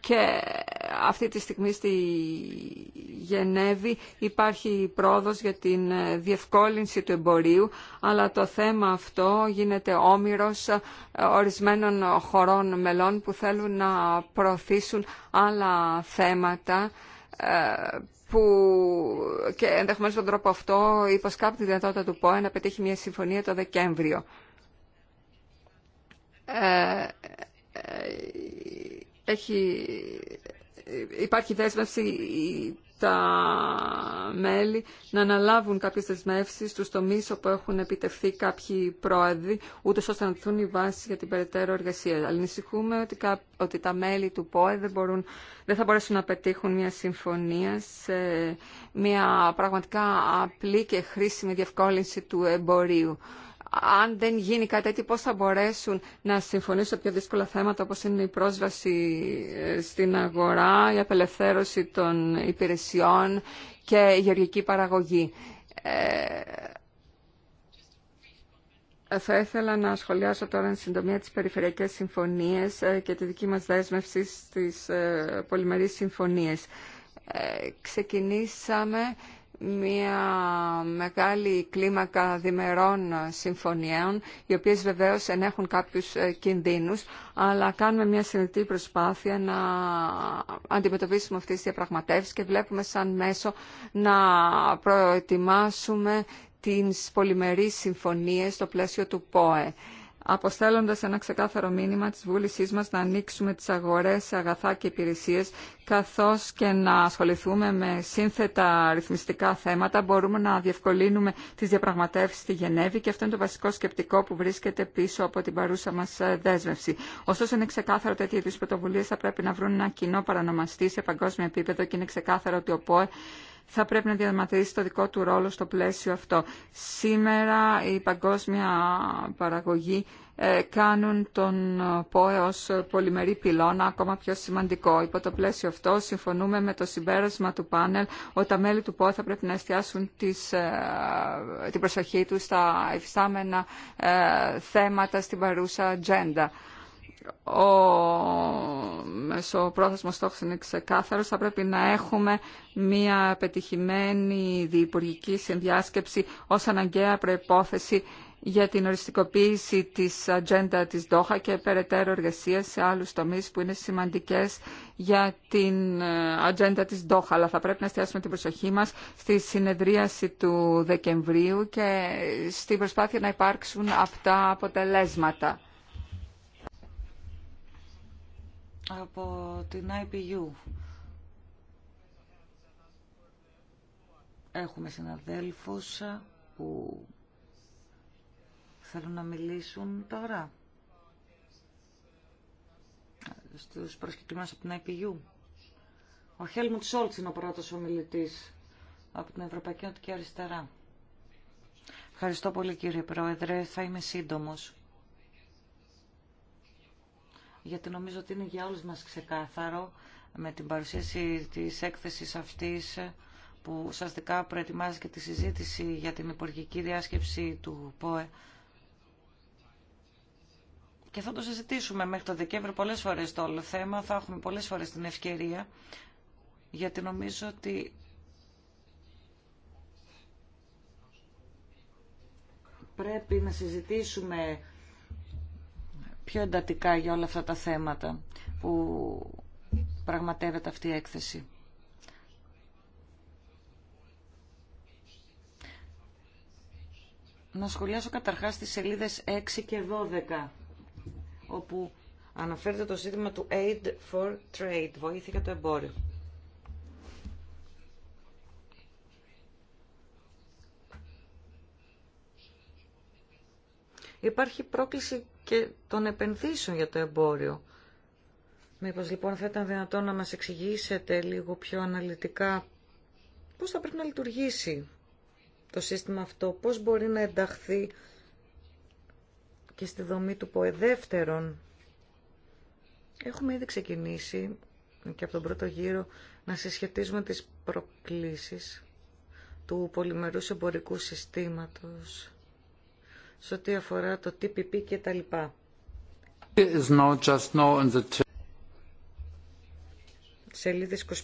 Speaker 2: και αυτή τη στιγμή στη Γενέβη υπάρχει πρόοδος για την διευκόλυνση του εμπορίου, αλλά το θέμα αυτό γίνεται όμοιρος ορισμένων χωρών μελών που θέλουν να προωθήσουν άλλα θέματα ε, που και ενδεχομένως τον τρόπο αυτό υποσκάπτει τη δυνατότητα του ΠΟΕ να πετύχει μια συμφωνία το Δεκέμβριο. Ε, έχει, υπάρχει δέσμευση τα μέλη να αναλάβουν κάποιες δεσμεύσεις στους τομείς όπου έχουν επιτευχθεί κάποιοι πρόεδροι, ούτως ώστε να δουν οι βάσεις για την περαιτέρω εργασία. Ανησυχούμε ότι, ότι τα μέλη του ΠΟΕ δεν, μπορούν, δεν θα μπορέσουν να πετύχουν μια συμφωνία σε μια πραγματικά απλή και χρήσιμη διευκόλυνση του εμπορίου αν δεν γίνει κάτι τέτοιο, πώς θα μπορέσουν να συμφωνήσουν σε πιο δύσκολα θέματα όπως είναι η πρόσβαση ε, στην αγορά, η απελευθέρωση των υπηρεσιών και η γεωργική παραγωγή. Ε, θα ήθελα να σχολιάσω τώρα εν συντομία τις περιφερειακές συμφωνίες ε, και τη δική μας δέσμευση στις πολυμερείς συμφωνίες. ξεκινήσαμε μια μεγάλη κλίμακα διμερών συμφωνιών, οι οποίες βεβαίως ενέχουν κάποιους ε, κινδύνους, αλλά κάνουμε μια συνεχή προσπάθεια να αντιμετωπίσουμε αυτές τις διαπραγματεύσεις και βλέπουμε σαν μέσο να προετοιμάσουμε τις πολυμερείς συμφωνίες στο πλαίσιο του ΠΟΕ αποστέλλοντας ένα ξεκάθαρο μήνυμα της βούλησής μας να ανοίξουμε τις αγορές σε αγαθά και υπηρεσίες, καθώς και να ασχοληθούμε με σύνθετα ρυθμιστικά θέματα, μπορούμε να διευκολύνουμε τις διαπραγματεύσεις στη Γενέβη και αυτό είναι το βασικό σκεπτικό που βρίσκεται πίσω από την παρούσα μας ε, δέσμευση. Ωστόσο είναι ξεκάθαρο τέτοιε είδους πρωτοβουλίες θα πρέπει να βρουν ένα κοινό παρανομαστή σε παγκόσμιο επίπεδο και είναι ξεκάθαρο ότι ο ΠΟΕ θα πρέπει να διαδραματίσει το δικό του ρόλο στο πλαίσιο αυτό. Σήμερα η παγκόσμια παραγωγή ε, κάνουν τον ε, ΠΟΕ ως πολυμερή πυλώνα ακόμα πιο σημαντικό. Υπό το πλαίσιο αυτό συμφωνούμε με το συμπέρασμα του πάνελ ότι τα μέλη του ΠΟΕ θα πρέπει να εστιάσουν τις, ε, την προσοχή του στα υφιστάμενα θέματα στην παρούσα ατζέντα ο μεσοπρόθεσμος στόχος είναι ξεκάθαρος, θα πρέπει να έχουμε μια πετυχημένη διυπουργική συνδιάσκεψη ως αναγκαία προϋπόθεση για την οριστικοποίηση της ατζέντα της Δόχα και περαιτέρω εργασία σε άλλους τομείς που είναι σημαντικές για την ατζέντα της Δόχα. Αλλά θα πρέπει να εστιάσουμε την προσοχή μας στη συνεδρίαση του Δεκεμβρίου και στην προσπάθεια να υπάρξουν αυτά αποτελέσματα. από την IPU.
Speaker 3: Έχουμε συναδέλφους που θέλουν να μιλήσουν τώρα στους προσκεκλημένους από την IPU. Ο Χέλμουντ Σόλτς είναι ο πρώτος ομιλητής από την Ευρωπαϊκή Νοτική Αριστερά. Ευχαριστώ πολύ κύριε Πρόεδρε. Θα είμαι σύντομος γιατί νομίζω ότι είναι για όλους μας ξεκάθαρο με την παρουσίαση της έκθεσης αυτής που ουσιαστικά προετοιμάζει και τη συζήτηση για την υπουργική διάσκεψη του ΠΟΕ. Και θα το συζητήσουμε μέχρι το Δεκέμβριο πολλές φορές το όλο θέμα. Θα έχουμε πολλές φορές την ευκαιρία, γιατί νομίζω ότι πρέπει να συζητήσουμε πιο εντατικά για όλα αυτά τα θέματα που πραγματεύεται αυτή η έκθεση. Να σχολιάσω καταρχάς τις σελίδες 6 και 12, όπου αναφέρεται το ζήτημα του Aid for Trade, βοήθεια το εμπόριο. Υπάρχει πρόκληση και των επενδύσεων για το εμπόριο. Μήπως λοιπόν θα ήταν δυνατόν να μας εξηγήσετε λίγο πιο αναλυτικά πώς θα πρέπει να λειτουργήσει το σύστημα αυτό, πώς μπορεί να ενταχθεί και στη δομή του ΠΟΕΔΕΦΤΕΡΟΝ. Έχουμε ήδη ξεκινήσει και από τον πρώτο γύρο να συσχετίζουμε τις προκλήσεις του πολυμερούς εμπορικού συστήματος σε ό,τι αφορά το TPP και τα λοιπά.
Speaker 1: 25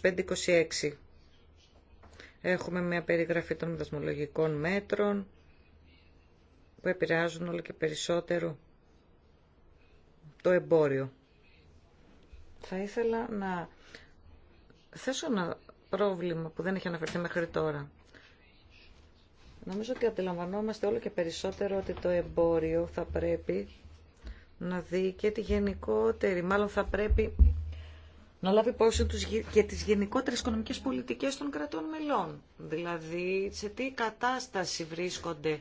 Speaker 3: 25-26. Έχουμε μια περιγραφή των δασμολογικών μέτρων που επηρεάζουν όλο και περισσότερο το εμπόριο. Θα ήθελα να θέσω ένα πρόβλημα που δεν έχει αναφερθεί μέχρι τώρα. Νομίζω ότι αντιλαμβανόμαστε όλο και περισσότερο ότι το εμπόριο θα πρέπει να δει και τη γενικότερη, μάλλον θα πρέπει να λάβει υπόψη τους και τις γενικότερες οικονομικές πολιτικές των κρατών μελών. Δηλαδή, σε τι κατάσταση βρίσκονται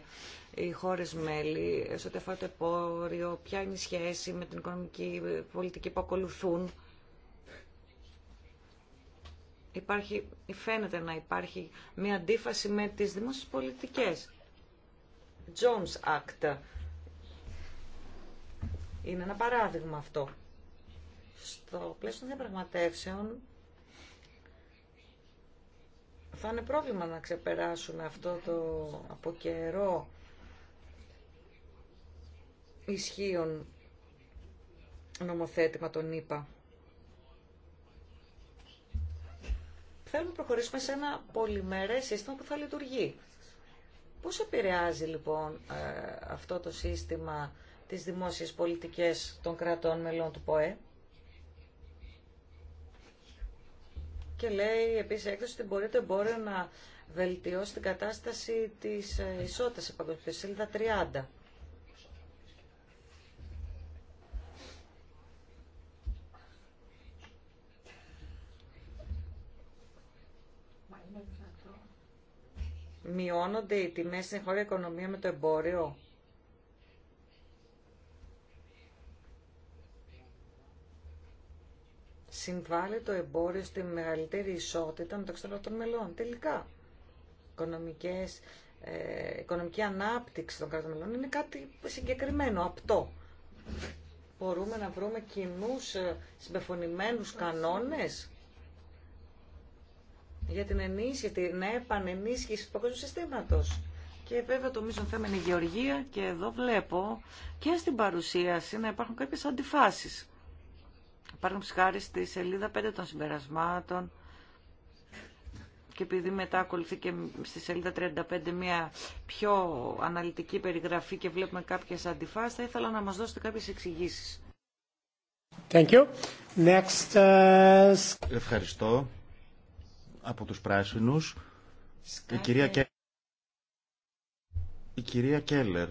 Speaker 3: οι χώρες μέλη, σε ό,τι το εμπόριο, ποια είναι η σχέση με την οικονομική πολιτική που ακολουθούν υπάρχει, φαίνεται να υπάρχει μια αντίφαση με τις δημόσιες πολιτικές. Jones Act είναι ένα παράδειγμα αυτό. Στο πλαίσιο των διαπραγματεύσεων θα είναι πρόβλημα να ξεπεράσουμε αυτό το από καιρό ισχύον νομοθέτημα τον είπα. Θέλουμε να προχωρήσουμε σε ένα πολυμερές σύστημα που θα λειτουργεί. Πώς επηρεάζει λοιπόν ε, αυτό το σύστημα τις δημόσιες πολιτικές των κρατών μελών του ΠΟΕ. Και λέει επίσης έκδοση ότι μπορεί εμπόριο να βελτιώσει την κατάσταση της ε, ισότητας σε Σελίδα 30. Μειώνονται οι τιμές στην χώρια οικονομία με το εμπόριο. Συμβάλλει το εμπόριο στη μεγαλύτερη ισότητα μεταξύ των μελών. Τελικά, οικονομικές, ε, οικονομική ανάπτυξη των κρατών μελών είναι κάτι συγκεκριμένο, απτό. Μπορούμε να βρούμε κοινούς ε, συμπεφωνημένους κανόνες για την ενίσχυση, την επανενίσχυση του παγκόσμιου συστήματο. Και βέβαια το μείζον θέμα είναι η γεωργία και εδώ βλέπω και στην παρουσίαση να υπάρχουν κάποιες αντιφάσεις. Υπάρχουν χάρη στη σελίδα 5 των συμπερασμάτων και επειδή μετά ακολουθεί και στη σελίδα 35 μια πιο αναλυτική περιγραφή και βλέπουμε κάποιες αντιφάσεις, θα ήθελα να μας δώσετε κάποιες εξηγήσεις.
Speaker 1: Uh, Ευχαριστώ από τους πράσινους η κυρία, Κέ... Κέλλερ.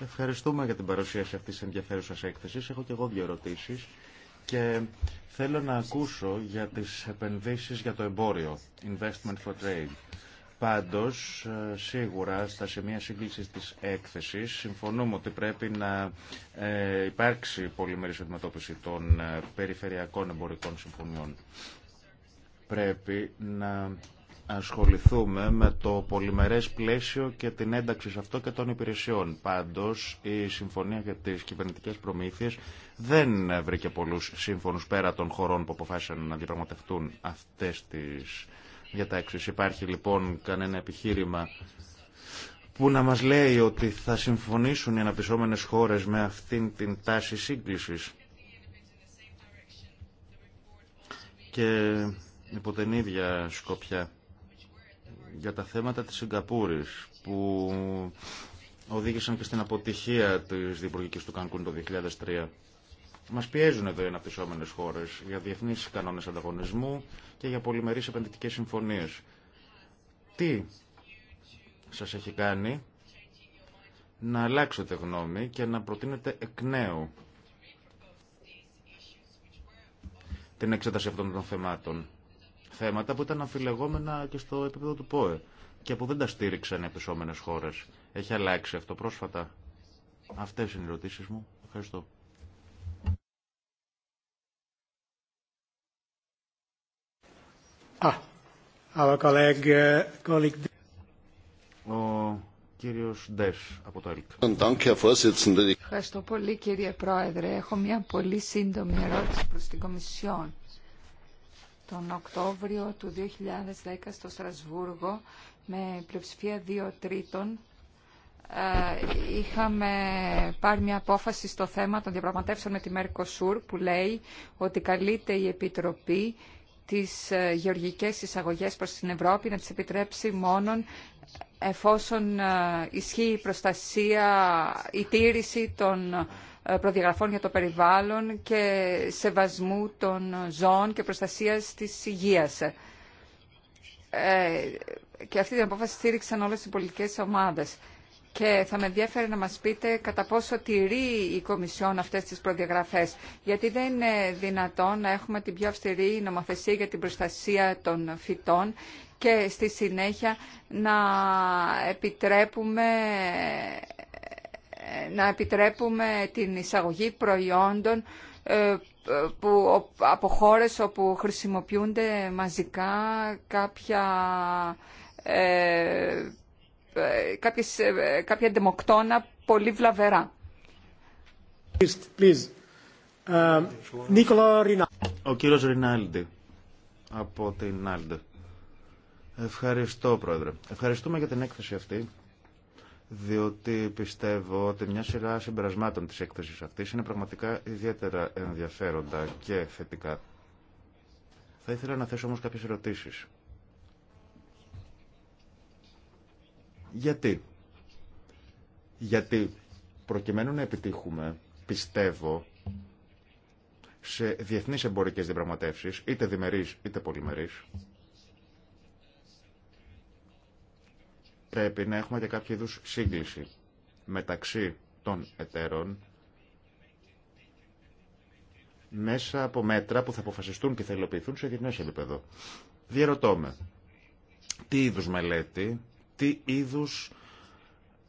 Speaker 1: Ευχαριστούμε για την παρουσίαση αυτής της ενδιαφέρουσας έκθεσης. Έχω και εγώ δύο ερωτήσεις και θέλω να ακούσω για τις επενδύσεις για το εμπόριο, investment for trade. Πάντως, ε, σίγουρα στα σημεία σύγκλησης της έκθεσης συμφωνούμε ότι πρέπει να ε, υπάρξει πολυμερής αντιμετώπιση των ε, περιφερειακών εμπορικών συμφωνιών. Πρέπει να ασχοληθούμε με το πολυμερές πλαίσιο και την ένταξη σε αυτό και των υπηρεσιών. Πάντως, η Συμφωνία για τις Κυβερνητικές Προμήθειες δεν βρήκε πολλούς σύμφωνους πέρα των χωρών που αποφάσισαν να διαπραγματευτούν αυτές τις για έξω. Υπάρχει λοιπόν κανένα επιχείρημα που να μας λέει ότι θα συμφωνήσουν οι αναπτυσσόμενες χώρες με αυτήν την τάση σύγκλησης. Και υπό την ίδια σκοπιά για τα θέματα της Σιγκαπούρης που οδήγησαν και στην αποτυχία της διπουργικής του Κανκούν το 2003. Μα πιέζουν εδώ οι αναπτυσσόμενε χώρε για διεθνεί κανόνε ανταγωνισμού και για πολυμερεί επενδυτικέ συμφωνίε. Τι σα έχει κάνει να αλλάξετε γνώμη και να προτείνετε εκ νέου την εξέταση αυτών των θεμάτων. Θέματα που ήταν αμφιλεγόμενα και στο επίπεδο του ΠΟΕ και που δεν τα στήριξαν οι επισόμενες χώρες. Έχει αλλάξει αυτό πρόσφατα. Αυτές είναι οι ερωτήσεις μου. Ευχαριστώ. Ε, Ο από
Speaker 2: Ευχαριστώ πολύ κύριε Πρόεδρε. Έχω μια πολύ σύντομη ερώτηση προς την Κομισιόν. Τον Οκτώβριο του 2010 στο Στρασβούργο με πλειοψηφία 2 τρίτων ε, είχαμε πάρει μια απόφαση στο θέμα των διαπραγματεύσεων με τη Σούρ που λέει ότι καλείται η Επιτροπή τις ε, γεωργικές εισαγωγές προς την Ευρώπη, να τις επιτρέψει μόνον εφόσον ε, ισχύει η προστασία, η τήρηση των ε, προδιαγραφών για το περιβάλλον και σεβασμού των ζώων και προστασίας της υγείας. Και αυτή την απόφαση στήριξαν όλες οι πολιτικές ομάδες και θα με ενδιαφέρει να μας πείτε κατά πόσο τηρεί η Κομισιόν αυτές τις προδιαγραφές. Γιατί δεν είναι δυνατόν να έχουμε την πιο αυστηρή νομοθεσία για την προστασία των φυτών και στη συνέχεια να επιτρέπουμε να επιτρέπουμε την εισαγωγή προϊόντων ε, που, από χώρες όπου χρησιμοποιούνται μαζικά κάποια
Speaker 1: ε,
Speaker 2: ε, κάποιες, ε, κάποια δημοκτόνα πολύ βλαβερά.
Speaker 1: Uh, Ο κύριος Ρινάλντι από την Άλντε. Ευχαριστώ, Πρόεδρε. Ευχαριστούμε για την έκθεση αυτή, διότι πιστεύω ότι μια σειρά συμπερασμάτων της έκθεσης αυτής είναι πραγματικά ιδιαίτερα ενδιαφέροντα και θετικά. Θα ήθελα να θέσω όμως κάποιες ερωτήσεις. Γιατί. Γιατί προκειμένου να επιτύχουμε, πιστεύω, σε διεθνείς εμπορικές διαπραγματεύσεις, είτε διμερείς είτε πολυμερείς, πρέπει να έχουμε και κάποιο είδου σύγκληση μεταξύ των εταίρων μέσα από μέτρα που θα αποφασιστούν και θα υλοποιηθούν σε διεθνές επίπεδο. Διερωτώ με, τι είδους μελέτη τι είδους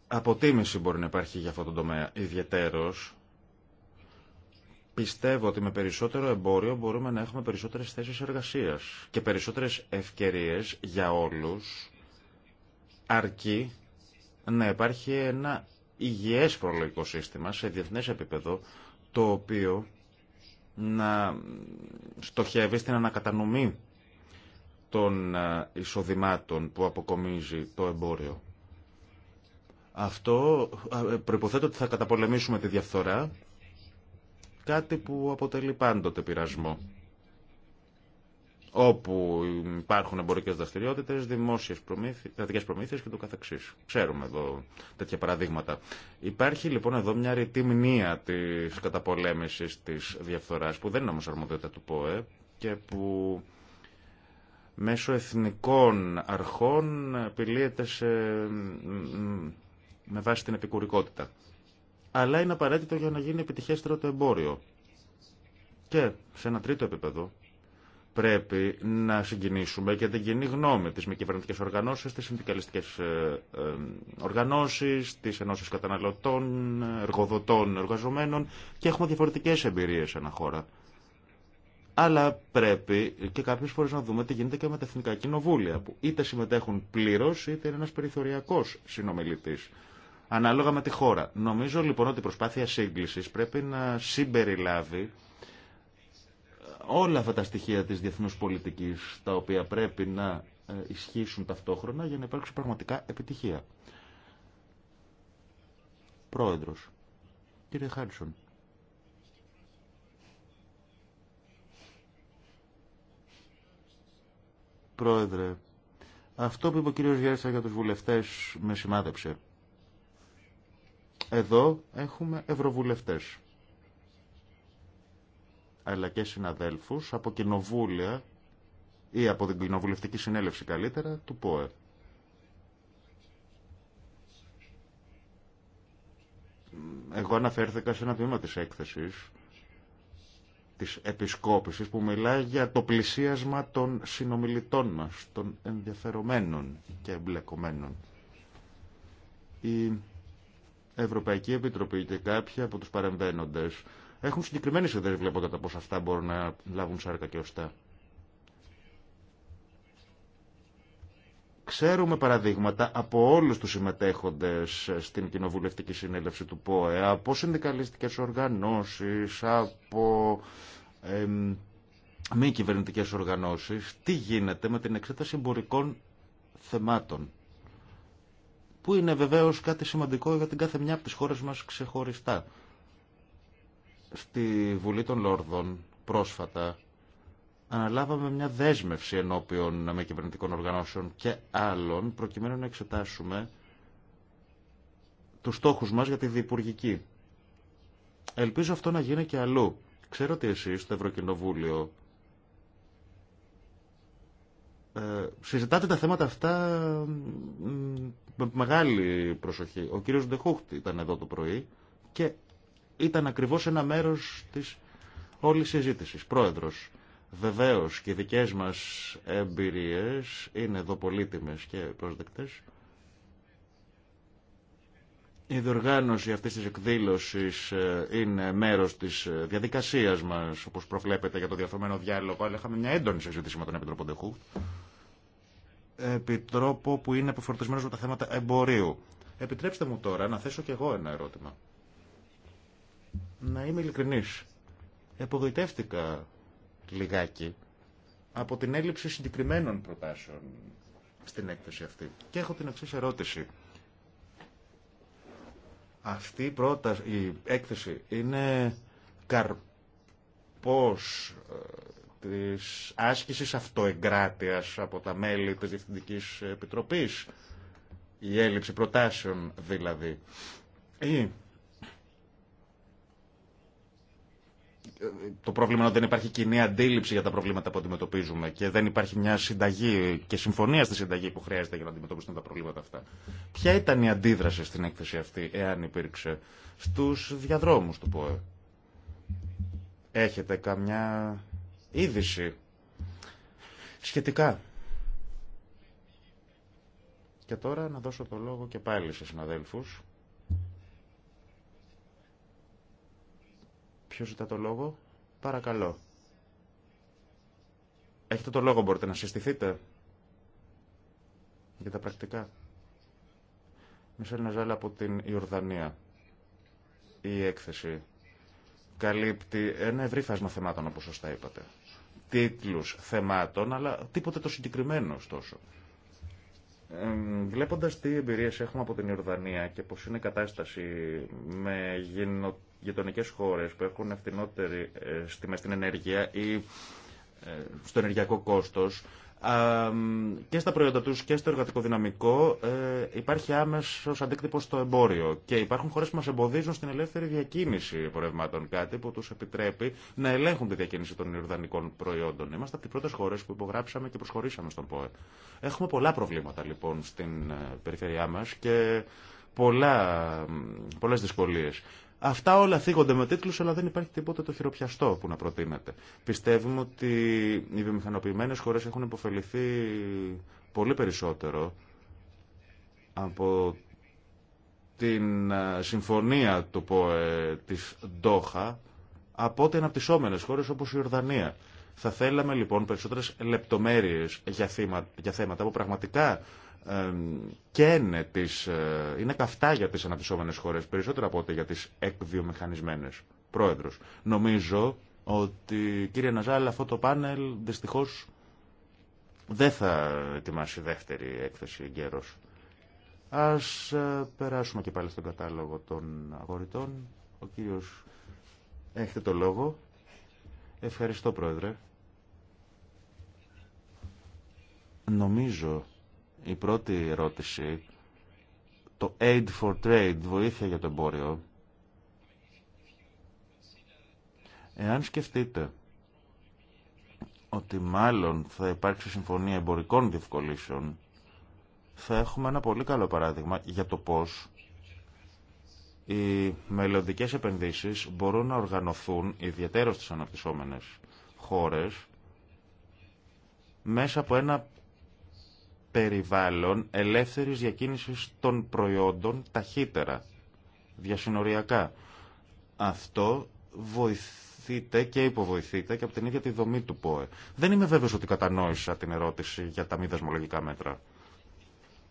Speaker 1: αποτίμηση μπορεί να υπάρχει για αυτό το τομέα ιδιαιτέρως. Πιστεύω ότι με περισσότερο εμπόριο μπορούμε να έχουμε περισσότερες θέσεις εργασίας και περισσότερες ευκαιρίες για όλους, αρκεί να υπάρχει ένα υγιές προλογικό σύστημα σε διεθνές επίπεδο, το οποίο να στοχεύει στην ανακατανομή των ε, εισοδημάτων που αποκομίζει το εμπόριο. Αυτό ε, προϋποθέτω ότι θα καταπολεμήσουμε τη διαφθορά, κάτι που αποτελεί πάντοτε πειρασμό. Όπου υπάρχουν εμπορικέ δραστηριότητε, δημόσιε προμήθειε, προμήθειε και το καθεξή. Ξέρουμε εδώ τέτοια παραδείγματα. Υπάρχει λοιπόν εδώ μια ρητή μνήμα τη καταπολέμηση τη διαφθορά, που δεν είναι όμω αρμοδιότητα του ΠΟΕ και που μέσω εθνικών αρχών επιλύεται με βάση την επικουρικότητα. Αλλά είναι απαραίτητο για να γίνει επιτυχέστερο το εμπόριο. Και σε ένα τρίτο επίπεδο πρέπει να συγκινήσουμε και την κοινή γνώμη τις μη κυβερνητικές ε, ε, οργανώσεις, τις συνδικαλιστικές οργανώσεις, τις ενώσεις καταναλωτών, εργοδοτών, εργαζομένων και έχουμε διαφορετικές εμπειρίες σε ένα χώρα αλλά πρέπει και κάποιε φορές να δούμε τι γίνεται και με τα εθνικά κοινοβούλια, που είτε συμμετέχουν πλήρως, είτε είναι ένας περιθωριακός συνομιλητής, ανάλογα με τη χώρα. Νομίζω λοιπόν ότι η προσπάθεια σύγκλησης πρέπει να συμπεριλάβει ε, όλα αυτά τα στοιχεία της διεθνού πολιτικής, τα οποία πρέπει να ε, ισχύσουν ταυτόχρονα για να υπάρξει πραγματικά επιτυχία. Πρόεδρος, κύριε Χάρισον. Πρόεδρε, αυτό που είπε ο κύριος Γέρσα για τους βουλευτές με σημάδεψε. Εδώ έχουμε ευρωβουλευτές, αλλά και συναδέλφους από κοινοβούλια ή από την κοινοβουλευτική συνέλευση καλύτερα του ΠΟΕ. Εγώ αναφέρθηκα σε ένα βήμα της έκθεσης της επισκόπησης που μιλάει για το πλησίασμα των συνομιλητών μας, των ενδιαφερομένων και εμπλεκομένων. Η Ευρωπαϊκή Επιτροπή και κάποιοι από τους παρεμβαίνοντες έχουν συγκεκριμένες ιδέες βλέποντα τα πώς αυτά μπορούν να λάβουν σάρκα και οστά. Ξέρουμε παραδείγματα από όλους τους συμμετέχοντες στην κοινοβουλευτική συνέλευση του ΠΟΕ, από συνδικαλιστικές οργανώσεις, από μη κυβερνητικέ οργανώσεις, τι γίνεται με την εξέταση εμπορικών θεμάτων. Που είναι βεβαίως κάτι σημαντικό για την κάθε μια από τις χώρες μας ξεχωριστά. Στη Βουλή των Λόρδων πρόσφατα αναλάβαμε μια δέσμευση ενώπιον με κυβερνητικών οργανώσεων και άλλων προκειμένου να εξετάσουμε τους στόχους μας για τη διπουργική. Ελπίζω αυτό να γίνει και αλλού. Ξέρω ότι εσείς στο Ευρωκοινοβούλιο ε, συζητάτε τα θέματα αυτά με μεγάλη προσοχή. Ο κύριος Ντεχούχτη ήταν εδώ το πρωί και ήταν ακριβώς ένα μέρος της όλης συζήτησης. Πρόεδρος, Βεβαίως και οι δικές μας εμπειρίες είναι εδώ πολύτιμες και προσδεκτές. Η διοργάνωση αυτής της εκδήλωσης ε, είναι μέρος της ε, διαδικασίας μας, όπως προβλέπετε για το διαφορμένο διάλογο, αλλά είχαμε μια έντονη συζήτηση με τον Επιτρόπο Ντεχού, επιτρόπο που είναι αποφορτισμένο με τα θέματα εμπορίου. Επιτρέψτε μου τώρα να θέσω κι εγώ ένα ερώτημα. Να είμαι ειλικρινής. Επογοητεύτηκα λιγάκι από την έλλειψη συγκεκριμένων προτάσεων στην έκθεση αυτή. Και έχω την εξή ερώτηση. Αυτή η, η έκθεση είναι καρπός ε, της άσκησης αυτοεγκράτειας από τα μέλη της Διευθυντικής Επιτροπής, η έλλειψη προτάσεων δηλαδή, ή το πρόβλημα είναι ότι δεν υπάρχει κοινή αντίληψη για τα προβλήματα που αντιμετωπίζουμε και δεν υπάρχει μια συνταγή και συμφωνία στη συνταγή που χρειάζεται για να αντιμετωπίσουμε τα προβλήματα αυτά. Ποια ήταν η αντίδραση στην έκθεση αυτή, εάν υπήρξε, στους διαδρόμους του ΠΟΕ. Έχετε καμιά είδηση σχετικά. Και τώρα να δώσω το λόγο και πάλι σε συναδέλφους. Ποιος ζητά το λόγο. Παρακαλώ. Έχετε το λόγο, μπορείτε να συστηθείτε. Για τα πρακτικά. Μισελ Ναζάλα από την Ιορδανία. Η έκθεση καλύπτει ένα ευρύ φάσμα θεμάτων, όπως σωστά είπατε. Τίτλους θεμάτων, αλλά τίποτε το συγκεκριμένο, ωστόσο. Ε, βλέποντας τι εμπειρίες έχουμε από την Ιορδανία και πώς είναι η κατάσταση με γενοτήρια, γειτονικέ χώρε που έχουν φθηνότερη ε, στη στην ενέργεια ή ε, στο ενεργειακό κόστο και στα προϊόντα του και στο εργατικό δυναμικό ε, υπάρχει άμεσο αντίκτυπο στο εμπόριο. Και υπάρχουν χώρε που μα εμποδίζουν στην ελεύθερη διακίνηση πορευμάτων. Κάτι που του επιτρέπει να ελέγχουν τη διακίνηση των Ιορδανικών προϊόντων. Είμαστε από τι πρώτε χώρε που υπογράψαμε και προσχωρήσαμε στον ΠΟΕ. Έχουμε πολλά προβλήματα λοιπόν στην περιφερειά μα και πολλά, πολλές δυσκολίες. Αυτά όλα θίγονται με τίτλους, αλλά δεν υπάρχει τίποτα το χειροπιαστό που να προτείνεται. Πιστεύουμε ότι οι βιομηχανοποιημένες χώρες έχουν υποφεληθεί πολύ περισσότερο από την ε, συμφωνία του ΠΟΕ της Ντόχα από ό,τι αναπτυσσόμενες χώρες όπως η Ιορδανία. Θα θέλαμε λοιπόν περισσότερες λεπτομέρειες για, για θέματα που πραγματικά καίνε τις, ε, είναι καυτά για τις αναπτυσσόμενες χώρες, περισσότερο από ό,τι για τις εκβιομηχανισμένες. Πρόεδρος, νομίζω ότι κύριε Ναζάλ αυτό το πάνελ δυστυχώς δεν θα ετοιμάσει δεύτερη έκθεση εγκαίρως. Ας ε, περάσουμε και πάλι στον κατάλογο των αγορητών. Ο κύριος έχετε το λόγο. Ευχαριστώ πρόεδρε. Νομίζω η πρώτη ερώτηση, το Aid for Trade, βοήθεια για το εμπόριο. Εάν σκεφτείτε ότι μάλλον θα υπάρξει συμφωνία εμπορικών διευκολύσεων, θα έχουμε ένα πολύ καλό παράδειγμα για το πώς οι μελλοντικές επενδύσεις μπορούν να οργανωθούν ιδιαίτερα στις αναπτυσσόμενες χώρες μέσα από ένα περιβάλλον ελεύθερης διακίνησης των προϊόντων ταχύτερα, διασυνοριακά. Αυτό βοηθείται και υποβοηθείται και από την ίδια τη δομή του ΠΟΕ. Δεν είμαι βέβαιος ότι κατανόησα την ερώτηση για τα μη δασμολογικά μέτρα.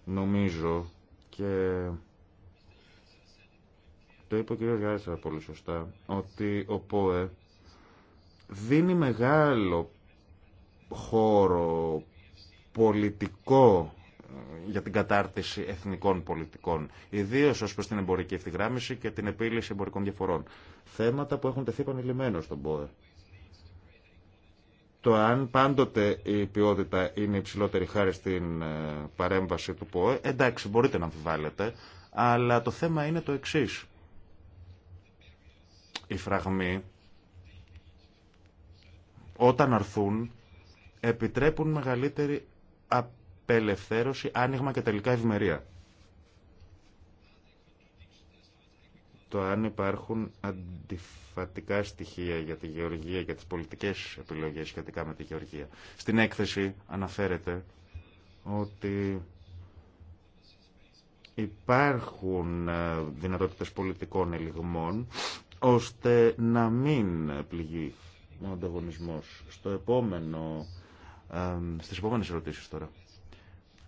Speaker 1: Νομίζω και το είπε ο κ. πολύ σωστά, ότι ο ΠΟΕ δίνει μεγάλο χώρο πολιτικό ε, για την κατάρτιση εθνικών πολιτικών, ιδίω ω προ την εμπορική ευθυγράμμιση και την επίλυση εμπορικών διαφορών. Θέματα που έχουν τεθεί επανειλημμένω στον ΠΟΕ. Το αν πάντοτε η ποιότητα είναι υψηλότερη χάρη στην ε, παρέμβαση του ΠΟΕ, εντάξει, μπορείτε να αμφιβάλλετε, αλλά το θέμα είναι το εξή. Οι φραγμοί, όταν αρθούν, επιτρέπουν μεγαλύτερη απελευθέρωση, άνοιγμα και τελικά ευημερία. Το αν υπάρχουν αντιφατικά στοιχεία για τη γεωργία και τις πολιτικές επιλογές σχετικά με τη γεωργία. Στην έκθεση αναφέρεται ότι υπάρχουν ε, δυνατότητες πολιτικών ελιγμών ώστε να μην πληγεί ο ανταγωνισμός. Στο επόμενο στις επόμενες ερωτήσεις τώρα.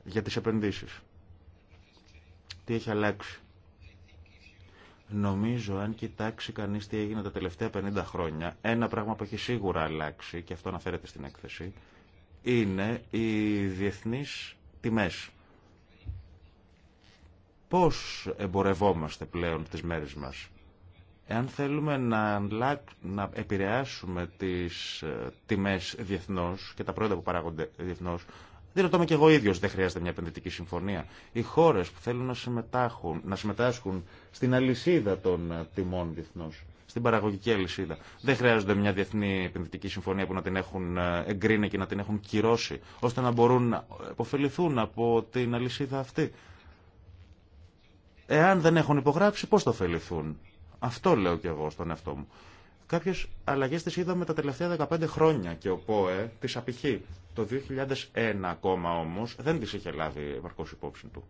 Speaker 1: Για τις επενδύσεις. Τι έχει αλλάξει. Νομίζω αν κοιτάξει κανείς τι έγινε τα τελευταία 50 χρόνια, ένα πράγμα που έχει σίγουρα αλλάξει, και αυτό αναφέρεται στην έκθεση, είναι οι διεθνείς τιμές. Πώς εμπορευόμαστε πλέον τις μέρες μας. Εάν θέλουμε να, να επηρεάσουμε τις ε, τιμές διεθνώς και τα προϊόντα που παράγονται διεθνώς, δεν με και εγώ ίδιο, δεν χρειάζεται μια επενδυτική συμφωνία. Οι χώρε που θέλουν να συμμετάσχουν, να συμμετάσχουν στην αλυσίδα των ε, τιμών διεθνώς, στην παραγωγική αλυσίδα, δεν χρειάζονται μια διεθνή επενδυτική συμφωνία που να την έχουν ε, εγκρίνει και να την έχουν κυρώσει, ώστε να μπορούν να υποφεληθούν από την αλυσίδα αυτή. Εάν δεν έχουν υπογράψει, πώ το ωφεληθούν. Αυτό λέω και εγώ στον εαυτό μου. Κάποιε αλλαγέ τι είδαμε τα τελευταία 15 χρόνια και ο ΠΟΕ τι απηχεί. Το 2001 ακόμα όμω δεν τι είχε λάβει επαρκώ υπόψη του.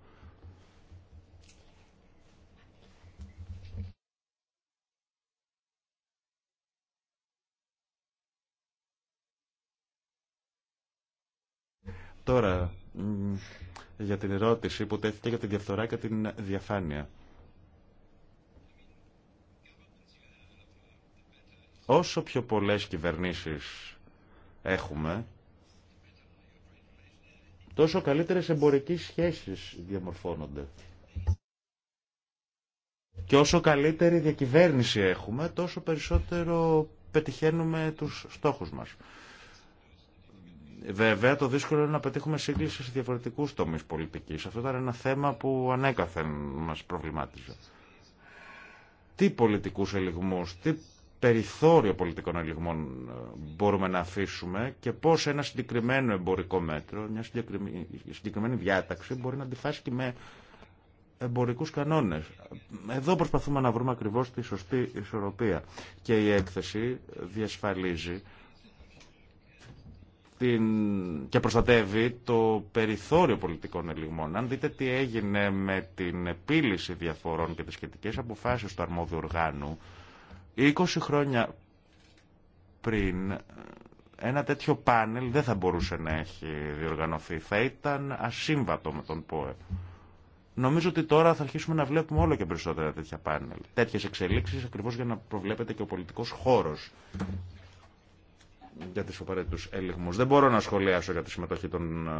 Speaker 1: Τώρα, για την ερώτηση που τέθηκε για την διαφθορά και την διαφάνεια. Όσο πιο πολλές κυβερνήσεις έχουμε, τόσο καλύτερες εμπορικές σχέσεις διαμορφώνονται. Και όσο καλύτερη διακυβέρνηση έχουμε, τόσο περισσότερο πετυχαίνουμε τους στόχους μας. Βέβαια, το δύσκολο είναι να πετύχουμε σύγκληση σε διαφορετικούς τομείς πολιτικής. Αυτό ήταν ένα θέμα που ανέκαθεν μας προβλημάτιζε. Τι πολιτικούς ελιγμούς, τι περιθώριο πολιτικών ελιγμών ε, μπορούμε να αφήσουμε και πώς ένα συγκεκριμένο εμπορικό μέτρο, μια συγκεκριμένη διάταξη μπορεί να αντιφάσει και με εμπορικούς κανόνες. Εδώ προσπαθούμε να βρούμε ακριβώς τη σωστή ισορροπία. Και η έκθεση διασφαλίζει και προστατεύει το περιθώριο πολιτικών ελιγμών. Αν δείτε τι έγινε με την επίλυση διαφορών και τις σχετικές αποφάσεις του αρμόδιου οργάνου, 20 χρόνια πριν ένα τέτοιο πάνελ δεν θα μπορούσε να έχει διοργανωθεί. Θα ήταν ασύμβατο με τον ΠΟΕ. Νομίζω ότι τώρα θα αρχίσουμε να βλέπουμε όλο και περισσότερα τέτοια πάνελ. Τέτοιες εξελίξεις ακριβώς για να προβλέπεται και ο πολιτικός χώρος για τις απαραίτητους έλεγμους. Δεν μπορώ να σχολιάσω για τη συμμετοχή των ε,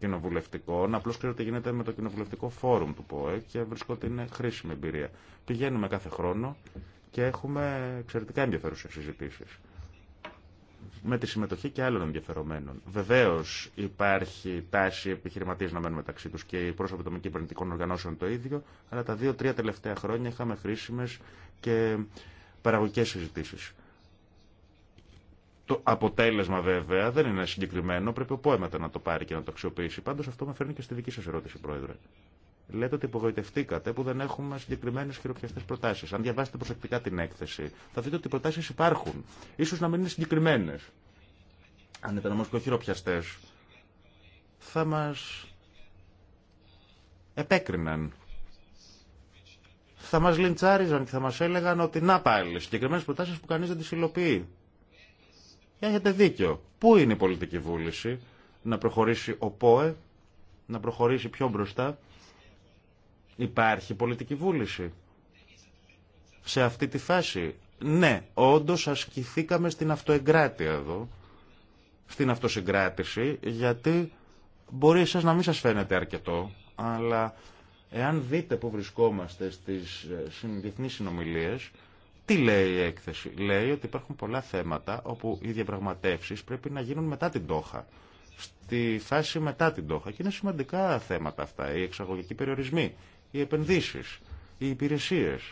Speaker 1: κοινοβουλευτικών. Απλώς ξέρω ότι γίνεται με το κοινοβουλευτικό φόρουμ του ΠΟΕ και βρίσκω ότι είναι χρήσιμη εμπειρία. Πηγαίνουμε κάθε χρόνο και έχουμε εξαιρετικά ενδιαφέρουσε συζητήσει με τη συμμετοχή και άλλων ενδιαφερομένων. Βεβαίω υπάρχει τάση επιχειρηματίε να μένουν μεταξύ του και οι πρόσωποι των κυβερνητικών οργανώσεων το ίδιο, αλλά τα δύο-τρία τελευταία χρόνια είχαμε χρήσιμε και παραγωγικέ συζητήσει. Το αποτέλεσμα βέβαια δεν είναι συγκεκριμένο, πρέπει ο ΠΟΕ να το πάρει και να το αξιοποιήσει. Πάντω αυτό με φέρνει και στη δική σα ερώτηση, Πρόεδρε. Λέτε ότι απογοητευτήκατε που δεν έχουμε συγκεκριμένε χειροπιαστέ προτάσει. Αν διαβάσετε προσεκτικά την έκθεση, θα δείτε ότι οι προτάσει υπάρχουν. σω να μην είναι συγκεκριμένε. Αν ήταν όμω πιο χειροπιαστέ, θα μα επέκριναν. Θα μα λιντσάριζαν και θα μα έλεγαν ότι να πάλι, συγκεκριμένε προτάσει που κανεί δεν τι υλοποιεί. Και έχετε δίκιο. Πού είναι η πολιτική βούληση να προχωρήσει ο ΠΟΕ, να προχωρήσει πιο μπροστά Υπάρχει πολιτική βούληση σε αυτή τη φάση. Ναι, όντως ασκηθήκαμε στην αυτοεγκράτεια εδώ, στην αυτοσυγκράτηση, γιατί μπορεί εσάς να μην σας φαίνεται αρκετό, αλλά εάν δείτε που βρισκόμαστε στις ε, διεθνείς συνομιλίες, τι λέει η έκθεση. Λέει ότι υπάρχουν πολλά θέματα όπου οι διαπραγματεύσεις πρέπει να γίνουν μετά την τόχα. Στη φάση μετά την τόχα. Και είναι σημαντικά θέματα αυτά. Οι εξαγωγικοί περιορισμοί, οι επενδύσεις, οι υπηρεσίες.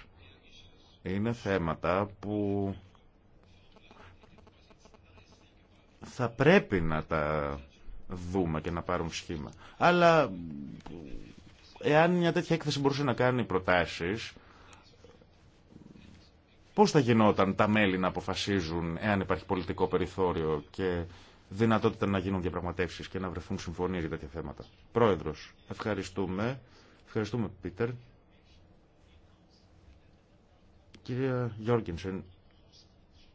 Speaker 1: Είναι θέματα που θα πρέπει να τα δούμε και να πάρουν σχήμα. Αλλά εάν μια τέτοια έκθεση μπορούσε να κάνει προτάσεις, πώς θα γινόταν τα μέλη να αποφασίζουν εάν υπάρχει πολιτικό περιθώριο και δυνατότητα να γίνουν διαπραγματεύσεις και να βρεθούν συμφωνίες για τέτοια θέματα. Πρόεδρος, ευχαριστούμε. Ευχαριστούμε, Πίτερ. Κυρία Γιώργινσεν,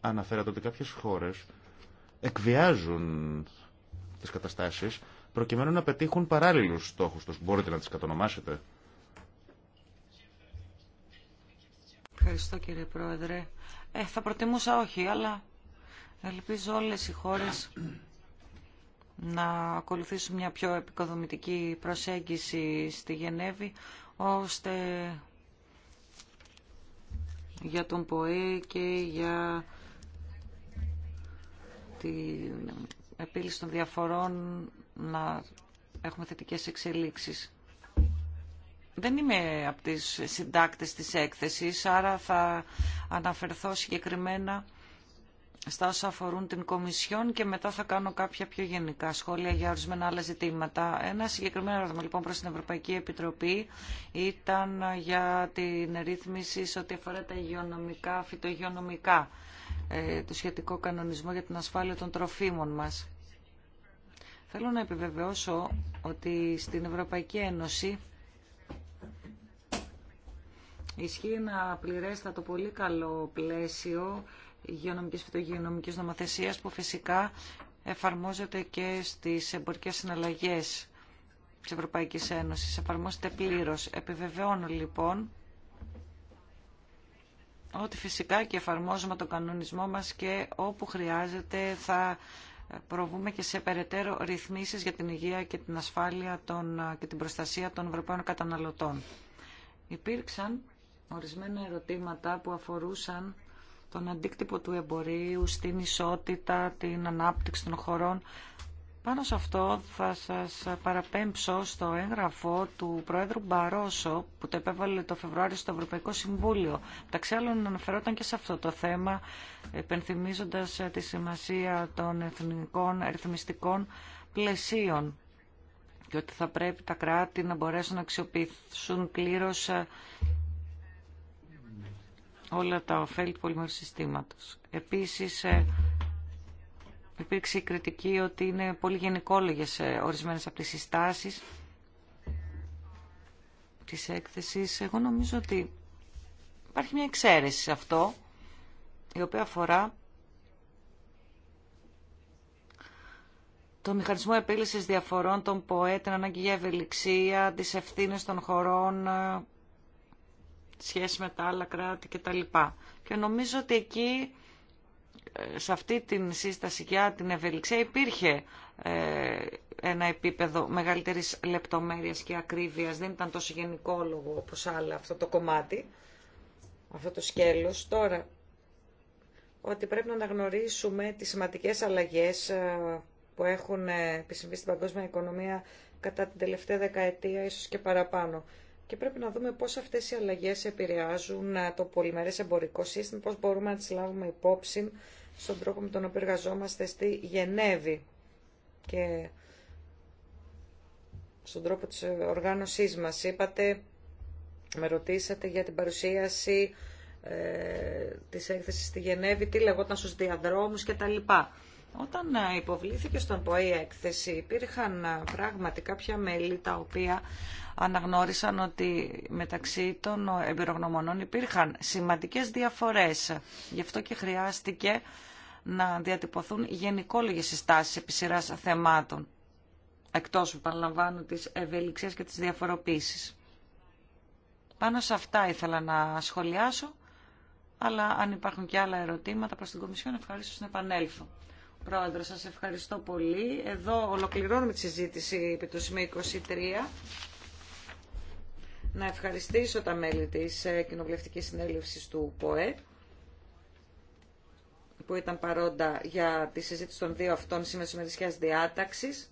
Speaker 1: αναφέρατε ότι κάποιες χώρες εκβιάζουν τις καταστάσεις προκειμένου να πετύχουν παράλληλους στόχους τους. Μπορείτε να τις κατονομάσετε.
Speaker 3: Ευχαριστώ κύριε Πρόεδρε. Ε, θα προτιμούσα όχι, αλλά ελπίζω όλες οι χώρες να ακολουθήσουμε μια πιο επικοδομητική προσέγγιση στη Γενέβη, ώστε για τον ΠΟΕ και για την επίλυση των διαφορών να έχουμε θετικές εξελίξεις. Δεν είμαι από τις συντάκτες της έκθεσης, άρα θα αναφερθώ συγκεκριμένα στα όσα αφορούν την Κομισιόν και μετά θα κάνω κάποια πιο γενικά σχόλια για ορισμένα άλλα ζητήματα. Ένα συγκεκριμένο ερώτημα λοιπόν προς την Ευρωπαϊκή Επιτροπή ήταν για την ρύθμιση σε ό,τι αφορά τα υγειονομικά, φυτογειονομικά, ε, το σχετικό κανονισμό για την ασφάλεια των τροφίμων μας. Θέλω να επιβεβαιώσω ότι στην Ευρωπαϊκή Ένωση ισχύει ένα πληρέστατο πολύ καλό πλαίσιο υγειονομικής φυτογειονομικής νομοθεσίας που φυσικά εφαρμόζεται και στις εμπορικές συναλλαγές της Ευρωπαϊκής Ένωσης. Εφαρμόζεται πλήρως. Επιβεβαιώνω λοιπόν ότι φυσικά και εφαρμόζουμε τον κανονισμό μας και όπου χρειάζεται θα προβούμε και σε περαιτέρω ρυθμίσεις για την υγεία και την ασφάλεια των, και την προστασία των Ευρωπαίων καταναλωτών. Υπήρξαν ορισμένα ερωτήματα που αφορούσαν τον αντίκτυπο του εμπορίου, στην ισότητα, την ανάπτυξη των χωρών. Πάνω σε αυτό θα σας παραπέμψω στο έγγραφο του Προέδρου Μπαρόσο που το επέβαλε το Φεβρουάριο στο Ευρωπαϊκό Συμβούλιο. Μεταξύ άλλων αναφερόταν και σε αυτό το θέμα, επενθυμίζοντας τη σημασία των εθνικών ρυθμιστικών πλαισίων και ότι θα πρέπει τα κράτη να μπορέσουν να αξιοποιήσουν πλήρως όλα τα ωφέλη του πολυμερού συστήματος. Επίσης, ε, υπήρξε η κριτική ότι είναι πολύ γενικόλογες ε, ορισμένες από τις συστάσεις της έκθεσης. Εγώ νομίζω ότι υπάρχει μια εξαίρεση σε αυτό, η οποία αφορά το μηχανισμό επίλυσης διαφορών των ΠΟΕ, την ανάγκη για ευελιξία, τις ευθύνες των χωρών σχέση με τα άλλα κράτη κτλ. Και νομίζω ότι εκεί ε, σε αυτή την σύσταση για την ευελιξία υπήρχε ε, ένα επίπεδο μεγαλύτερης λεπτομέρειας και ακρίβειας. Δεν ήταν τόσο γενικόλογο όπως άλλα αυτό το κομμάτι, αυτό το σκέλος. Τώρα, ότι πρέπει να αναγνωρίσουμε τις σημαντικές αλλαγές ε, που έχουν επισυμβεί στην παγκόσμια οικονομία κατά την τελευταία δεκαετία, ίσως και παραπάνω και πρέπει να δούμε πώς αυτές οι αλλαγές επηρεάζουν ε, το πολυμερές εμπορικό σύστημα, πώς μπορούμε να τις λάβουμε υπόψη στον τρόπο με τον οποίο εργαζόμαστε στη Γενέβη και στον τρόπο της οργάνωσής μας. Είπατε, με ρωτήσατε για την παρουσίαση ε, της έκθεσης στη Γενέβη, τι λεγόταν στους διαδρόμους κτλ. Όταν ε, υποβλήθηκε στον ΠΟΗ έκθεση υπήρχαν ε, πράγματι κάποια μέλη τα οποία αναγνώρισαν ότι μεταξύ των ε, εμπειρογνωμονών υπήρχαν σημαντικές διαφορές. Γι' αυτό και χρειάστηκε να διατυπωθούν γενικόλογες συστάσεις επί σειράς θεμάτων, εκτός που παραλαμβάνω της ευελιξίας και της διαφοροποίησης. Πάνω σε αυτά ήθελα να σχολιάσω, αλλά αν υπάρχουν και άλλα ερωτήματα προς την Κομισιόν, ευχαριστώ να επανέλθω. Πρόεδρο, σας ευχαριστώ πολύ. Εδώ ολοκληρώνουμε τη συζήτηση επί του σημείου 23. Να ευχαριστήσω τα μέλη της ε, Κοινοβουλευτικής Συνέλευσης του ΠΟΕ που ήταν παρόντα για τη συζήτηση των δύο αυτών σήμερα της διάταξης.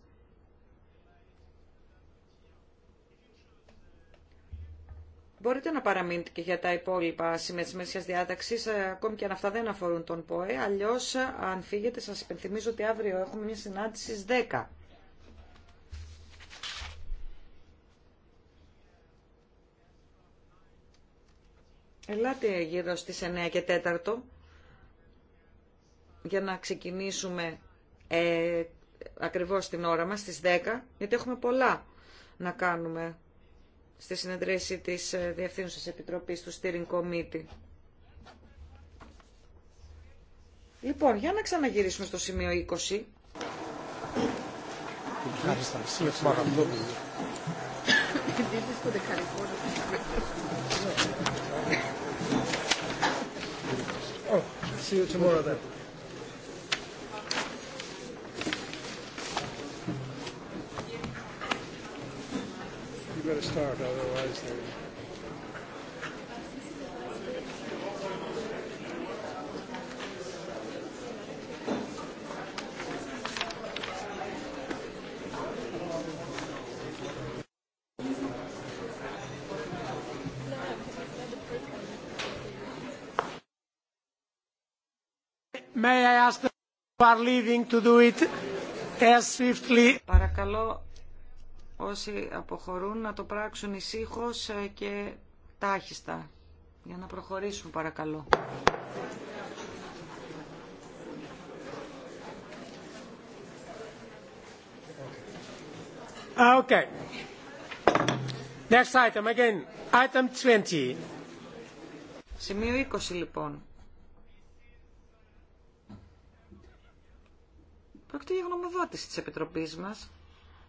Speaker 3: Μπορείτε να παραμείνετε και για τα υπόλοιπα σημεία τη διάταξη, ε, ακόμη και αν αυτά δεν αφορούν τον ΠΟΕ. Αλλιώ, ε, αν φύγετε, σα υπενθυμίζω ότι αύριο έχουμε μια συνάντηση στι 10. Ελάτε γύρω στις 9 και 4 για να ξεκινήσουμε ε, ακριβώς την ώρα μας στις 10 γιατί έχουμε πολλά να κάνουμε στη συνεδρίαση της ε, Διευθύνουσας Επιτροπής του Steering Committee. Λοιπόν, για να ξαναγυρίσουμε στο σημείο 20.
Speaker 1: See you tomorrow then. we've got to start, otherwise they... May I ask the who are leaving to do it as swiftly?
Speaker 3: Παρακαλώ όσοι αποχωρούν να το πράξουν ησύχως ε, και τάχιστα. Για να προχωρήσουν παρακαλώ. Okay. Next item again. Item 20. Σημείο 20 λοιπόν. Πρόκειται για γνωμοδότηση της Επιτροπής μας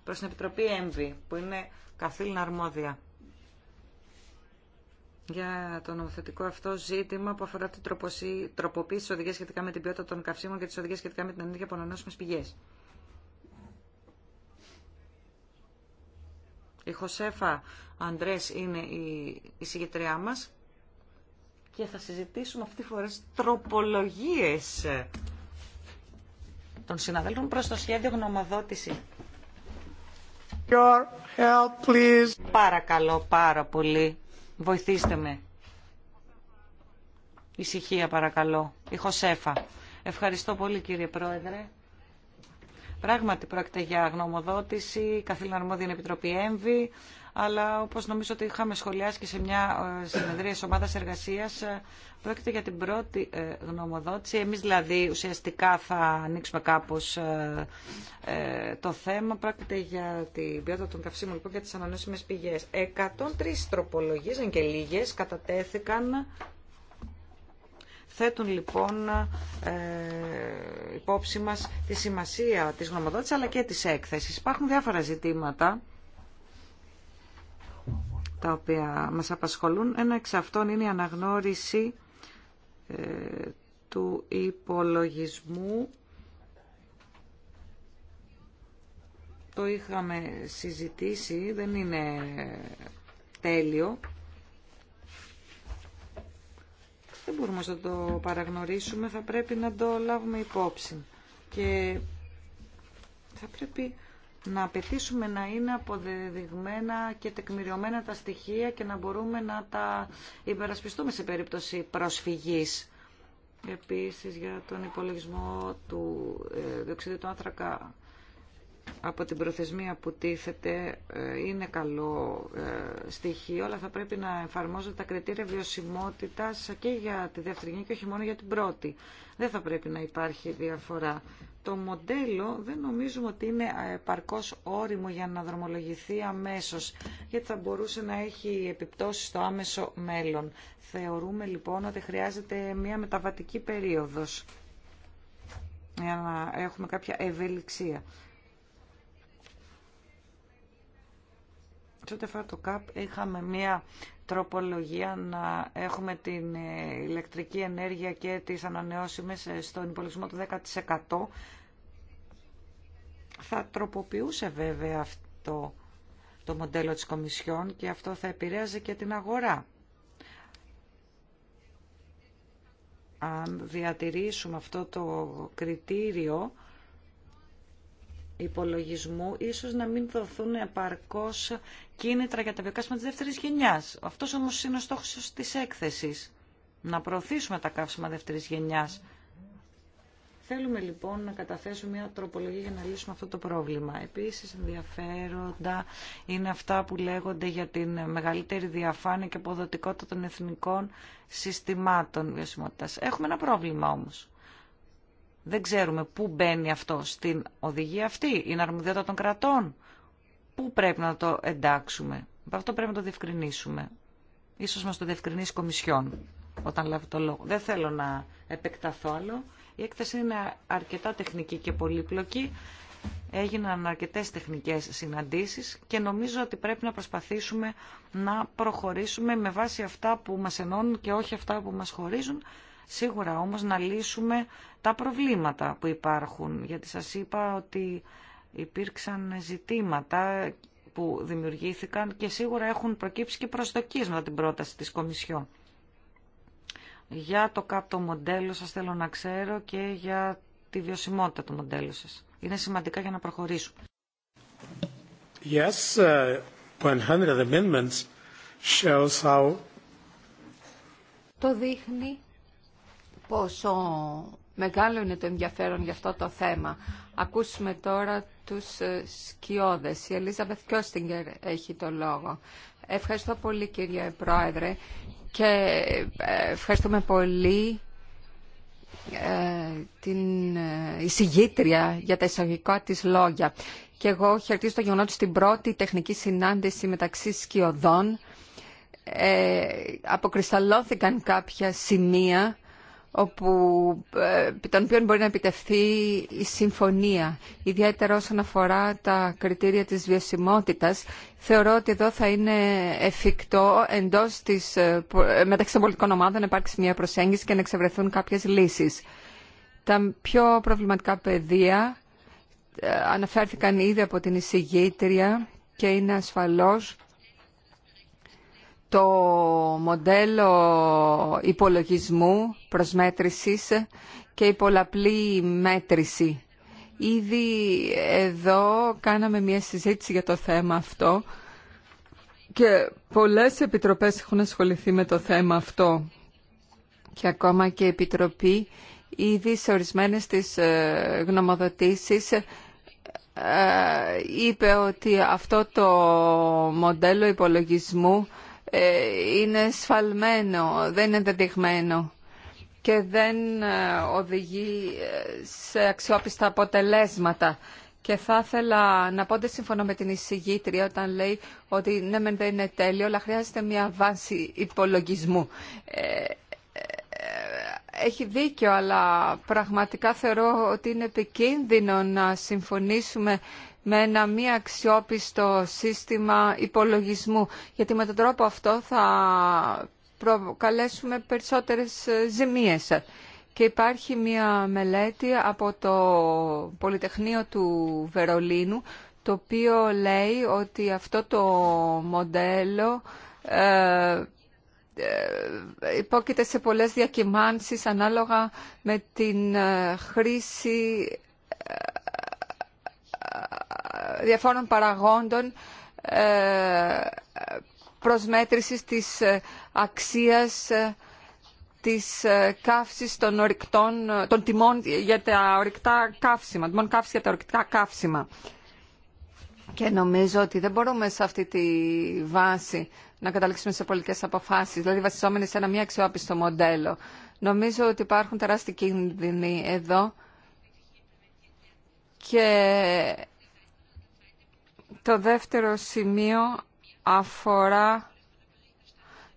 Speaker 3: προς την Επιτροπή ΕΜΒΗ, που είναι καθήλυνα αρμόδια για το νομοθετικό αυτό ζήτημα που αφορά την τροποποίηση τη οδηγία σχετικά με την ποιότητα των καυσίμων και τη οδηγία σχετικά με την ενέργεια από ανανεώσιμε πηγέ. Η Χωσέφα Αντρέ είναι η εισηγητριά μα και θα συζητήσουμε αυτή τη φορά τροπολογίε των συναδέλφων προ το σχέδιο γνωμοδότηση Your help, please. Παρακαλώ πάρα πολύ. Βοηθήστε με. Ησυχία παρακαλώ. Η Χωσέφα. Ευχαριστώ πολύ κύριε Πρόεδρε. Πράγματι πρόκειται για γνωμοδότηση, καθήλυνα αρμόδια επιτροπή ΕΜΒΗ αλλά όπως νομίζω ότι είχαμε σχολιάσει και σε μια ε, συνεδρία της ομάδας εργασίας, ε, πρόκειται για την πρώτη ε, γνωμοδότηση. Εμείς δηλαδή ουσιαστικά θα ανοίξουμε κάπως το θέμα. Πρόκειται για την ποιότητα των καυσίμων λοιπόν, και τις ανανεώσιμες πηγές. 103 τροπολογίες, αν και λίγες, κατατέθηκαν θέτουν λοιπόν υπόψη μας τη σημασία της γνωμοδότησης αλλά και της έκθεσης. Υπάρχουν διάφορα ζητήματα τα οποία μας απασχολούν. Ένα εξ αυτών είναι η αναγνώριση ε, του υπολογισμού. Το είχαμε συζητήσει, δεν είναι τέλειο. Δεν μπορούμε να το παραγνωρίσουμε, θα πρέπει να το λάβουμε υπόψη. Και θα πρέπει να απαιτήσουμε να είναι αποδεδειγμένα και τεκμηριωμένα τα στοιχεία και να μπορούμε να τα υπερασπιστούμε σε περίπτωση προσφυγής. Επίσης για τον υπολογισμό του ε, διοξιδίου του άνθρακα από την προθεσμία που τίθεται ε, είναι καλό ε, στοιχείο, αλλά θα πρέπει να εφαρμόζονται τα κριτήρια βιωσιμότητας και για τη δεύτερη και όχι μόνο για την πρώτη. Δεν θα πρέπει να υπάρχει διαφορά. Το μοντέλο δεν νομίζουμε ότι είναι ε, παρκώς όριμο για να δρομολογηθεί αμέσως, γιατί θα μπορούσε να έχει επιπτώσεις στο άμεσο μέλλον. Θεωρούμε λοιπόν ότι χρειάζεται μια μεταβατική περίοδος για να έχουμε κάποια ευελιξία Τότε φορά το ΚΑΠ είχαμε μία τροπολογία να έχουμε την ηλεκτρική ενέργεια και τις ανανεώσιμες στον υπολογισμό του 10%. Θα τροποποιούσε βέβαια αυτό το μοντέλο της Κομισιόν και αυτό θα επηρέαζε και την αγορά. Αν διατηρήσουμε αυτό το κριτήριο υπολογισμού ίσως να μην δοθούν επαρκώς κίνητρα για τα βιοκαύσιμα της δεύτερης γενιάς. Αυτός όμως είναι ο στόχος της έκθεσης, να προωθήσουμε τα καύσιμα δεύτερης γενιάς. Θέλουμε λοιπόν να καταθέσουμε μια τροπολογία για να λύσουμε αυτό το πρόβλημα. Επίσης ενδιαφέροντα είναι αυτά που λέγονται για την μεγαλύτερη διαφάνεια και αποδοτικότητα των εθνικών συστημάτων βιωσιμότητας. Έχουμε ένα πρόβλημα όμως. Δεν ξέρουμε πού μπαίνει αυτό στην οδηγία αυτή. Είναι αρμοδιότητα των κρατών. Πού πρέπει να το εντάξουμε. Αυτό πρέπει να το διευκρινίσουμε. Ίσως μας το διευκρινίσει η Κομισιόν όταν λάβει το λόγο. Δεν θέλω να επεκταθώ άλλο. Η έκθεση είναι αρκετά τεχνική και πολύπλοκη. Έγιναν αρκετές τεχνικές συναντήσεις και νομίζω ότι πρέπει να προσπαθήσουμε να προχωρήσουμε με βάση αυτά που μας ενώνουν και όχι αυτά που μας χωρίζουν Σίγουρα όμως να λύσουμε τα προβλήματα που υπάρχουν, γιατί σας είπα ότι υπήρξαν ζητήματα που δημιουργήθηκαν και σίγουρα έχουν προκύψει και προσδοκίες μετά την πρόταση της Κομισιόν. Για το κάτω μοντέλο σας θέλω να ξέρω και για τη βιωσιμότητα του μοντέλου σας. Είναι σημαντικά για να προχωρήσουμε.
Speaker 1: Yes, 100 uh, amendments
Speaker 2: Το δείχνει πόσο μεγάλο είναι το ενδιαφέρον για αυτό το θέμα. Ακούσουμε τώρα τους ε, σκιώδες. Η Ελίζαβεθ Κιώστιγκερ έχει το λόγο. Ευχαριστώ πολύ κύριε Πρόεδρε και ε, ευχαριστούμε πολύ ε, την εισηγήτρια για τα εισαγωγικά της λόγια. Και εγώ χαιρετίζω το γεγονό στην πρώτη τεχνική συνάντηση μεταξύ σκιωδών ε, αποκρισταλώθηκαν κάποια σημεία όπου, ε, των οποίων μπορεί να επιτευχθεί η συμφωνία, ιδιαίτερα όσον αφορά τα κριτήρια της βιωσιμότητας. Θεωρώ ότι εδώ θα είναι εφικτό εντός της, ε, ε, μεταξύ των πολιτικών ομάδων να υπάρξει μια προσέγγιση και να εξευρεθούν κάποιες λύσεις. Τα πιο προβληματικά πεδία αναφέρθηκαν ήδη από την εισηγήτρια και είναι ασφαλώς το μοντέλο υπολογισμού προσμέτρησης και η πολλαπλή μέτρηση. Ήδη εδώ κάναμε μια συζήτηση για το θέμα αυτό και πολλές επιτροπές έχουν ασχοληθεί με το θέμα αυτό και ακόμα και η Επιτροπή ήδη σε ορισμένες της ε, γνωμοδοτήσεις ε, ε, είπε ότι αυτό το μοντέλο υπολογισμού ε, είναι σφαλμένο, δεν είναι δεδειγμένο και δεν ε, οδηγεί ε, σε αξιόπιστα αποτελέσματα. Και θα ήθελα να πω, δεν συμφωνώ με την εισηγήτρια όταν λέει ότι ναι, δεν είναι τέλειο, αλλά χρειάζεται μια βάση υπολογισμού. Έχει δίκιο, αλλά πραγματικά θεωρώ ότι είναι επικίνδυνο να συμφωνήσουμε με ένα μη αξιόπιστο σύστημα υπολογισμού, γιατί με τον τρόπο αυτό θα προκαλέσουμε περισσότερες ε, ζημίες. Και υπάρχει μια μελέτη από το Πολυτεχνείο του Βερολίνου, το οποίο λέει ότι αυτό το μοντέλο ε, ε υπόκειται σε πολλές διακυμάνσεις ανάλογα με την ε, χρήση διαφόρων παραγόντων ε, προσμέτρησης της ε, αξίας ε, της καύσης των, ορυκτών, των τιμών για τα ορυκτά καύσιμα, τιμών καύση για τα ορυκτά καύσιμα. Και νομίζω ότι δεν μπορούμε σε αυτή τη βάση να καταλήξουμε σε πολιτικές αποφάσεις, δηλαδή βασιζόμενοι σε ένα μη αξιόπιστο μοντέλο. Νομίζω ότι υπάρχουν τεράστιοι κίνδυνοι εδώ και το δεύτερο σημείο αφορά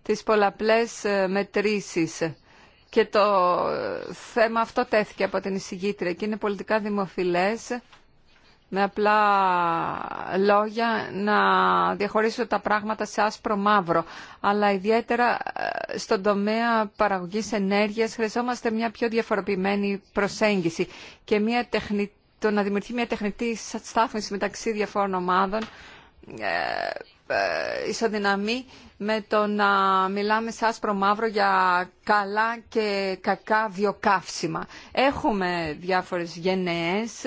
Speaker 2: τις πολλαπλές ε, μετρήσεις. Και το ε, θέμα αυτό τέθηκε από την εισηγήτρια και είναι πολιτικά δημοφιλές με απλά λόγια να διαχωρίσω τα πράγματα σε άσπρο μαύρο. Αλλά ιδιαίτερα ε, στον τομέα παραγωγής ενέργειας χρειαζόμαστε μια πιο διαφοροποιημένη προσέγγιση και μια τεχνητή το να δημιουργεί μια τεχνητή στάθμιση μεταξύ διαφόρων ομάδων ε, ε, ισοδυναμεί με το να μιλάμε σε άσπρο μαύρο για καλά και κακά βιοκαύσιμα. Έχουμε διάφορες γενναίες,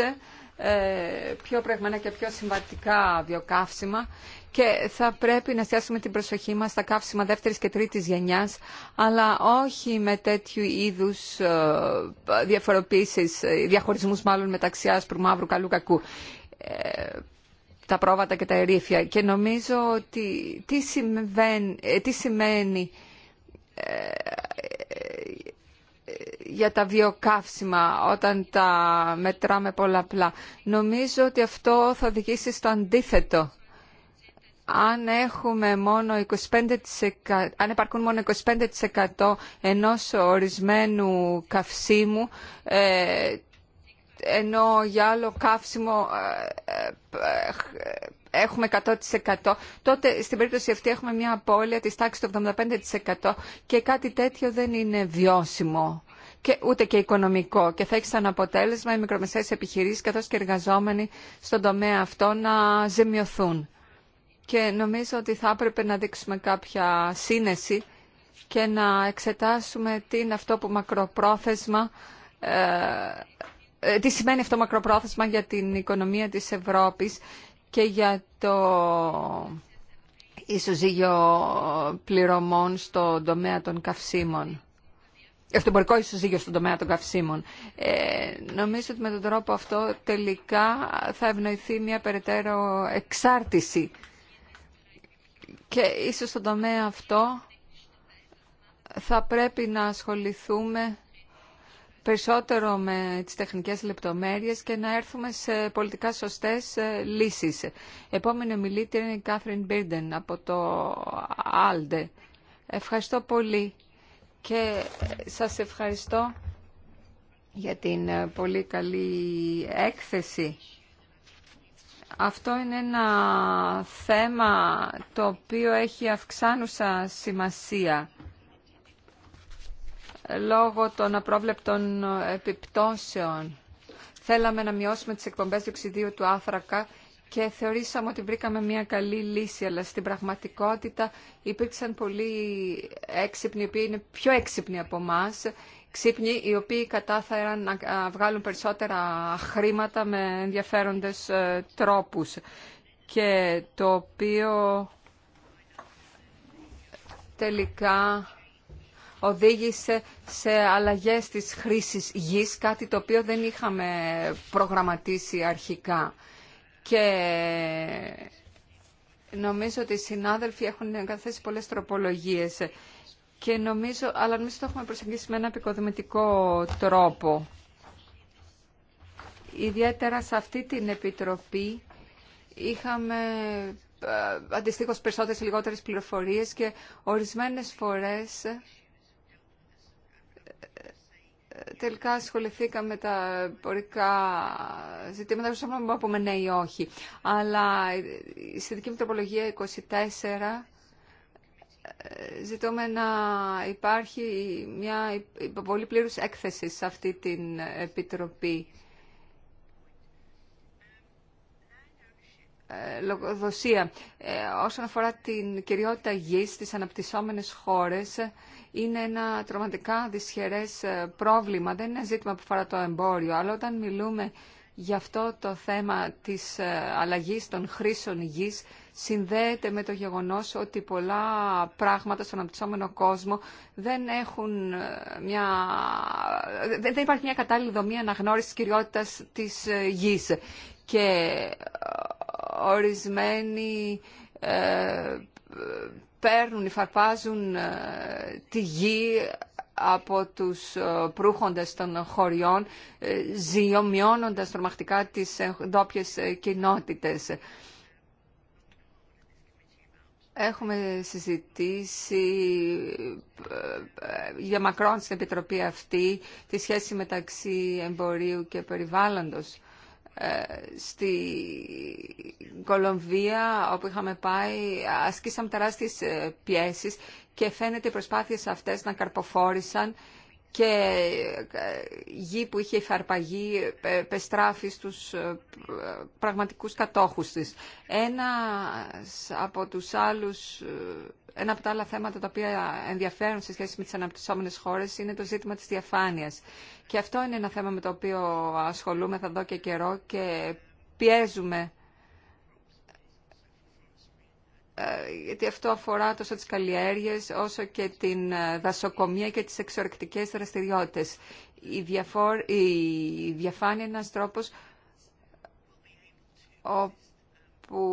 Speaker 2: ε, πιο πραγματικά και πιο συμβατικά βιοκαύσιμα και θα πρέπει να εστιάσουμε την προσοχή μας στα καύσιμα δεύτερης και τρίτης γενιάς, αλλά όχι με τέτοιου είδους ε, διαφοροποίησεις, ε, διαχωρισμούς μάλλον μεταξύ άσπρου, μαύρου, καλού, κακού ε, τα πρόβατα και τα ερήφια. Και νομίζω ότι τι, σημαίνει για τα βιοκαύσιμα όταν τα μετράμε πολλαπλά. Νομίζω ότι αυτό θα οδηγήσει στο αντίθετο αν, έχουμε μόνο 25%, αν υπάρχουν μόνο 25% ενός ορισμένου καυσίμου, ε, ενώ για άλλο καύσιμο ε, ε, έχουμε 100%, τότε στην περίπτωση αυτή έχουμε μια απώλεια της τάξης του 75% και κάτι τέτοιο δεν είναι βιώσιμο και ούτε και οικονομικό και θα έχει σαν αποτέλεσμα οι μικρομεσαίες επιχειρήσεις καθώς και οι εργαζόμενοι στον τομέα αυτό να ζημιωθούν και νομίζω ότι θα έπρεπε να δείξουμε κάποια σύνεση και να εξετάσουμε τι είναι αυτό που μακροπρόθεσμα ε, ε, τι σημαίνει αυτό μακροπρόθεσμα για την οικονομία της Ευρώπης και για το ισοζύγιο πληρωμών στον τομέα των καυσίμων. Ε, το ισοζύγιο στον τομέα των καυσίμων. νομίζω ότι με τον τρόπο αυτό τελικά θα ευνοηθεί μια περαιτέρω εξάρτηση και ίσως στον τομέα αυτό θα πρέπει να ασχοληθούμε περισσότερο με τις τεχνικές λεπτομέρειες και να έρθουμε σε πολιτικά σωστές ε, λύσεις. Επόμενη μιλήτρια είναι η Κάθριν Μπίρντεν από το Άλντε. Ευχαριστώ πολύ και σας ευχαριστώ για την ε, πολύ καλή έκθεση. Αυτό είναι ένα θέμα το οποίο έχει αυξάνουσα σημασία λόγω των απρόβλεπτων επιπτώσεων. Θέλαμε να μειώσουμε τις εκπομπές διοξιδίου του άθρακα και θεωρήσαμε ότι βρήκαμε μια καλή λύση, αλλά στην πραγματικότητα υπήρξαν πολλοί έξυπνοι, οι οποίοι είναι πιο έξυπνοι από εμά ξύπνοι οι οποίοι κατάφεραν να βγάλουν περισσότερα χρήματα με ενδιαφέροντες ε, τρόπους και το οποίο τελικά οδήγησε σε αλλαγές της χρήσης γης, κάτι το οποίο δεν είχαμε προγραμματίσει αρχικά. Και νομίζω ότι οι συνάδελφοι έχουν καθέσει πολλές τροπολογίες και νομίζω, αλλά νομίζω το έχουμε προσεγγίσει με ένα επικοδομητικό τρόπο. Ιδιαίτερα σε αυτή την επιτροπή είχαμε ε, αντιστοίχως περισσότερες ή λιγότερες πληροφορίες και ορισμένες φορές ε, ε, τελικά ασχοληθήκαμε με τα πορικά ζητήματα, που να πούμε ναι ή όχι. Αλλά στη δική μου τροπολογία 24 ζητούμε να υπάρχει μια πολύ πλήρους έκθεση σε αυτή την Επιτροπή. Ε, λογοδοσία. Ε, όσον αφορά την κυριότητα γης στις αναπτυσσόμενες χώρες, είναι ένα τροματικά δυσχερές ε, πρόβλημα. Δεν είναι ζήτημα που αφορά το εμπόριο, αλλά όταν μιλούμε για αυτό το θέμα της αλλαγής των χρήσεων γης, συνδέεται με το γεγονός ότι πολλά πράγματα στον αναπτυσσόμενο κόσμο δεν έχουν ε, μια... δεν υπάρχει μια κατάλληλη δομή αναγνώρισης της κυριότητας της ε, γης. Και ε, ορισμένοι ε, παίρνουν, υφαρπάζουν τη γη από τους προύχοντες των χωριών, ζυομιώνοντας τρομακτικά τις ντόπιες κοινότητες. Έχουμε συζητήσει ε, ε, για μακρόν στην Επιτροπή αυτή τη σχέση μεταξύ εμπορίου και περιβάλλοντος. Ε, στη Κολομβία, όπου είχαμε πάει, ασκήσαμε τεράστιες πιέσεις και φαίνεται οι προσπάθειες αυτές να καρποφόρησαν και ε, γη που είχε υφαρπαγή ε, πεστράφει στους ε, πραγματικούς κατόχους της. Ένα από τους άλλους, ένα από τα άλλα θέματα τα οποία ενδιαφέρουν σε σχέση με τις αναπτυσσόμενες χώρες είναι το ζήτημα της διαφάνειας. Και αυτό είναι ένα θέμα με το οποίο ασχολούμαι θα δω και καιρό και πιέζουμε ε, γιατί αυτό αφορά τόσο τις καλλιέργειες όσο και την ε, δασοκομεία και τις εξορρεκτικές δραστηριότητες. Η, διαφορ... η διαφάνεια είναι ένας τρόπος όπου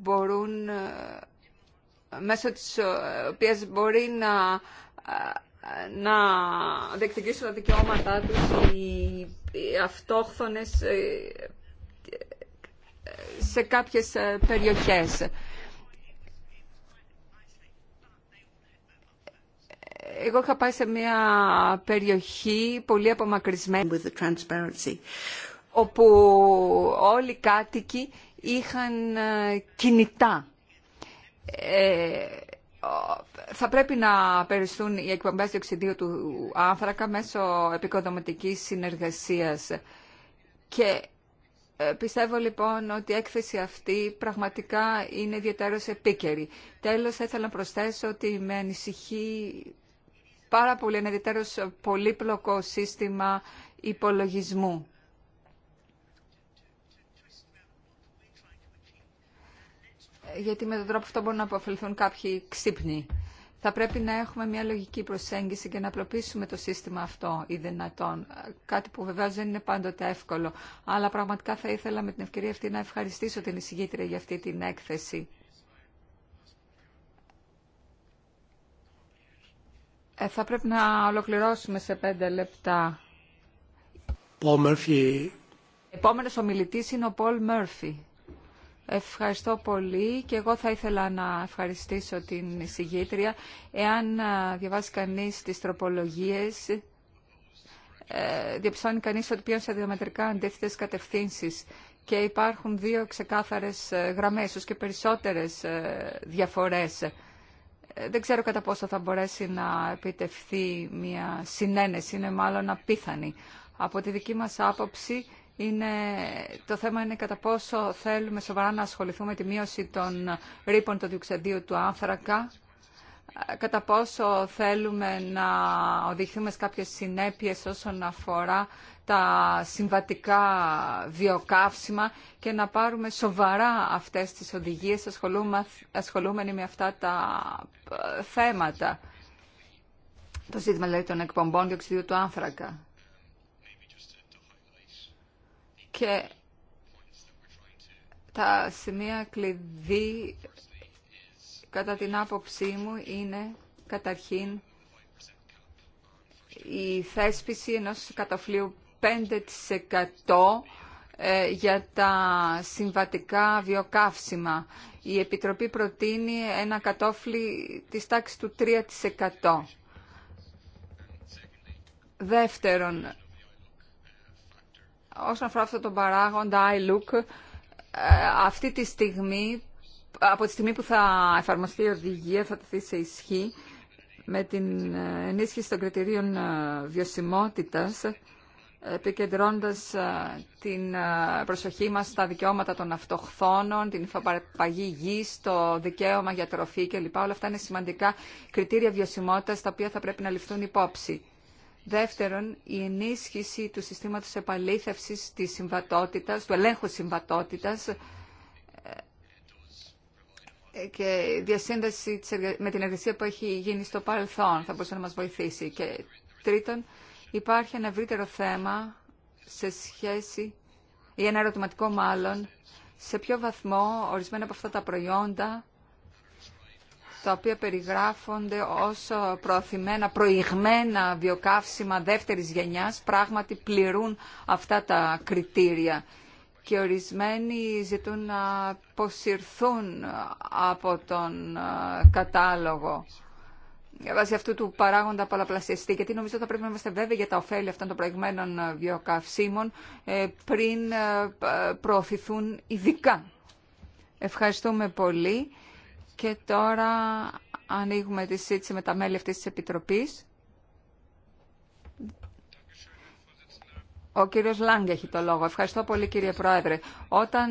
Speaker 2: μπορούν ε, μέσω της οποίας μπορεί να, να διεκδικήσουν τα δικαιώματά τους οι, οι αυτόχθονες σε κάποιες ε, περιοχές. Εγώ είχα πάει σε μια περιοχή πολύ απομακρυσμένη όπου όλοι οι κάτοικοι είχαν ε, κινητά. Ε, θα πρέπει να περιστούν οι εκπομπές διοξιδίου του άνθρακα μέσω επικοδομητικής συνεργασίας και ε, πιστεύω λοιπόν ότι η έκθεση αυτή πραγματικά είναι ιδιαίτερως επίκαιρη. Τέλος, θα ήθελα να προσθέσω ότι με ανησυχεί πάρα πολύ ένα ιδιαίτερως πολύπλοκο σύστημα υπολογισμού. Γιατί με τον τρόπο αυτό μπορούν να αποφελθούν κάποιοι ξύπνοι θα πρέπει να έχουμε μια λογική προσέγγιση και να απλοποιήσουμε το σύστημα αυτό ή δυνατόν. Κάτι που βεβαίω δεν είναι πάντοτε εύκολο. Αλλά πραγματικά θα ήθελα με την ευκαιρία αυτή να ευχαριστήσω την εισηγήτρια για αυτή την έκθεση. Ε, θα πρέπει να ολοκληρώσουμε σε πέντε λεπτά.
Speaker 1: Paul Murphy.
Speaker 2: Επόμενος είναι ο Πολ Μέρφυ. Ευχαριστώ πολύ και εγώ θα ήθελα να ευχαριστήσω την συγγήτρια. Εάν διαβάσει κανείς τις τροπολογίες, ε, διαπιστώνει κανείς ότι πιάνουν σε διαμετρικά αντίθετες κατευθύνσεις και υπάρχουν δύο ξεκάθαρες ε, γραμμές, ως και περισσότερες ε, διαφορές. Δεν ξέρω κατά πόσο θα μπορέσει να επιτευχθεί μια συνένεση, είναι μάλλον απίθανη. Από τη δική μας άποψη, είναι, το θέμα είναι κατά πόσο θέλουμε σοβαρά να ασχοληθούμε με τη μείωση των ρήπων του διοξεδίου του άνθρακα, κατά πόσο θέλουμε να οδηγηθούμε σε κάποιες συνέπειες όσον αφορά τα συμβατικά βιοκαύσιμα και να πάρουμε σοβαρά αυτές τις οδηγίες ασχολούμενοι με αυτά τα ε, θέματα. Το ζήτημα δηλαδή των εκπομπών διοξιδίου του άνθρακα. και τα σημεία κλειδί κατά την άποψή μου είναι καταρχήν η θέσπιση ενός κατοφλίου 5% ε, για τα συμβατικά βιοκαύσιμα. Η Επιτροπή προτείνει ένα κατόφλι της τάξης του 3%. Δεύτερον, όσον αφορά αυτό τον παράγοντα iLook, ε, αυτή τη στιγμή, από τη στιγμή που θα εφαρμοστεί η οδηγία, θα τεθεί σε ισχύ, με την ε, ενίσχυση των κριτηρίων ε, βιωσιμότητας, επικεντρώνοντας την προσοχή μας στα δικαιώματα των αυτοχθόνων, την υφαπαγή γης, το δικαίωμα για τροφή κλπ. Όλα αυτά είναι σημαντικά κριτήρια βιωσιμότητας τα οποία θα πρέπει να ληφθούν υπόψη. Δεύτερον, η ενίσχυση του συστήματος επαλήθευσης της συμβατότητας, του ελέγχου συμβατότητας ε, και διασύνδεση με την εργασία που έχει γίνει στο παρελθόν θα μπορούσε να μας βοηθήσει. Και τρίτον, υπάρχει ένα ευρύτερο θέμα σε σχέση ή ένα ερωτηματικό μάλλον σε ποιο βαθμό ορισμένα από αυτά τα προϊόντα τα οποία περιγράφονται ως ε, προωθημένα, προηγμένα βιοκαύσιμα δεύτερης γενιάς, πράγματι πληρούν αυτά τα κριτήρια. Και ορισμένοι ζητούν να αποσυρθούν ε, από τον ε, κατάλογο βάσει αυτού του παράγοντα πολλαπλασιαστή, γιατί νομίζω θα πρέπει να είμαστε βέβαιοι για τα ωφέλη αυτών των προηγμένων βιοκαυσίμων πριν προωθηθούν ειδικά. Ευχαριστούμε πολύ. Και τώρα ανοίγουμε τη σύντηση με τα μέλη αυτής της Επιτροπής. Ο κύριος Λάγκ έχει το λόγο. Ευχαριστώ πολύ κύριε Πρόεδρε. Όταν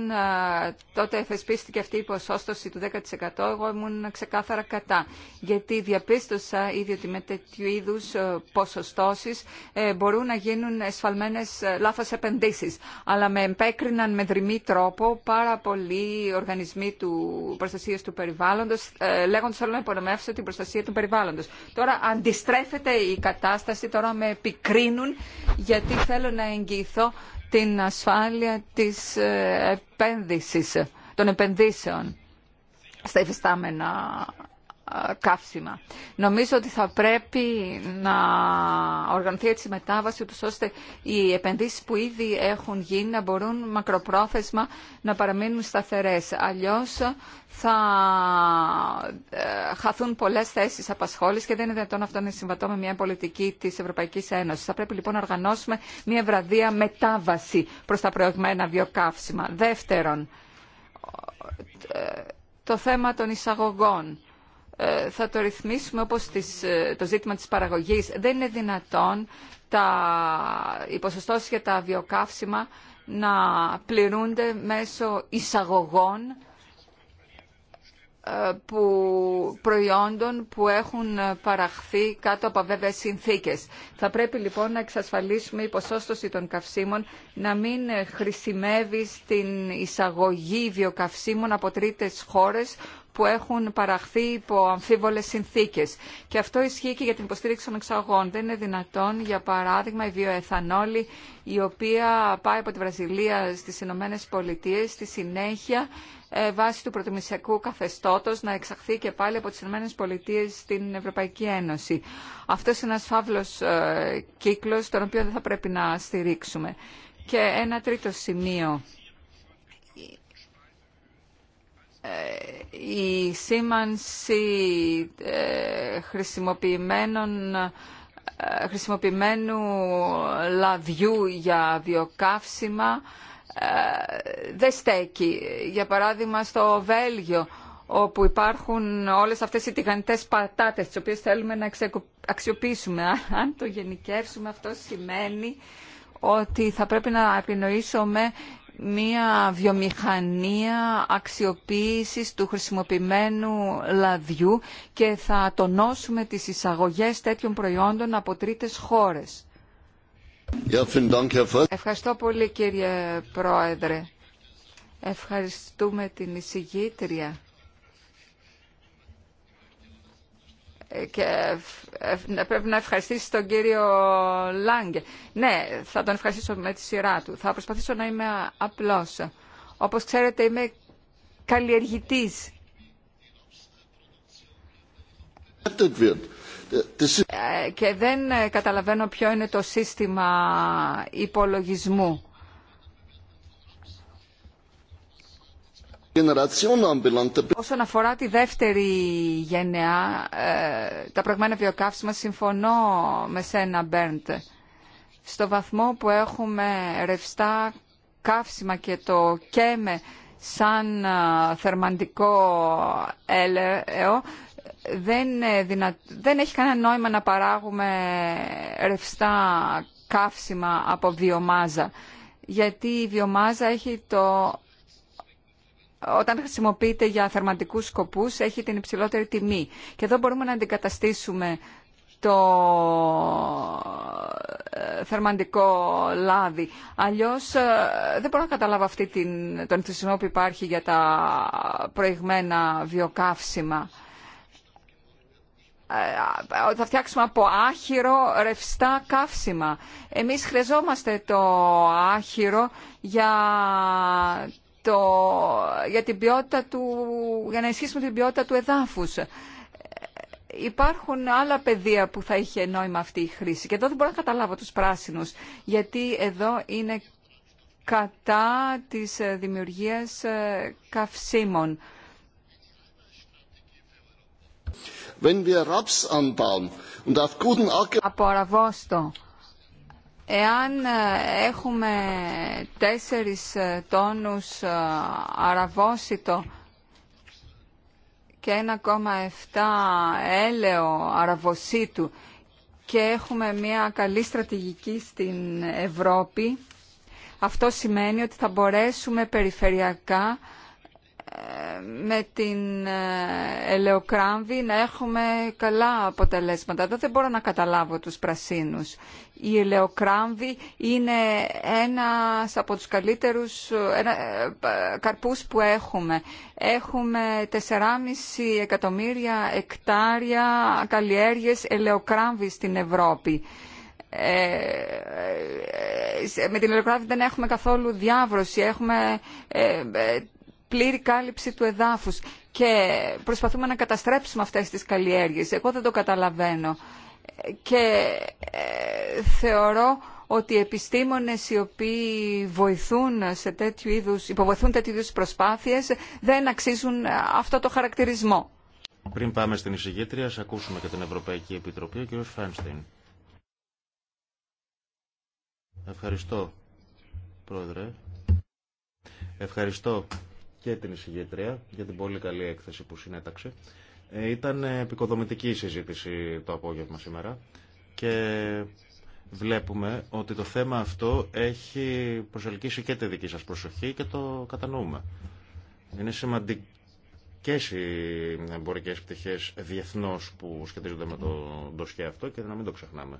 Speaker 2: τότε θεσπίστηκε αυτή η ποσόστοση του 10% εγώ ήμουν ξεκάθαρα κατά. Γιατί διαπίστωσα ήδη ότι με τέτοιου είδου ποσοστώσει ε, μπορούν να γίνουν εσφαλμένε λάθο επενδύσει. Αλλά με επέκριναν με δρυμή τρόπο πάρα πολλοί οργανισμοί του προστασία του περιβάλλοντο, ε, λέγοντα όλο να υπονομεύσω την προστασία του περιβάλλοντο. Τώρα αντιστρέφεται η κατάσταση, τώρα με επικρίνουν γιατί θέλω να εγγυηθώ την ασφάλεια της ε, επένδυσης, των επενδύσεων στα υφιστάμενα καύσιμα. Νομίζω ότι θα πρέπει να οργανωθεί έτσι η μετάβαση, ώστε οι επενδύσεις που ήδη έχουν γίνει να μπορούν μακροπρόθεσμα να παραμείνουν σταθερές. Αλλιώς θα ε, χαθούν πολλές θέσεις απασχόλησης και δεν είναι δυνατόν αυτό να συμβατώ με μια πολιτική της Ευρωπαϊκής Ένωσης. Θα πρέπει λοιπόν να οργανώσουμε μια βραδία μετάβαση προς τα προηγμένα βιοκαύσιμα. Δεύτερον, ε, το θέμα των εισαγωγών ε, θα το ρυθμίσουμε όπως ε, το ζήτημα της παραγωγής. Δεν είναι δυνατόν τα, οι ποσοστώσεις για τα βιοκαύσιμα να πληρούνται μέσω εισαγωγών ε, που, προϊόντων που έχουν παραχθεί κάτω από βέβαιες συνθήκες. Θα πρέπει λοιπόν να εξασφαλίσουμε η ποσόστοση των καυσίμων να μην χρησιμεύει στην εισαγωγή βιοκαυσίμων από τρίτες χώρες που έχουν παραχθεί υπό αμφίβολε συνθήκε. Και αυτό ισχύει και για την υποστήριξη των εξαγών. Δεν είναι δυνατόν, για παράδειγμα, η βιοεθανόλη, η οποία πάει από τη Βραζιλία στι Ηνωμένε Πολιτείε, στη συνέχεια ε, βάσει του προτιμησιακού καθεστώτος να εξαχθεί και πάλι από τις Πολιτείε στην Ευρωπαϊκή Ένωση. Αυτό είναι ένας φαύλος ε, κύκλος, τον οποίο δεν θα πρέπει να στηρίξουμε. Και ένα τρίτο σημείο ε, η σήμανση ε, χρησιμοποιημένων ε, χρησιμοποιημένου λαδιού για βιοκαύσιμα δεν στέκει. Για παράδειγμα στο Βέλγιο όπου υπάρχουν όλες αυτές οι τηγανιτές πατάτες τις οποίες θέλουμε να αξιοποιήσουμε. Αν το γενικεύσουμε αυτό σημαίνει ότι θα πρέπει να επινοήσουμε μία βιομηχανία αξιοποίησης του χρησιμοποιημένου λαδιού και θα τονώσουμε τις εισαγωγές τέτοιων προϊόντων από τρίτες χώρες. Ευχαριστώ πολύ κύριε Πρόεδρε. Ευχαριστούμε την εισηγήτρια. και πρέπει να ευχαριστήσει τον κύριο Λάγκε. Ναι, θα τον ευχαριστήσω με τη σειρά του. Θα προσπαθήσω να είμαι απλός. Όπως ξέρετε είμαι καλλιεργητής. Ε, και δεν ε, καταλαβαίνω ποιο είναι το σύστημα υπολογισμού. Όσον αφορά τη δεύτερη γενεά, ε, τα προηγμένα βιοκαύσιμα, συμφωνώ με σένα, Μπέρντ. Στο βαθμό που έχουμε ρευστά καύσιμα και το καίμε σαν ε, θερμαντικό έλεο δεν, ε, δεν έχει κανένα νόημα να παράγουμε ρευστά καύσιμα από βιομάζα. Γιατί η βιομάζα έχει το όταν χρησιμοποιείται για θερμαντικούς σκοπούς έχει την υψηλότερη τιμή. Και εδώ μπορούμε να αντικαταστήσουμε το ε, θερμαντικό λάδι. Αλλιώς ε, δεν μπορώ να καταλάβω αυτή την, τον ενθουσιασμό που υπάρχει για τα προηγμένα βιοκαύσιμα. Ε, θα φτιάξουμε από άχυρο ρευστά καύσιμα. Εμείς χρειαζόμαστε το άχυρο για το, για, την ποιότητα του, για να ισχύσουμε την ποιότητα του εδάφους. Ε, υπάρχουν άλλα πεδία που θα είχε νόημα αυτή η χρήση. Και εδώ δεν μπορώ να καταλάβω τους πράσινους, γιατί εδώ είναι κατά της ε, δημιουργίας ε, καυσίμων. Wenn Από αραβόστο Εάν ε, έχουμε τέσσερις ε, τόνους ε, αραβόσιτο και 1,7 έλαιο αραβοσίτου και έχουμε μια καλή στρατηγική στην Ευρώπη, αυτό σημαίνει ότι θα μπορέσουμε περιφερειακά με την ε, ελαιοκράμβη να έχουμε καλά αποτελέσματα. δεν μπορώ να καταλάβω τους πρασίνους. Η ελαιοκράμβη είναι ένας από τους καλύτερους ε, ε, καρπούς που έχουμε. Έχουμε 4,5 εκατομμύρια εκτάρια καλλιέργειες ελαιοκράμβη στην Ευρώπη. με την ελαιοκράμβη δεν έχουμε καθόλου διάβρωση. Έχουμε πλήρη κάλυψη του εδάφους και προσπαθούμε να καταστρέψουμε αυτές τις καλλιέργειες. Εγώ δεν το καταλαβαίνω και ε, θεωρώ ότι οι επιστήμονες οι οποίοι βοηθούν σε τέτοιου είδους, υποβοηθούν τέτοιου είδους προσπάθειες δεν αξίζουν αυτό το χαρακτηρισμό.
Speaker 1: Πριν πάμε στην εισηγήτρια, ας ακούσουμε και την Ευρωπαϊκή Επιτροπή, ο κ. Φάνστιν. Ευχαριστώ, Πρόεδρε. Ευχαριστώ και την εισηγήτρια για την πολύ καλή έκθεση που συνέταξε. Ε, ήταν επικοδομητική η συζήτηση το απόγευμα σήμερα και βλέπουμε ότι το θέμα αυτό έχει προσελκύσει και τη δική σας προσοχή και το κατανοούμε. Είναι σημαντικέ και οι εμπορικέ πτυχέ διεθνώ που σχετίζονται με το ντοσχέ αυτό και να μην το ξεχνάμε.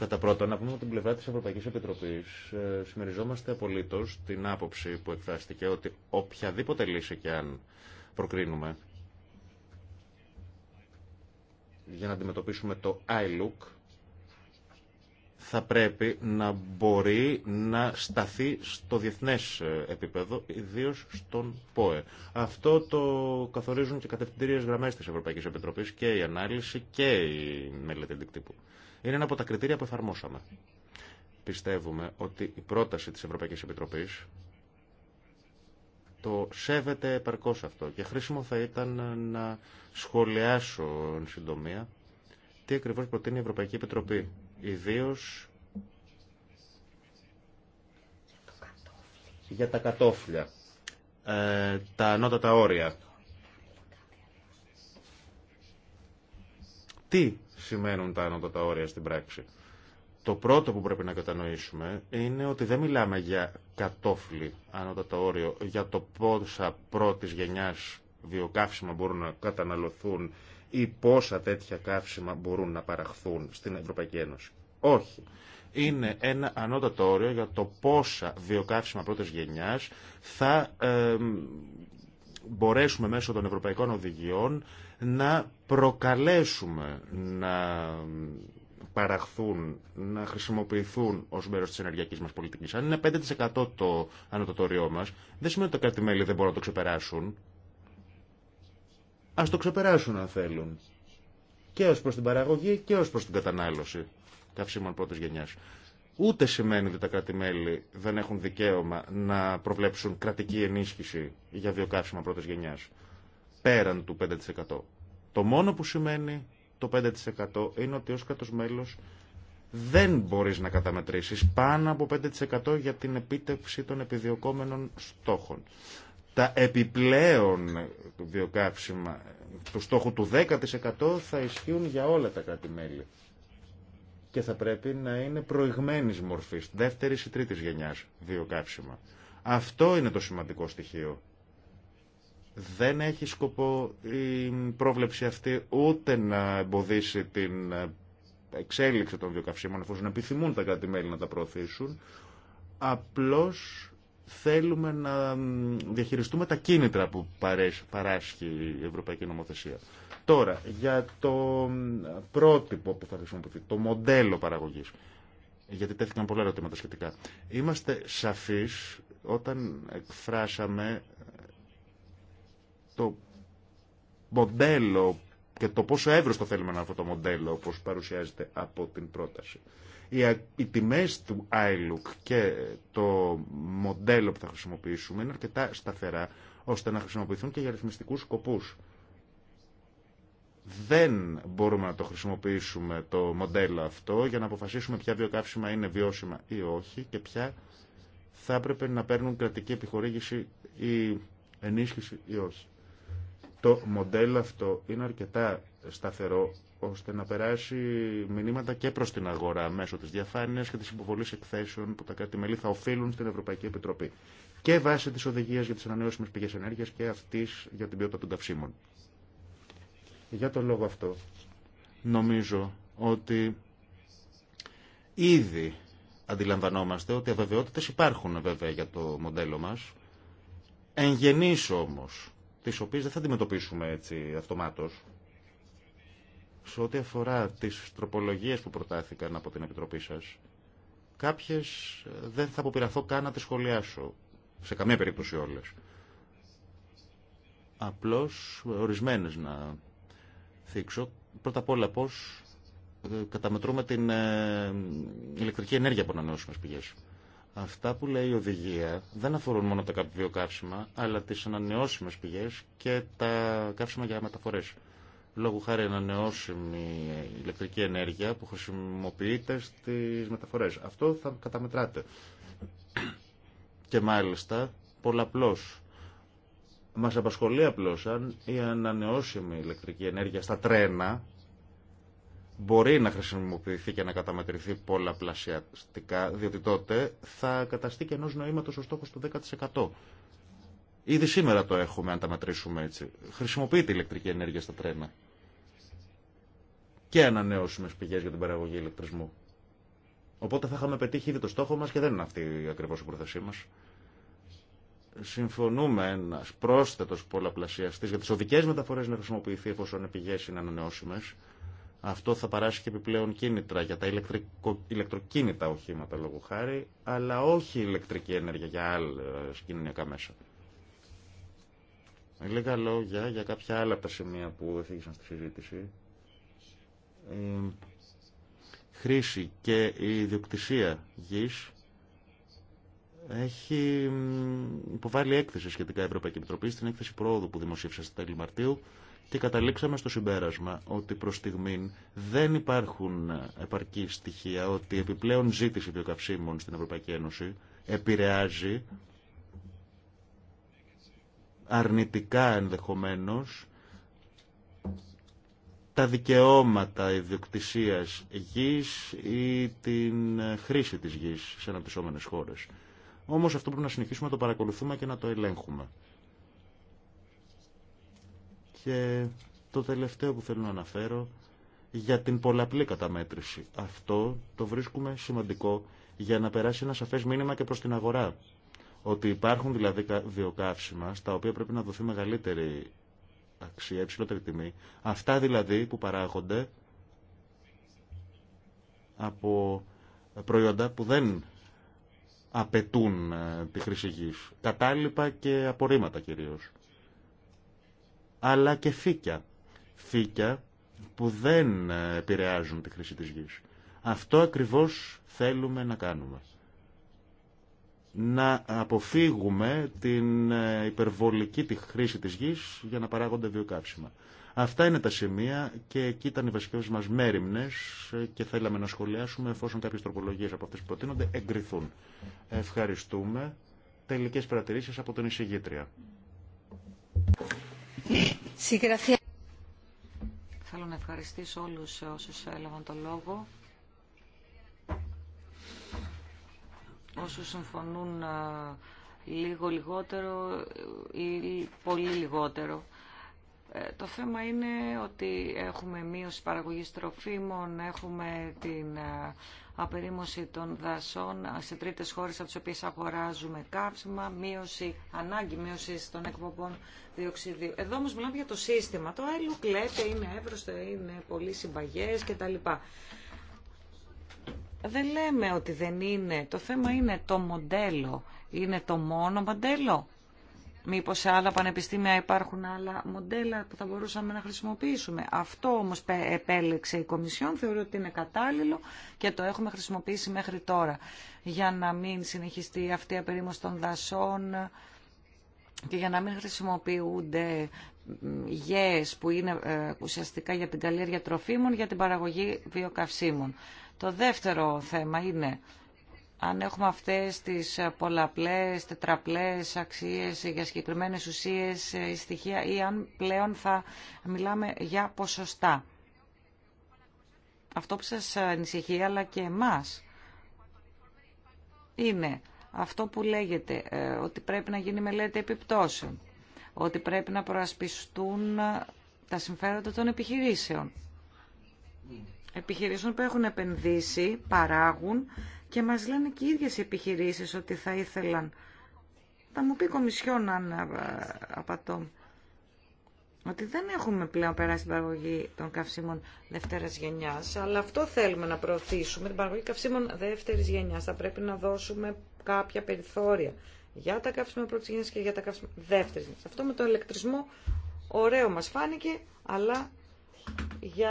Speaker 1: Κατά πρώτον, να πούμε από την πλευρά τη Ευρωπαϊκή Επιτροπή, ε, συμμεριζόμαστε απολύτω την άποψη που εκφράστηκε ότι οποιαδήποτε λύση και αν προκρίνουμε για να αντιμετωπίσουμε το iLook θα πρέπει να μπορεί να σταθεί στο διεθνές ε, επίπεδο, ιδίω στον ΠΟΕ. Αυτό το καθορίζουν και κατευθυντήριες γραμμές της Ευρωπαϊκής Επιτροπής και η ανάλυση και η μελέτη αντικτύπου είναι ένα από τα κριτήρια που εφαρμόσαμε. Πιστεύουμε ότι η πρόταση της Ευρωπαϊκής Επιτροπής το σέβεται επαρκώς αυτό και χρήσιμο θα ήταν να σχολιάσω εν συντομία τι ακριβώς προτείνει η Ευρωπαϊκή Επιτροπή, ιδίως για τα κατόφλια, ε, τα ανώτατα όρια. Τι σημαίνουν τα ανώτατα όρια στην πράξη. Το πρώτο που πρέπει να κατανοήσουμε είναι ότι δεν μιλάμε για κατόφλι ανώτατο όριο, για το πόσα πρώτη γενιάς βιοκαύσιμα μπορούν να καταναλωθούν ή πόσα τέτοια καύσιμα μπορούν να παραχθούν στην Ευρωπαϊκή Ένωση. Όχι. Είναι ένα ανώτατο όριο για το πόσα βιοκαύσιμα πρώτη γενιάς θα μπορέσουμε μέσω των ευρωπαϊκών οδηγιών να προκαλέσουμε να παραχθούν, να χρησιμοποιηθούν ω μέρο τη ενεργειακή μα πολιτική. Αν είναι 5% το ανωτοτόριό μα, δεν σημαίνει ότι τα κράτη-μέλη δεν μπορούν να το ξεπεράσουν. Α το ξεπεράσουν αν θέλουν. Και ω προ την παραγωγή και ω προ την κατανάλωση καυσίμων πρώτη γενιά. Ούτε σημαίνει ότι τα κράτη-μέλη δεν έχουν δικαίωμα να προβλέψουν κρατική ενίσχυση για βιοκαύσιμα πρώτη γενιά πέραν του 5%. Το μόνο που σημαίνει το 5% είναι ότι ως κράτος μέλος δεν μπορείς να καταμετρήσεις πάνω από 5% για την επίτευξη των επιδιωκόμενων στόχων. Τα επιπλέον βιοκάψιμα του στόχου του 10% θα ισχύουν για όλα τα κράτη-μέλη και θα πρέπει να είναι προηγμένης μορφής, δεύτερης ή τρίτης γενιάς βιοκάψιμα. Αυτό είναι το σημαντικό στοιχείο δεν έχει σκοπό η πρόβλεψη αυτή ούτε να εμποδίσει την εξέλιξη των βιοκαυσίμων, εφόσον επιθυμούν τα κράτη-μέλη να τα προωθήσουν. Απλώς θέλουμε να διαχειριστούμε τα κίνητρα που παράσχει η Ευρωπαϊκή Νομοθεσία. Τώρα, για το πρότυπο που θα χρησιμοποιηθεί, το μοντέλο παραγωγής, γιατί τέθηκαν πολλά ερωτήματα σχετικά. Είμαστε σαφείς όταν εκφράσαμε το μοντέλο και το πόσο εύρος το θέλουμε να αυτό το μοντέλο όπως παρουσιάζεται από την πρόταση. Οι, οι τιμές του iLook και το μοντέλο που θα χρησιμοποιήσουμε είναι αρκετά σταθερά ώστε να χρησιμοποιηθούν και για ρυθμιστικούς σκοπούς. Δεν μπορούμε να το χρησιμοποιήσουμε το μοντέλο αυτό για να αποφασίσουμε ποια βιοκαύσιμα είναι βιώσιμα ή όχι και ποια θα έπρεπε να παίρνουν κρατική επιχορήγηση ή ενίσχυση ή όχι. Το μοντέλο αυτό είναι αρκετά σταθερό ώστε να περάσει μηνύματα και προς την αγορά μέσω της διαφάνειας και της υποβολής εκθέσεων που τα κράτη-μέλη θα οφείλουν στην Ευρωπαϊκή Επιτροπή και βάσει της οδηγίας για τις ανανεώσιμες πηγές ενέργειας και αυτής για την ποιότητα των καυσίμων. Για τον λόγο αυτό νομίζω ότι ήδη αντιλαμβανόμαστε ότι αβεβαιότητες υπάρχουν βέβαια για το μοντέλο μας. Εν όμως τις οποίες δεν θα αντιμετωπίσουμε έτσι αυτομάτως. Σε ό,τι αφορά τις τροπολογίες που προτάθηκαν από την Επιτροπή σας, κάποιες ε, δεν θα αποπειραθώ καν να τις σχολιάσω. Σε καμία περίπτωση όλες. Απλώς ε, ορισμένες να θίξω. Πρώτα απ' όλα πώς ε, καταμετρούμε την ηλεκτρική ενέργεια από ανανεώσιμες πηγές. Αυτά που λέει η οδηγία δεν αφορούν μόνο τα βιοκαύσιμα, αλλά τις ανανεώσιμες πηγές και τα καύσιμα για μεταφορές. Λόγω χάρη ανανεώσιμη ηλεκτρική ενέργεια που χρησιμοποιείται στις μεταφορές. Αυτό θα καταμετράτε. Και μάλιστα πολλαπλώ Μας απασχολεί απλώ αν η ανανεώσιμη ηλεκτρική ενέργεια στα τρένα μπορεί να χρησιμοποιηθεί και να καταμετρηθεί πολλαπλασιαστικά, διότι τότε θα καταστεί και ενό νοήματο ο στόχο του 10%. Ήδη σήμερα το έχουμε, αν τα μετρήσουμε έτσι. Χρησιμοποιείται η ηλεκτρική ενέργεια στα τρένα. Και ανανεώσιμε πηγέ για την παραγωγή ηλεκτρισμού. Οπότε θα είχαμε πετύχει ήδη το στόχο μα και δεν είναι αυτή ακριβώ η πρόθεσή μα. Συμφωνούμε ένα πρόσθετο πολλαπλασιαστή για τι οδικέ μεταφορέ να χρησιμοποιηθεί εφόσον οι πηγέ είναι ανανεώσιμε. Αυτό θα παράσχει επιπλέον κίνητρα για τα ηλεκτροκίνητα οχήματα λόγω χάρη, αλλά όχι ηλεκτρική ενέργεια για άλλα κοινωνιακά μέσα. Λίγα λόγια για κάποια άλλα από τα σημεία που εφήγησαν στη συζήτηση. Ε, χρήση και η ιδιοκτησία γης έχει υποβάλει έκθεση σχετικά Ευρωπαϊκή Επιτροπή στην έκθεση πρόοδου που δημοσίευσε στα τέλη Μαρτίου και καταλήξαμε στο συμπέρασμα ότι προς στιγμήν δεν υπάρχουν επαρκή στοιχεία ότι η επιπλέον ζήτηση βιοκαυσίμων στην Ευρωπαϊκή Ένωση επηρεάζει αρνητικά ενδεχομένως τα δικαιώματα ιδιοκτησίας γης ή την χρήση της γης σε αναπτυσσόμενες χώρες. Όμως αυτό πρέπει να συνεχίσουμε να το παρακολουθούμε και να το ελέγχουμε. Και το τελευταίο που θέλω να αναφέρω για την πολλαπλή καταμέτρηση. Αυτό το βρίσκουμε σημαντικό για να περάσει ένα σαφές μήνυμα και προς την αγορά. Ότι υπάρχουν δηλαδή βιοκαύσιμα στα οποία πρέπει να δοθεί μεγαλύτερη αξία, υψηλότερη τιμή. Αυτά δηλαδή που παράγονται από προϊόντα που δεν απαιτούν ε, τη χρήση γης. Κατάλοιπα και απορρίμματα κυρίως αλλά και φύκια. Φύκια που δεν ε, επηρεάζουν τη χρήση της γης. Αυτό ακριβώς θέλουμε να κάνουμε. Να αποφύγουμε την ε, υπερβολική τη χρήση της γης για να παράγονται βιοκάψιμα. Αυτά είναι τα σημεία και εκεί ήταν οι βασικές μας μέρημνες ε, και θέλαμε να σχολιάσουμε εφόσον κάποιες τροπολογίες από αυτές που προτείνονται εγκριθούν. Ευχαριστούμε. Τελικές παρατηρήσεις από τον εισηγήτρια.
Speaker 3: Θέλω να ευχαριστήσω όλους όσους έλαβαν το λόγο, όσους συμφωνούν ε, λίγο λιγότερο ή πολύ λιγότερο. Ε, το θέμα είναι ότι έχουμε μείωση παραγωγής τροφίμων, έχουμε την ε, απερίμωση των δασών ε, σε τρίτες χώρες από τις οποίες αγοράζουμε κάψιμα, μείωση, ανάγκη μείωση των εκπομπών διοξιδίου. Εδώ όμως μιλάμε για το σύστημα. Το άλλο κλαίτε, είναι εύρωστο, είναι πολύ συμπαγές κτλ. Δεν λέμε ότι δεν είναι. Το θέμα είναι το μοντέλο. Είναι το μόνο μοντέλο Μήπως σε άλλα πανεπιστήμια υπάρχουν άλλα μοντέλα που θα μπορούσαμε να χρησιμοποιήσουμε. Αυτό όμως επέλεξε η Κομισιόν, θεωρεί ότι είναι κατάλληλο και το έχουμε χρησιμοποιήσει μέχρι τώρα. Για να μην συνεχιστεί αυτή η απερίμωση των δασών και για να μην χρησιμοποιούνται γέες που είναι ε, ουσιαστικά για την καλλιέργεια τροφίμων, για την παραγωγή βιοκαυσίμων. Το δεύτερο θέμα είναι αν έχουμε αυτές τις πολλαπλές, τετραπλές αξίες για συγκεκριμένες ουσίες ή στοιχεία ή αν πλέον θα μιλάμε για ποσοστά. Αυτό που σας ανησυχεί αλλά και εμάς είναι αυτό που λέγεται ε, ότι πρέπει να γίνει μελέτη επιπτώσεων, ότι πρέπει να προασπιστούν τα συμφέροντα των επιχειρήσεων. Επιχειρήσεων που έχουν επενδύσει, παράγουν και μας λένε και οι ίδιες επιχειρήσεις ότι θα ήθελαν. Θα μου πει η Κομισιόν αν ε, απατώ. Ότι δεν έχουμε πλέον περάσει την παραγωγή των καυσίμων δεύτερη γενιά, αλλά αυτό θέλουμε να προωθήσουμε, την παραγωγή καυσίμων δεύτερη γενιά. Θα πρέπει να δώσουμε κάποια περιθώρια για τα καύσιμα πρώτη γενιά και για τα καύσιμα δεύτερη γενιά. Αυτό με τον ηλεκτρισμό ωραίο μα φάνηκε, αλλά για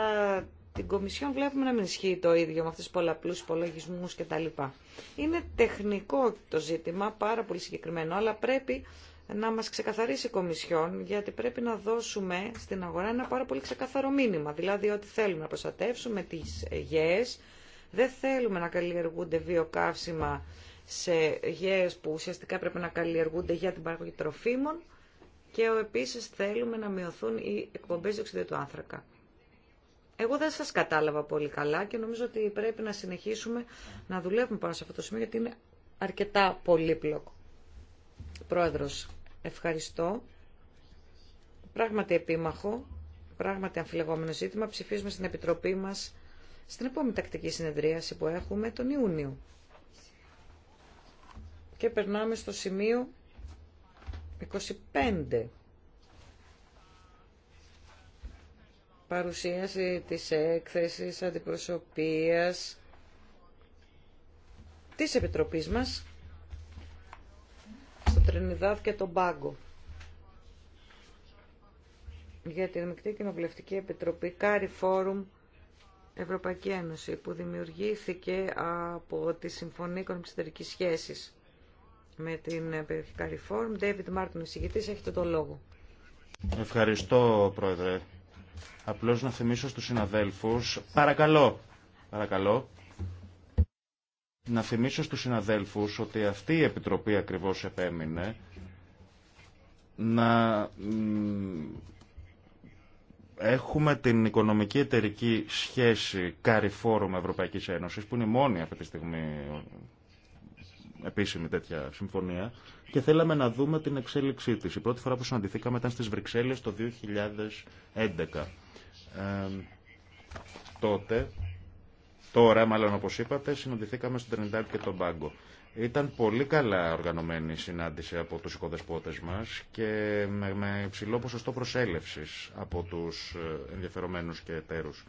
Speaker 3: την Κομισιόν βλέπουμε να μην ισχύει το ίδιο με αυτού του πολλαπλού υπολογισμού κτλ. Είναι τεχνικό το ζήτημα, πάρα πολύ συγκεκριμένο, αλλά πρέπει να μας ξεκαθαρίσει η Κομισιόν, γιατί πρέπει να δώσουμε στην αγορά ένα πάρα πολύ ξεκαθαρό μήνυμα. Δηλαδή ότι θέλουμε να προστατεύσουμε τις γέες, δεν θέλουμε να καλλιεργούνται βιοκαύσιμα σε γέες που ουσιαστικά πρέπει να καλλιεργούνται για την παραγωγή τροφίμων και επίσης θέλουμε να μειωθούν οι εκπομπές διοξιδίου του άνθρακα. Εγώ δεν σας κατάλαβα πολύ καλά και νομίζω ότι πρέπει να συνεχίσουμε να δουλεύουμε πάνω σε αυτό το σημείο γιατί είναι αρκετά πολύπλοκο. Πρόεδρος, ευχαριστώ. Πράγματι επίμαχο, πράγματι αμφιλεγόμενο ζήτημα. Ψηφίζουμε στην Επιτροπή μας στην επόμενη τακτική συνεδρίαση που έχουμε τον Ιούνιο. Και περνάμε στο σημείο 25. παρουσίαση της έκθεσης αντιπροσωπείας της Επιτροπής μας στο Τρινιδάδ και τον Πάγκο για την Μικτή Κοινοβουλευτική Επιτροπή Κάρι Φόρουμ Ευρωπαϊκή Ένωση που δημιουργήθηκε από τη Συμφωνία Οικονομικής Σχέσης με την περιοχή Κάρι Φόρουμ. David Μάρτιν, εισηγητής, έχετε το λόγο.
Speaker 1: Ευχαριστώ, Πρόεδρε. Απλώς να θυμίσω στους συναδέλφους, παρακαλώ, παρακαλώ, να θυμίσω στους συναδέλφους ότι αυτή η Επιτροπή ακριβώς επέμεινε να έχουμε την οικονομική εταιρική σχέση καρυφόρου με Ευρωπαϊκής Ένωσης, που είναι η μόνη αυτή τη στιγμή επίσημη τέτοια συμφωνία και θέλαμε να δούμε την εξέλιξή της. Η πρώτη φορά που συναντηθήκαμε ήταν στις Βρυξέλλες το 2011. τότε, τώρα μάλλον όπως είπατε, συναντηθήκαμε στην Τρινιντάρ και τον Μπάγκο. Ήταν πολύ καλά οργανωμένη η συνάντηση από τους οικοδεσπότες μας και με, με υψηλό ποσοστό προσέλευσης από τους ε, ενδιαφερομένους και εταίρους.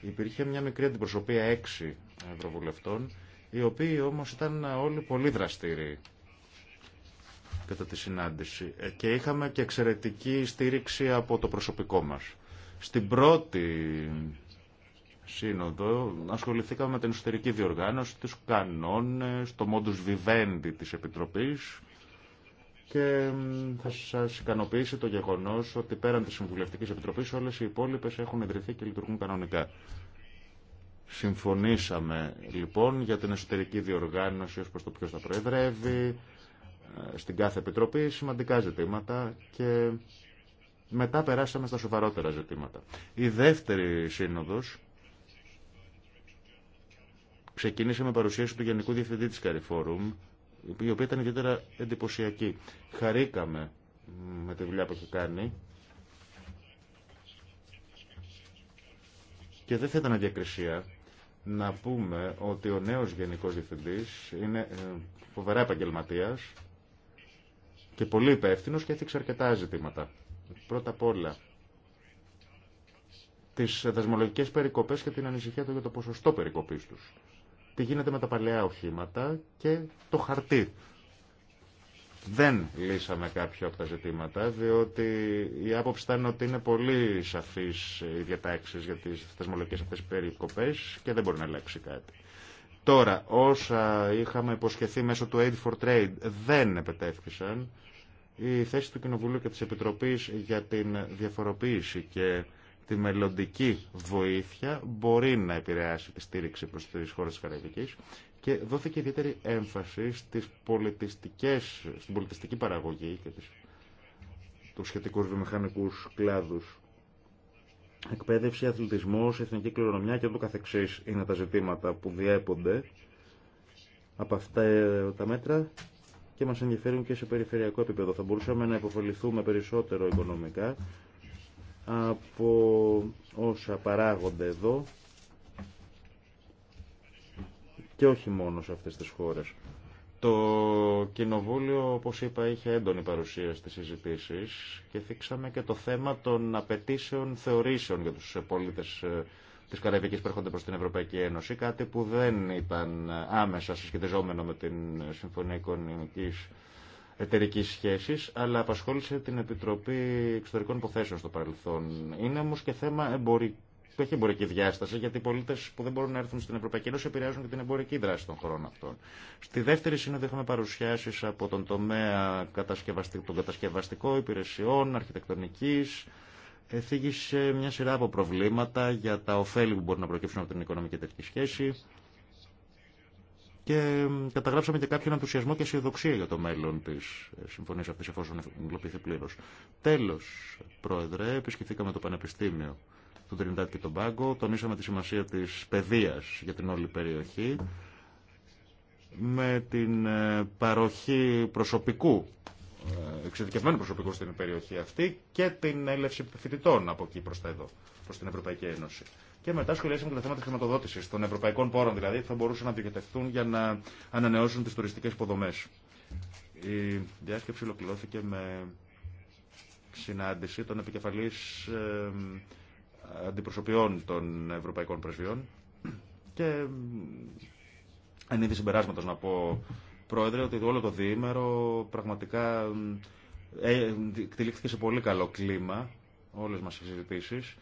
Speaker 1: Υπήρχε μια μικρή αντιπροσωπεία έξι ευρωβουλευτών οι οποίοι όμως ήταν όλοι πολύ δραστήριοι κατά τη συνάντηση ε, και είχαμε και εξαιρετική στήριξη από το προσωπικό μας. Στην πρώτη σύνοδο ασχοληθήκαμε με την εσωτερική διοργάνωση, τους κανόνες, το modus vivendi της Επιτροπής και θα σας ικανοποιήσει το γεγονός ότι πέραν της Συμβουλευτικής Επιτροπής όλες οι υπόλοιπες έχουν ιδρυθεί και λειτουργούν κανονικά. Συμφωνήσαμε λοιπόν για την εσωτερική διοργάνωση ως προς το ποιος θα προεδρεύει, ε, στην κάθε επιτροπή σημαντικά ζητήματα και μετά περάσαμε στα σοβαρότερα ζητήματα. Η δεύτερη σύνοδος ξεκίνησε με παρουσίαση του Γενικού Διευθυντή της Καριφόρουμ, η οποία ήταν ιδιαίτερα εντυπωσιακή. Χαρήκαμε με τη δουλειά που έχει κάνει και δεν θα ήταν αδιακρισία να πούμε ότι ο νέος Γενικός Διευθυντής είναι ε, φοβερά επαγγελματία και πολύ υπεύθυνο και έθιξε αρκετά ζητήματα. Πρώτα απ' όλα, τις δασμολογικές περικοπές και την ανησυχία του για το ποσοστό περικοπής τους. Τι γίνεται με τα παλαιά οχήματα και το χαρτί δεν λύσαμε κάποια από τα ζητήματα, διότι η άποψη ήταν ότι είναι πολύ σαφείς οι διατάξεις για τις θεσμολογικές αυτές περικοπές και δεν μπορεί να αλλάξει κάτι. Τώρα, όσα είχαμε υποσχεθεί μέσω του Aid for Trade δεν επετέφθησαν. Η θέση του Κοινοβουλίου και της Επιτροπής για την διαφοροποίηση και τη μελλοντική βοήθεια μπορεί να επηρεάσει τη στήριξη προς τις χώρες της Καραϊβικής και δόθηκε ιδιαίτερη έμφαση στις πολιτιστικές, στην πολιτιστική παραγωγή και τις, τους σχετικούς βιομηχανικούς κλάδους. Εκπαίδευση, αθλητισμός, εθνική κληρονομιά και ούτω καθεξής είναι τα ζητήματα που διέπονται από αυτά ε, τα μέτρα και μας ενδιαφέρουν και σε περιφερειακό επίπεδο. Θα μπορούσαμε να υποφεληθούμε περισσότερο οικονομικά από όσα παράγονται εδώ και όχι μόνο σε αυτές τις χώρες. Το κοινοβούλιο, όπως είπα, είχε έντονη παρουσία στις συζητήσεις και θίξαμε και το θέμα των απαιτήσεων θεωρήσεων για τους πολίτες ε, της Καραϊβικής που έρχονται προς την Ευρωπαϊκή Ένωση, κάτι που δεν ήταν άμεσα συσχετιζόμενο με την Συμφωνία Οικονομικής εταιρική σχέση, αλλά απασχόλησε την Επιτροπή Εξωτερικών Υποθέσεων στο παρελθόν. Είναι όμω και θέμα εμπορική που έχει εμπορική διάσταση, γιατί οι πολίτε που δεν μπορούν να έρθουν στην Ευρωπαϊκή Ένωση επηρεάζουν και την εμπορική δράση των χωρών αυτών. Στη δεύτερη σύνοδο είχαμε παρουσιάσει από τον τομέα των κατασκευαστικών υπηρεσιών, αρχιτεκτονική, εθίγησε μια σειρά από προβλήματα για τα ωφέλη που μπορούν να προκύψουν από την οικονομική τέτοια σχέση και καταγράψαμε και κάποιον ενθουσιασμό και αισιοδοξία για το μέλλον τη ε, συμφωνία αυτή, εφόσον υλοποιηθεί πλήρω. Τέλο, Πρόεδρε, επισκεφθήκαμε το Πανεπιστήμιο του Τρινιντάτ και τον Πάγκο. Τονίσαμε τη σημασία της παιδείας για την όλη περιοχή με την ε, παροχή προσωπικού ε, εξειδικευμένου προσωπικού στην περιοχή αυτή και την έλευση φοιτητών από εκεί προ τα εδώ, προ την Ευρωπαϊκή Ένωση. Και μετά σχολιάσαμε και τα θέματα τη χρηματοδότηση των ευρωπαϊκών πόρων, δηλαδή θα μπορούσαν να διοικητευτούν για να ανανεώσουν τι τουριστικέ υποδομέ. Η διάσκεψη ολοκληρώθηκε με συνάντηση των επικεφαλής ε, αντιπροσωπιών των Ευρωπαϊκών Πρεσβειών και εν είδη συμπεράσματος να πω Πρόεδρε ότι όλο το διήμερο πραγματικά ε, εκτελήχθηκε σε πολύ καλό κλίμα όλες μας οι συζητήσεις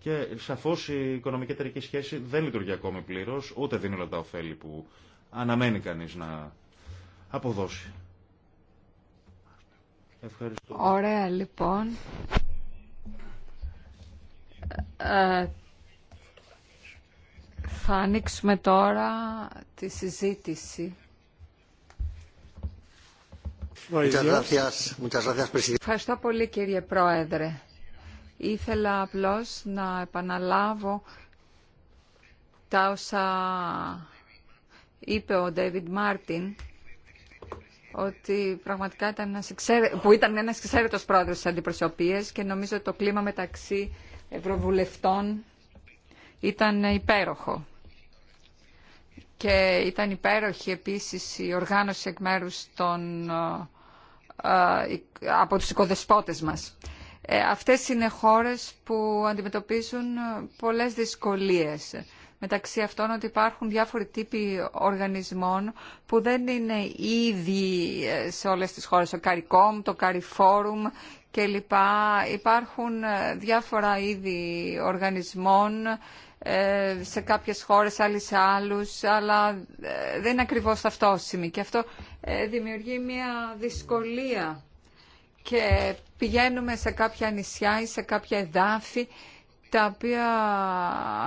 Speaker 1: και σαφώς η οικονομική εταιρική σχέση δεν λειτουργεί ακόμη πλήρως ούτε δίνει όλα τα ωφέλη που αναμένει κανείς να αποδώσει. Ευχαριστώ.
Speaker 2: Ωραία λοιπόν. Ε, θα ανοίξουμε τώρα τη συζήτηση. Ευχαριστώ πολύ κύριε Πρόεδρε. Ήθελα απλώς να επαναλάβω τα όσα είπε ο Ντέιβιντ Μάρτιν ότι πραγματικά ήταν ένας εξαίρε... που ήταν ένας εξαίρετος πρόεδρος της αντιπροσωπείας και νομίζω το κλίμα μεταξύ ευρωβουλευτών ήταν υπέροχο. Και ήταν υπέροχη επίσης η οργάνωση εκ μέρους των, ε, ε, από τους οικοδεσπότες μας. Ε, αυτές είναι χώρες που αντιμετωπίζουν πολλές δυσκολίες. Μεταξύ αυτών ότι υπάρχουν διάφοροι τύποι οργανισμών που δεν είναι ήδη σε όλες τις χώρες. Το CARICOM, το CARIFORUM, και λοιπά. Υπάρχουν ε, διάφορα είδη οργανισμών ε, σε κάποιες χώρες, άλλοι σε άλλους, αλλά ε, δεν είναι ακριβώς ταυτόσιμοι και αυτό δημιουργεί μια δυσκολία και πηγαίνουμε σε κάποια νησιά ή σε κάποια εδάφη τα οποία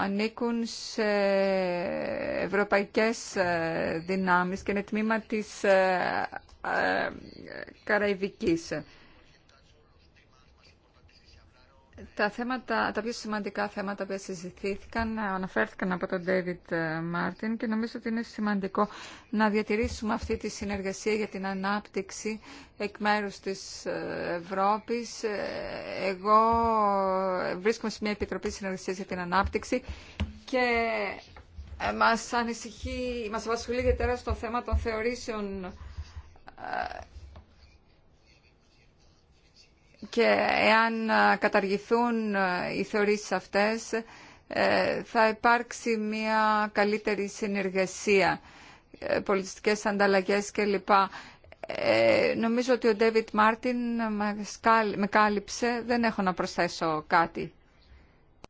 Speaker 2: ανήκουν σε ευρωπαϊκές δυνάμεις και είναι τμήμα της Καραϊβικής. Τα, θέματα, τα πιο σημαντικά θέματα που συζητήθηκαν αναφέρθηκαν από τον David ε, Μάρτιν και νομίζω ότι είναι σημαντικό να διατηρήσουμε αυτή τη συνεργασία για την ανάπτυξη εκ μέρους της ε, Ευρώπης. Ε, εγώ βρίσκομαι σε μια Επιτροπή Συνεργασίας για την Ανάπτυξη και μας ανησυχεί, μας απασχολεί ιδιαίτερα στο θέμα των θεωρήσεων και εάν ε, καταργηθούν ε, οι θεωρήσεις αυτές ε, θα υπάρξει μια καλύτερη συνεργασία, πολιτιστικές ανταλλαγές κλπ. νομίζω ότι ο Ντέβιτ Μάρτιν με κάλυψε. Δεν έχω να προσθέσω κάτι.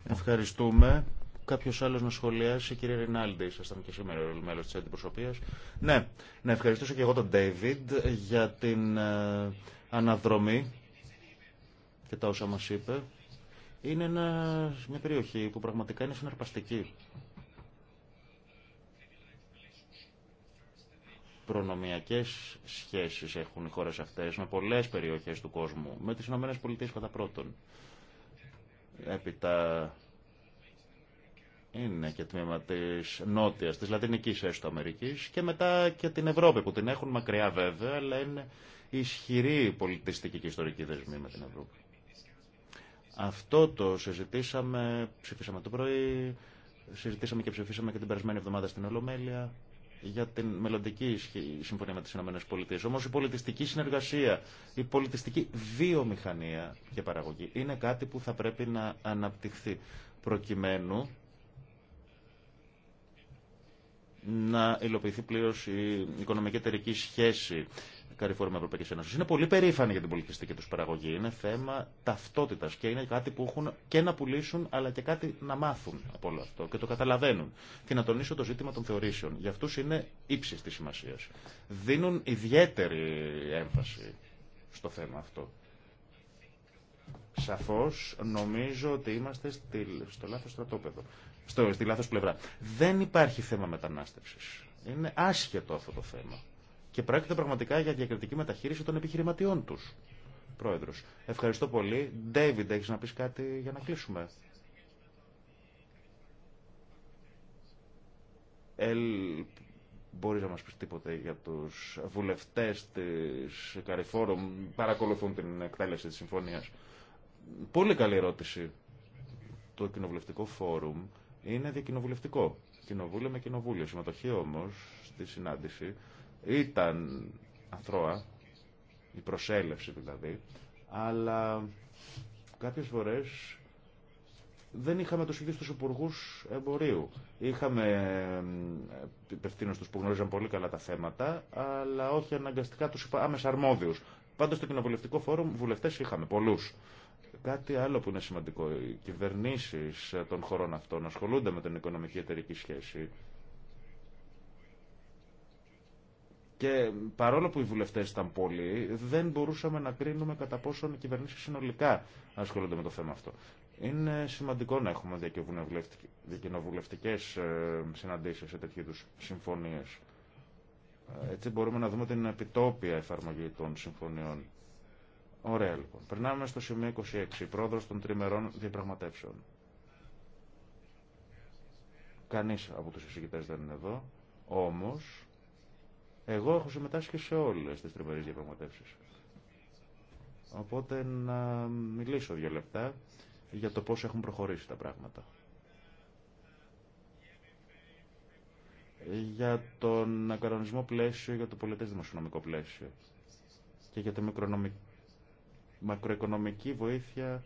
Speaker 1: Ευχαριστούμε. Κάποιο άλλο να σχολιάσει, η κυρία Ρινάλντι, ήσασταν και σήμερα μέλο τη αντιπροσωπεία. Ναι, να ευχαριστήσω και εγώ τον Ντέιβιντ για την αναδρομή και τα όσα μας είπε, είναι μια περιοχή που πραγματικά είναι συναρπαστική. Προνομιακές σχέσεις έχουν οι χώρες αυτές με πολλές περιοχές του κόσμου, με τις ΗΠΑ κατά πρώτον. Έπειτα είναι και τμήμα της νότιας, της λατινικής έστω Αμερικής και μετά και την Ευρώπη που την έχουν μακριά βέβαια, αλλά είναι ισχυρή πολιτιστική και ιστορική δεσμή με την Ευρώπη. Αυτό το συζητήσαμε, ψηφίσαμε το πρωί, συζητήσαμε και ψηφίσαμε και την περασμένη εβδομάδα στην Ολομέλεια για την μελλοντική συμφωνία με τι ΗΠΑ. Όμως η πολιτιστική συνεργασία, η πολιτιστική βιομηχανία και παραγωγή είναι κάτι που θα πρέπει να αναπτυχθεί προκειμένου να υλοποιηθεί πλήρως η οικονομική εταιρική σχέση καρυφόρμα Ευρωπαϊκή Ένωση. Είναι πολύ περήφανοι για την πολιτιστική του παραγωγή. Είναι θέμα ταυτότητα και είναι κάτι που έχουν και να πουλήσουν αλλά και κάτι να μάθουν από όλο αυτό και το καταλαβαίνουν. Και να τονίσω το ζήτημα των θεωρήσεων. Για αυτού είναι ύψη τη σημασία. Δίνουν ιδιαίτερη έμφαση στο θέμα αυτό. Σαφώ νομίζω ότι είμαστε στη, στο λάθο, στρατόπεδο, στο, στη λάθος πλευρά. Δεν υπάρχει θέμα μετανάστευση. Είναι άσχετο αυτό το θέμα. Και πρόκειται πραγματικά για διακριτική μεταχείριση των επιχειρηματιών του. Πρόεδρο. Ευχαριστώ πολύ. Ντέιβιντ, έχει να πει κάτι για να κλείσουμε. Ελ, μπορείς να μα πει τίποτε για τους βουλευτές της Καριφόρουμ παρακολουθούν την εκτέλεση τη συμφωνία. Πολύ καλή ερώτηση. Το κοινοβουλευτικό φόρουμ είναι διακοινοβουλευτικό. Κοινοβούλιο με κοινοβούλιο. Συμμετοχή όμω στη συνάντηση ήταν αθρώα, η προσέλευση δηλαδή, αλλά κάποιες φορές δεν είχαμε τους ίδιους τους υπουργού εμπορίου. Είχαμε υπευθύνους τους που γνωρίζαν πολύ καλά τα θέματα, αλλά όχι αναγκαστικά τους άμεσα αρμόδιους. Πάντως στο κοινοβουλευτικό φόρουμ βουλευτές είχαμε πολλούς. Κάτι άλλο που είναι σημαντικό, οι κυβερνήσεις των χωρών αυτών ασχολούνται με την οικονομική εταιρική σχέση Και παρόλο που οι βουλευτέ ήταν πολλοί, δεν μπορούσαμε να κρίνουμε κατά πόσον οι κυβερνήσει συνολικά ασχολούνται με το θέμα αυτό. Είναι σημαντικό να έχουμε διακοινοβουλευτικέ ε, συναντήσει σε τέτοιου είδου συμφωνίε. Ε, έτσι μπορούμε να δούμε την επιτόπια εφαρμογή των συμφωνιών. Ωραία λοιπόν. Περνάμε στο σημείο 26. Πρόεδρο των τριμερών διαπραγματεύσεων. Κανεί από του εισηγητέ δεν είναι εδώ. Όμως, εγώ έχω συμμετάσχει σε όλες τις τριμερείς διαπραγματεύσει. Οπότε να μιλήσω δύο λεπτά για το πώς έχουν προχωρήσει τα πράγματα. Για τον κανονισμό πλαίσιο, για το πολιτέ δημοσιονομικό πλαίσιο και για τη μακροοικονομική βοήθεια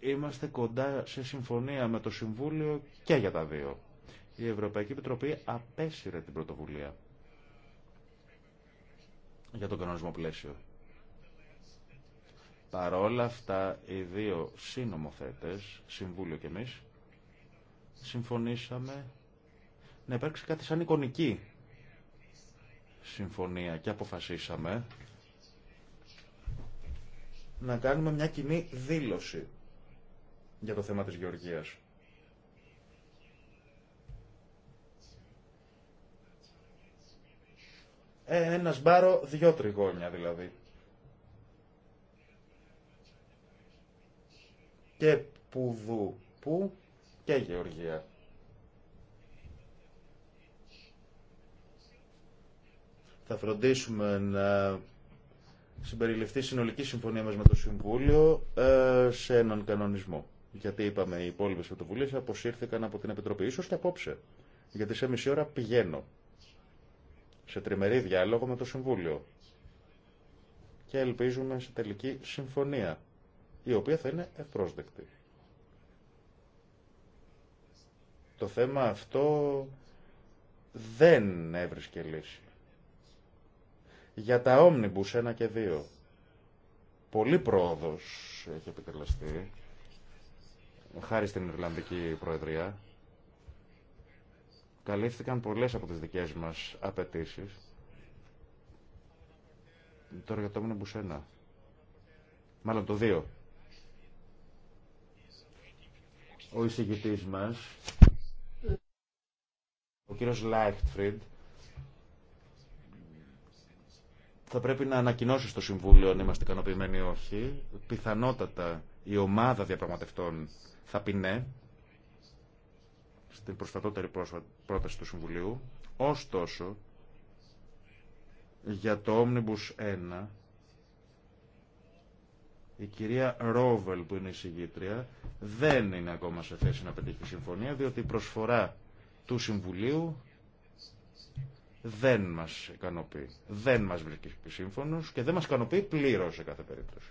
Speaker 1: είμαστε κοντά σε συμφωνία με το Συμβούλιο και για τα δύο. Η Ευρωπαϊκή Επιτροπή απέσυρε την πρωτοβουλία για τον κανονισμό πλαίσιο. Παρόλα αυτά, οι δύο συνομοθέτες, Συμβούλιο και εμείς, συμφωνήσαμε να υπάρξει κάτι σαν εικονική συμφωνία και αποφασίσαμε να κάνουμε μια κοινή δήλωση για το θέμα της γεωργίας. Ε, ένα σπάρο, δυο τριγώνια δηλαδή. Και πουδού, που και γεωργία. Θα φροντίσουμε να συμπεριληφθεί συνολική συμφωνία μας με το Συμβούλιο ε, σε έναν κανονισμό. Γιατί είπαμε οι υπόλοιπε πρωτοβουλίε αποσύρθηκαν από την Επιτροπή. Ίσως και απόψε. Γιατί σε μισή ώρα πηγαίνω σε τριμερή διάλογο με το Συμβούλιο. Και ελπίζουμε σε τελική συμφωνία, η οποία θα είναι ευπρόσδεκτη. Το θέμα αυτό δεν έβρισκε λύση. Για τα Omnibus 1 και 2, πολύ πρόοδος έχει επιτελεστεί χάρη στην Ιρλανδική Προεδρία, καλύφθηκαν πολλές από τις δικές μας απαιτήσει. Τώρα για το που μπουσένα. Μάλλον το 2. Ο εισηγητής μας, ο κύριος Λάιχτφριντ, θα πρέπει να ανακοινώσει στο Συμβούλιο αν είμαστε ικανοποιημένοι ή όχι. Πιθανότατα η ομάδα διαπραγματευτών θα πει ναι στην προσφατότερη πρόταση του Συμβουλίου. Ωστόσο, για το Omnibus 1, η κυρία Ρόβελ που είναι η συγγήτρια δεν είναι ακόμα σε θέση να πετύχει συμφωνία διότι η προσφορά του Συμβουλίου δεν μας ικανοποιεί. Δεν μας βρίσκει σύμφωνος και δεν μας ικανοποιεί πλήρως σε κάθε περίπτωση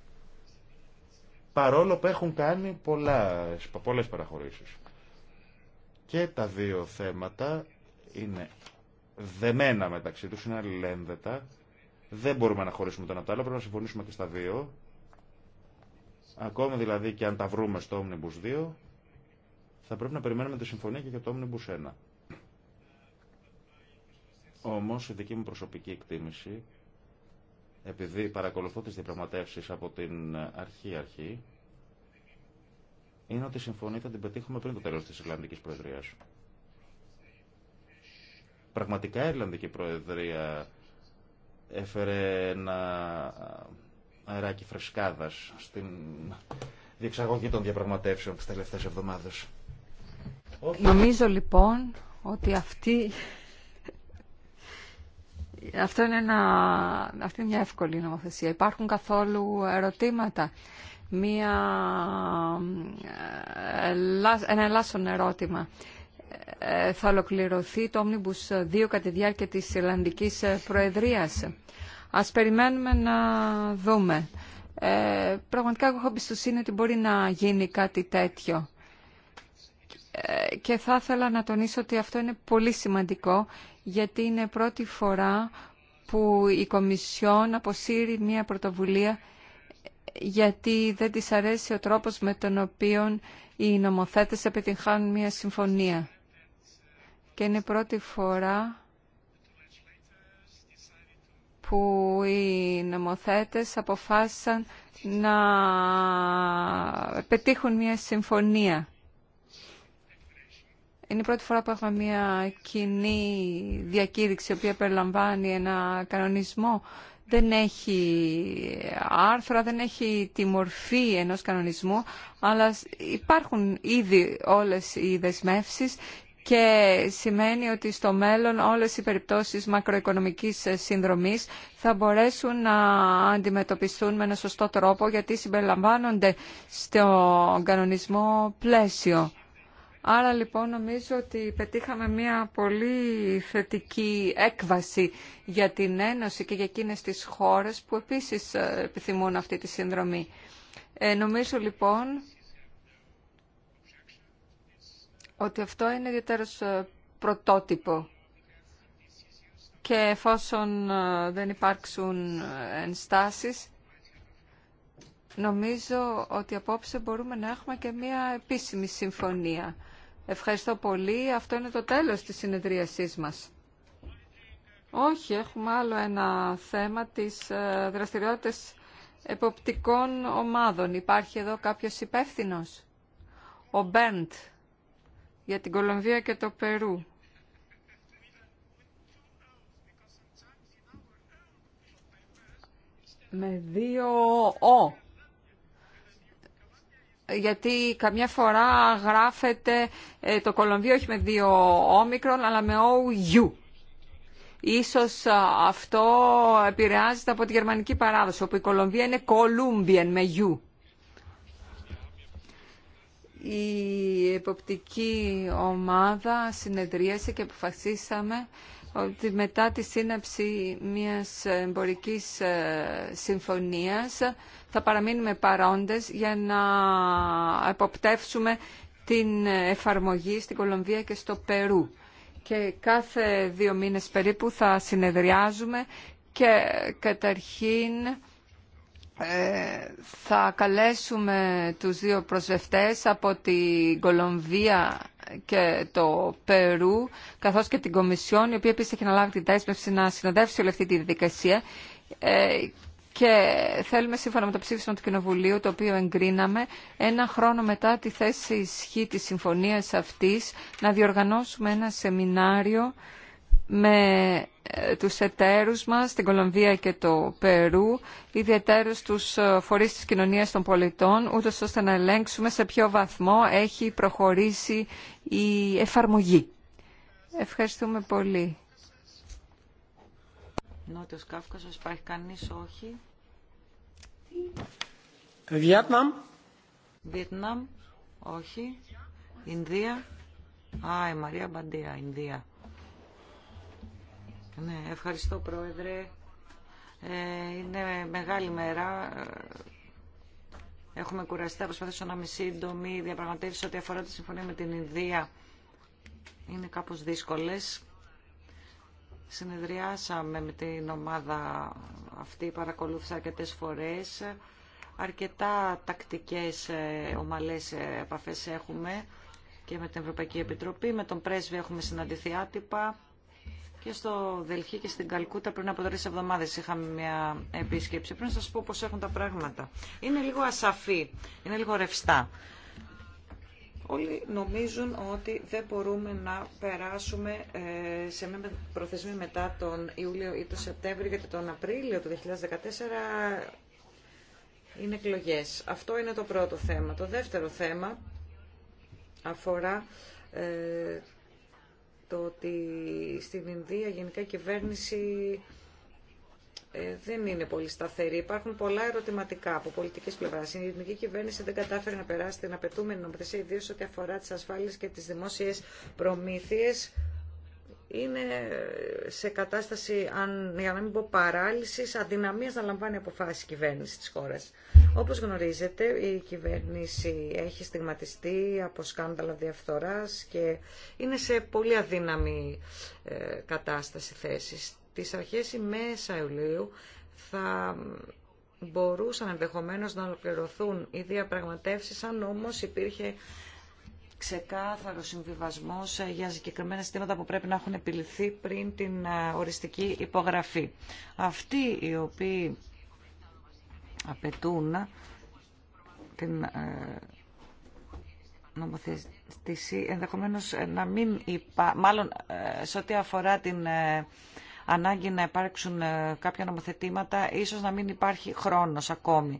Speaker 1: παρόλο που έχουν κάνει πολλά, πολλές παραχωρήσεις. Και τα δύο θέματα είναι δεμένα μεταξύ τους, είναι αλληλένδετα. Δεν μπορούμε να χωρίσουμε το ένα από το άλλο, πρέπει να συμφωνήσουμε και στα δύο. Ακόμα δηλαδή και αν τα βρούμε στο Omnibus 2, θα πρέπει να περιμένουμε τη συμφωνία και για το Omnibus 1. Όμως η δική μου προσωπική εκτίμηση επειδή παρακολουθώ τις διαπραγματεύσεις από την αρχή-αρχή, είναι ότι η συμφωνία την πετύχουμε πριν το τέλος της Ιρλανδικής Προεδρίας. Πραγματικά η Ιρλανδική Προεδρία έφερε ένα αεράκι φρεσκάδας στην διεξαγωγή των διαπραγματεύσεων τις τελευταίες εβδομάδες. Νομίζω
Speaker 2: λοιπόν ότι αυτή αυτό είναι ένα, αυτή είναι μια εύκολη νομοθεσία. Υπάρχουν καθόλου ερωτήματα. Μια, ε, ένα ελάσσον ερώτημα. Ε, θα ολοκληρωθεί το Omnibus 2 κατά τη διάρκεια της Ιρλανδικής Προεδρίας. Ας περιμένουμε να δούμε. Ε, πραγματικά έχω πιστοσύνη ότι μπορεί να γίνει κάτι τέτοιο ε, και θα ήθελα να τονίσω ότι αυτό είναι πολύ σημαντικό γιατί είναι πρώτη φορά που η Κομισιόν αποσύρει μια πρωτοβουλία γιατί δεν της αρέσει ο τρόπος με τον οποίο οι νομοθέτες επιτυγχάνουν μια συμφωνία. Και είναι πρώτη φορά που οι νομοθέτες αποφάσισαν να πετύχουν μια συμφωνία. Είναι η πρώτη φορά που έχουμε μια κοινή διακήρυξη, η οποία περιλαμβάνει ένα κανονισμό. Δεν έχει άρθρα, δεν έχει τη μορφή ενός κανονισμού, αλλά υπάρχουν ήδη όλες οι δεσμεύσεις και σημαίνει ότι στο μέλλον όλες οι περιπτώσεις μακροοικονομικής συνδρομής θα μπορέσουν να αντιμετωπιστούν με ένα σωστό τρόπο γιατί συμπεριλαμβάνονται στο κανονισμό πλαίσιο. Άρα λοιπόν νομίζω ότι πετύχαμε μια πολύ θετική έκβαση για την Ένωση και για εκείνες τις χώρες που επίσης ε, επιθυμούν αυτή τη συνδρομή. Ε, νομίζω λοιπόν ότι αυτό είναι ιδιαίτερος ε, πρωτότυπο και εφόσον ε, δεν υπάρξουν ενστάσεις νομίζω ότι απόψε μπορούμε να έχουμε και μια επίσημη συμφωνία. Ευχαριστώ πολύ. Αυτό είναι το τέλος της συνεδρίασής μας. Όχι, έχουμε άλλο ένα θέμα της ε, δραστηριότητας εποπτικών ομάδων. Υπάρχει εδώ κάποιος υπεύθυνο. Ο Μπεντ για την Κολομβία και το Περού. Με δύο ο γιατί καμιά φορά γράφεται ε, το Κολομβίο όχι με δύο όμικρον αλλά με OU. Ίσως ε, αυτό επηρεάζεται από τη γερμανική παράδοση, όπου η Κολομβία είναι κολούμπιεν με U. Η εποπτική ομάδα συνεδρίασε και αποφασίσαμε ότι μετά τη σύναψη μιας εμπορικής ε, συμφωνίας θα παραμείνουμε παρόντες για να εποπτεύσουμε την εφαρμογή στην Κολομβία και στο Περού. Και κάθε δύο μήνες περίπου θα συνεδριάζουμε και καταρχήν ε, θα καλέσουμε τους δύο προσβευτές από την Κολομβία και το Περού, καθώς και την Κομισιόν, η οποία επίσης έχει αναλάβει την δέσμευση να συνοδεύσει όλη αυτή τη διαδικασία ε, και θέλουμε σύμφωνα με το ψήφισμα του Κοινοβουλίου το οποίο εγκρίναμε ένα χρόνο μετά τη θέση ισχύ της συμφωνίας αυτής να διοργανώσουμε ένα σεμινάριο με ε, τους εταίρους μας την Κολομβία και το Περού, ιδιαίτερα τους ε, φορείς της κοινωνίας των πολιτών, ούτως ώστε να ελέγξουμε σε ποιο βαθμό έχει προχωρήσει η εφαρμογή. Ευχαριστούμε πολύ.
Speaker 3: Νότιος Κάφκασος, υπάρχει κανείς όχι.
Speaker 2: Βιέτναμ.
Speaker 3: Βιετνάμ, όχι. Ινδία. Α, η Μαρία Μπαντία, Ινδία. Ναι, ευχαριστώ Πρόεδρε. Ε, είναι μεγάλη μέρα. Έχουμε κουραστεί, θα προσπαθήσω να είμαι σύντομη. Οι ό,τι αφορά τη συμφωνία με την Ινδία είναι κάπως δύσκολες. Συνεδριάσαμε με την ομάδα αυτή, παρακολούθησα αρκετέ φορές. Αρκετά τακτικές ε, ομαλές ε, επαφές έχουμε και με την Ευρωπαϊκή Επιτροπή. Με τον πρέσβη έχουμε συναντηθεί άτυπα και στο Δελχή και στην Καλκούτα πριν από τρεις εβδομάδες είχαμε μια επίσκεψη. Πριν σας πω πώς έχουν τα πράγματα. Είναι λίγο ασαφή, είναι λίγο ρευστά Όλοι νομίζουν ότι δεν μπορούμε να περάσουμε ε, σε μια προθεσμία μετά τον Ιούλιο ή τον Σεπτέμβριο, γιατί τον Απρίλιο του 2014 είναι εκλογέ. Αυτό είναι το πρώτο θέμα. Το δεύτερο θέμα αφορά ε, το ότι στην Ινδία γενικά η κυβέρνηση ε, δεν είναι πολύ σταθερή. Υπάρχουν πολλά ερωτηματικά από πολιτική πλευρά. Η ελληνική κυβέρνηση δεν κατάφερε να περάσει την απαιτούμενη νομοθεσία, ιδίω ό,τι αφορά τι ασφάλειε και τι δημόσιε προμήθειε. Είναι σε κατάσταση, αν, για να μην πω παράλυση, αδυναμία να λαμβάνει αποφάσει η κυβέρνηση τη χώρα. Όπω γνωρίζετε, η κυβέρνηση έχει στιγματιστεί από σκάνδαλα διαφθορά και είναι σε πολύ αδύναμη ε, κατάσταση θέση τις αρχές ή μέσα Ιουλίου θα μπορούσαν ενδεχομένως να ολοκληρωθούν οι διαπραγματεύσεις αν όμως υπήρχε ξεκάθαρο συμβιβασμός για συγκεκριμένα ζητήματα που πρέπει να έχουν επιληθεί πριν την ε, οριστική υπογραφή. Αυτοί οι οποίοι απαιτούν την ε, νομοθεσία ενδεχομένως να μην μάλλον ε, σε ό,τι αφορά την ανάγκη να υπάρξουν ε, κάποια νομοθετήματα, ίσως να μην υπάρχει χρόνος ακόμη.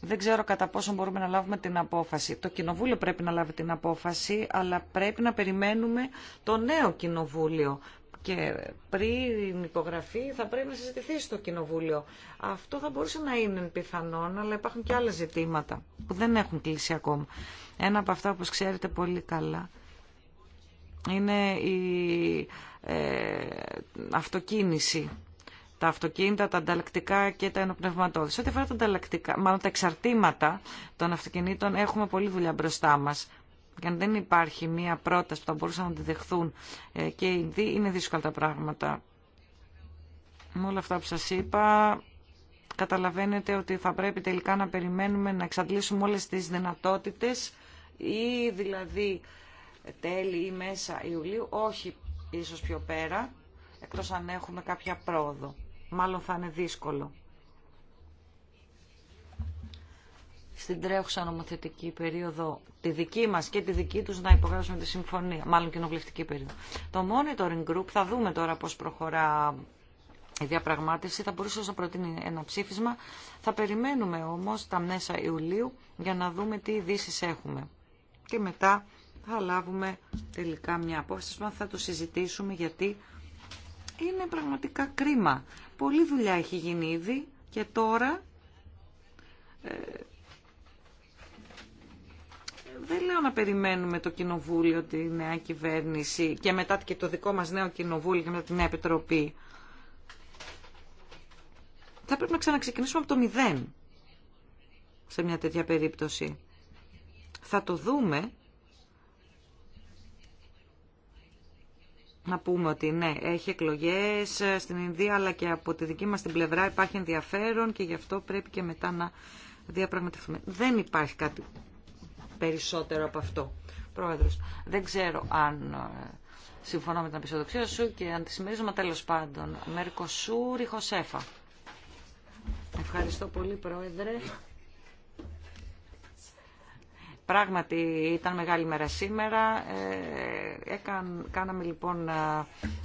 Speaker 3: Δεν ξέρω κατά πόσο μπορούμε να λάβουμε την απόφαση. Το Κοινοβούλιο πρέπει να λάβει την απόφαση, αλλά πρέπει να περιμένουμε το νέο Κοινοβούλιο. Και πριν υπογραφή θα πρέπει να συζητηθεί στο Κοινοβούλιο. Αυτό θα μπορούσε να είναι πιθανόν, αλλά υπάρχουν και άλλα ζητήματα που δεν έχουν κλείσει ακόμα. Ένα από αυτά, όπως ξέρετε πολύ καλά, είναι η ε, αυτοκίνηση τα αυτοκίνητα, τα ανταλλακτικά και τα ενοπνευματώδη. ό,τι αφορά τα ανταλλακτικά, μάλλον τα εξαρτήματα των αυτοκινήτων, έχουμε πολλή δουλειά μπροστά μα. Και αν δεν υπάρχει μία πρόταση που θα μπορούσαν να αντιδεχθούν ε, και Ινδοί, είναι δύσκολα τα πράγματα. Με όλα αυτά που σα είπα, καταλαβαίνετε ότι θα πρέπει τελικά να περιμένουμε να εξαντλήσουμε όλε τι δυνατότητε ή δηλαδή τέλη ή μέσα Ιουλίου, όχι ίσως πιο πέρα, εκτός αν έχουμε κάποια πρόοδο. Μάλλον θα είναι δύσκολο. Στην τρέχουσα νομοθετική περίοδο, τη δική μας και τη δική τους να υπογράψουμε τη συμφωνία, μάλλον κοινοβουλευτική περίοδο. Το monitoring group θα δούμε τώρα πώς προχωρά η διαπραγμάτευση, θα μπορούσε να προτείνει ένα ψήφισμα. Θα περιμένουμε όμως τα μέσα Ιουλίου για να δούμε τι ειδήσει έχουμε. Και μετά θα λάβουμε τελικά μια απόφαση, θα το συζητήσουμε γιατί είναι πραγματικά κρίμα. Πολλή δουλειά έχει γίνει ήδη και τώρα ε, δεν λέω να περιμένουμε το κοινοβούλιο, τη νέα κυβέρνηση και μετά και το δικό μας νέο κοινοβούλιο και μετά την νέα επιτροπή. Θα πρέπει να ξαναξεκινήσουμε από το μηδέν σε μια τέτοια περίπτωση. Θα το δούμε να πούμε ότι ναι, έχει εκλογέ ε, στην Ινδία, αλλά και από τη δική μα την πλευρά υπάρχει ενδιαφέρον και γι' αυτό πρέπει και μετά να διαπραγματευτούμε. Δεν υπάρχει κάτι περισσότερο από αυτό. πρόεδρο. δεν ξέρω αν ε, συμφωνώ με την απεισοδοξία σου και αν τη συμμερίζομαι τέλο πάντων. Μερκοσούρη Χωσέφα. Ευχαριστώ πολύ, Πρόεδρε. Πράγματι ήταν μεγάλη μέρα σήμερα. Ε, έκαν, κάναμε λοιπόν ε,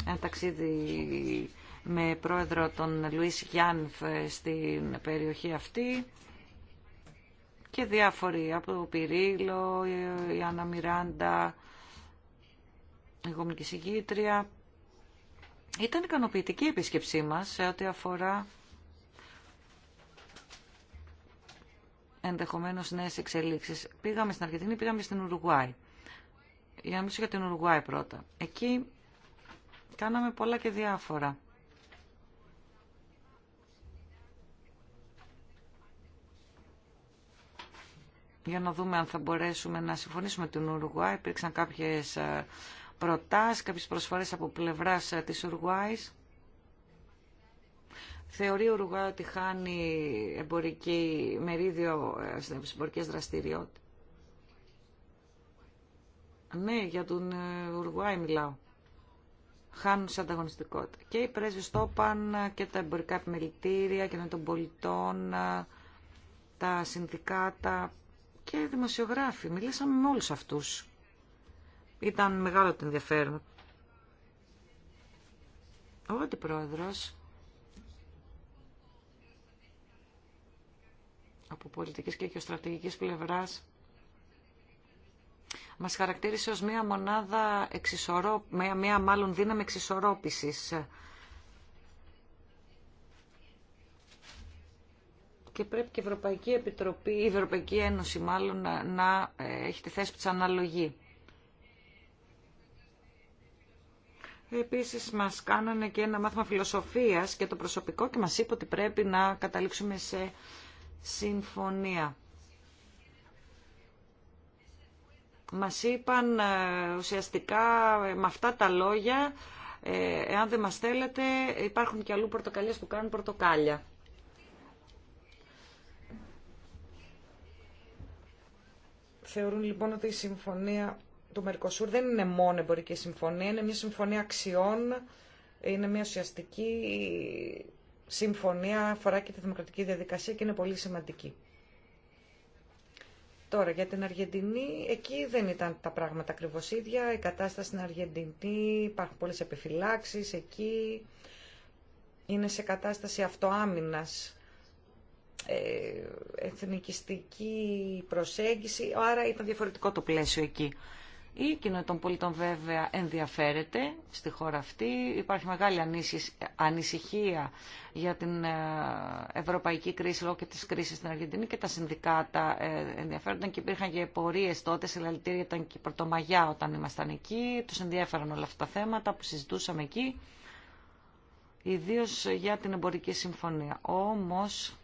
Speaker 3: ένα ταξίδι με πρόεδρο τον Λουίς Γιάννφ ε, στην περιοχή αυτή και διάφοροι από τον Πυρίλο, η Άννα Μιράντα, η γομνική συγκήτρια. Ήταν ικανοποιητική η επίσκεψή μας σε ό,τι αφορά Ενδεχομένω νέε εξελίξεις. Πήγαμε στην Αργεντινή, πήγαμε στην Ουρουγουάη. Για να μιλήσω για την Ουρουγουάη πρώτα. Εκεί κάναμε πολλά και διάφορα. για να δούμε αν θα μπορέσουμε να συμφωνήσουμε με την Ουρουγουάη. Υπήρξαν κάποιες ε, προτάσεις, κάποιες προσφορές από πλευράς ε, της Ουρουγουάης. Θεωρεί ο Ρουγά ότι χάνει εμπορική μερίδιο ε, στις εμπορικές δραστηριότητες. Ναι, για τον ε, Ουρουάη μιλάω. Χάνουν σε ανταγωνιστικότητα. Και οι πρέσβει το ε, και τα εμπορικά επιμελητήρια και των πολιτών, τα συνδικάτα και οι δημοσιογράφοι. Μιλήσαμε με όλους αυτούς. Ήταν μεγάλο το ενδιαφέρον. Ο Πρόεδρος από πολιτικής και γεωστρατηγικής πλευράς μας χαρακτήρισε ως μία μονάδα εξισορρό... μία, μία μάλλον δύναμη εξισορρόπησης. Και πρέπει και η Ευρωπαϊκή Επιτροπή, η Ευρωπαϊκή Ένωση μάλλον, να ε, έχει τη θέση της αναλογή. Επίσης μας κάνανε και ένα μάθημα φιλοσοφίας και το προσωπικό και μας είπε ότι πρέπει να καταλήξουμε σε συμφωνία. Μας είπαν ε, ουσιαστικά ε, με αυτά τα λόγια, ε, εάν δεν μας θέλετε υπάρχουν και αλλού πορτοκαλιές που κάνουν πορτοκάλια. Θεωρούν λοιπόν ότι η συμφωνία του Μερκοσούρ δεν είναι μόνο εμπορική συμφωνία, είναι μια συμφωνία αξιών, είναι μια ουσιαστική συμφωνία αφορά και τη δημοκρατική διαδικασία και είναι πολύ σημαντική. Τώρα, για την Αργεντινή, εκεί δεν ήταν τα πράγματα ακριβώ ίδια. Η κατάσταση στην Αργεντινή, υπάρχουν πολλές επιφυλάξεις εκεί. Είναι σε κατάσταση αυτοάμυνας, ε, εθνικιστική προσέγγιση, άρα ήταν διαφορετικό το πλαίσιο εκεί. Η κοινωνία των πολιτών βέβαια ενδιαφέρεται στη χώρα αυτή. Υπάρχει μεγάλη ανησυχία για την ε, ευρωπαϊκή κρίση λόγω και της κρίσης στην Αργεντινή και τα συνδικάτα ε, ενδιαφέρονταν και υπήρχαν και πορείε τότε, λαλητήρια ήταν και πρωτομαγιά όταν ήμασταν εκεί. Τους ενδιαφέραν όλα αυτά τα θέματα που συζητούσαμε εκεί, ιδίως για την εμπορική συμφωνία. Όμως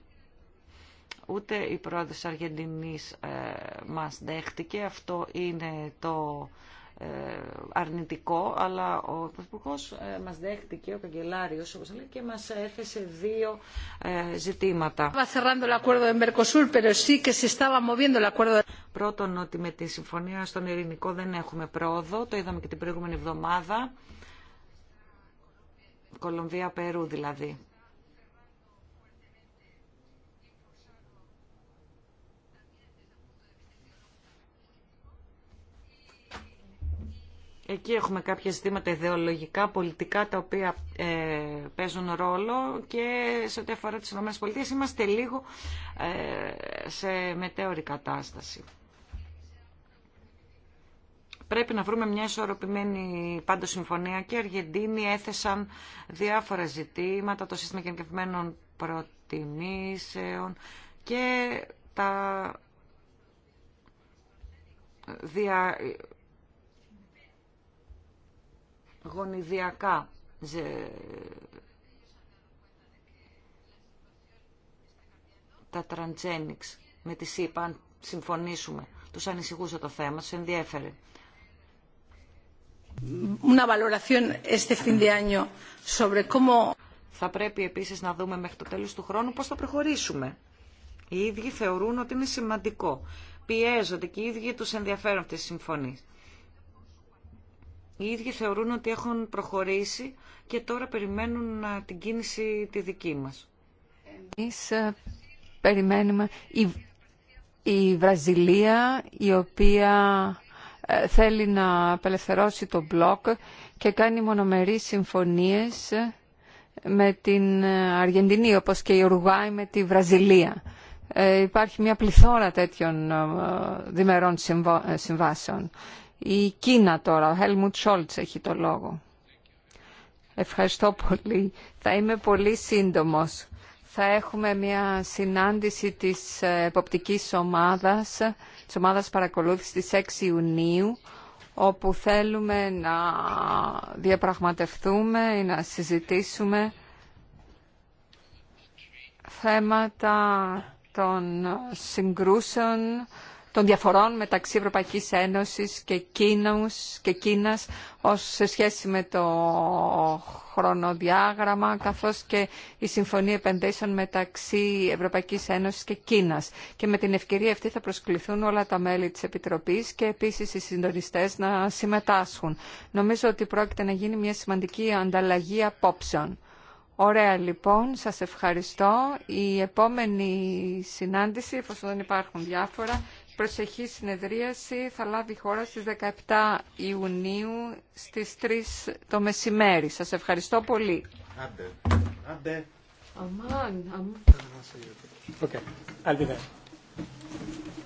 Speaker 3: Ούτε η πρόεδρος της Αργεντινής ε, μας δέχτηκε. Αυτό είναι το ε, αρνητικό, αλλά ο Πρωθυπουργό ε, μας δέχτηκε, ο Καγκελάριος, όπως λέει, και μας έθεσε δύο ζητήματα. Πρώτον, ότι με τη συμφωνία στον Ειρηνικό δεν έχουμε πρόοδο, το είδαμε και την προηγούμενη εβδομάδα. Κολομβία-Περού δηλαδή. Εκεί έχουμε κάποια ζητήματα ιδεολογικά, πολιτικά, τα οποία ε, παίζουν ρόλο και σε ό,τι αφορά τις ΗΠΑ είμαστε λίγο ε, σε μετέωρη κατάσταση. Πρέπει να βρούμε μια ισορροπημένη πάντως συμφωνία και οι Αργεντίνοι έθεσαν διάφορα ζητήματα, το σύστημα γενικευμένων προτιμήσεων και τα δια γονιδιακά τα τραντζένιξ με τη ΣΥΠΑ, αν συμφωνήσουμε. Τους ανησυχούσε το θέμα, σε ενδιέφερε. Una valoración este fin de año Θα πρέπει επίσης να δούμε μέχρι το τέλος του χρόνου πώς θα προχωρήσουμε. Οι ίδιοι θεωρούν ότι είναι σημαντικό. Πιέζονται και οι ίδιοι τους ενδιαφέρουν αυτές τις συμφωνίες οι ίδιοι θεωρούν ότι έχουν προχωρήσει και τώρα περιμένουν την κίνηση τη δική μας.
Speaker 2: Εμείς περιμένουμε η, η Βραζιλία η οποία θέλει να απελευθερώσει τον μπλοκ και κάνει μονομερείς συμφωνίες με την Αργεντινή όπως και η Ουρουάη με τη Βραζιλία. Ε, υπάρχει μια πληθώρα τέτοιων διμερών συμβάσεων. Η Κίνα τώρα, ο Χέλμουτ Σόλτς έχει το λόγο. Ευχαριστώ πολύ. Θα είμαι πολύ σύντομος. Θα έχουμε μια συνάντηση της εποπτικής ομάδας, της ομάδας παρακολούθησης της 6 Ιουνίου, όπου θέλουμε να διαπραγματευτούμε ή να συζητήσουμε θέματα των συγκρούσεων των διαφορών μεταξύ Ευρωπαϊκής Ένωσης και, Κίνα, και Κίνας ως σε σχέση με το χρονοδιάγραμμα καθώς και η Συμφωνία Επενδύσεων μεταξύ Ευρωπαϊκής Ένωσης και Κίνας. Και με την ευκαιρία αυτή θα προσκληθούν όλα τα μέλη της Επιτροπής και επίσης οι συντονιστές να συμμετάσχουν. Νομίζω ότι πρόκειται να γίνει μια σημαντική ανταλλαγή απόψεων. Ωραία λοιπόν, σας ευχαριστώ. Η επόμενη συνάντηση, εφόσον δεν υπάρχουν διάφορα, προσεχή συνεδρίαση θα λάβει χώρα στις 17 Ιουνίου στις 3 το μεσημέρι. Σας ευχαριστώ πολύ.
Speaker 1: Άντε. Άντε.
Speaker 2: Αμάν. Αμάν.
Speaker 1: Okay. I'll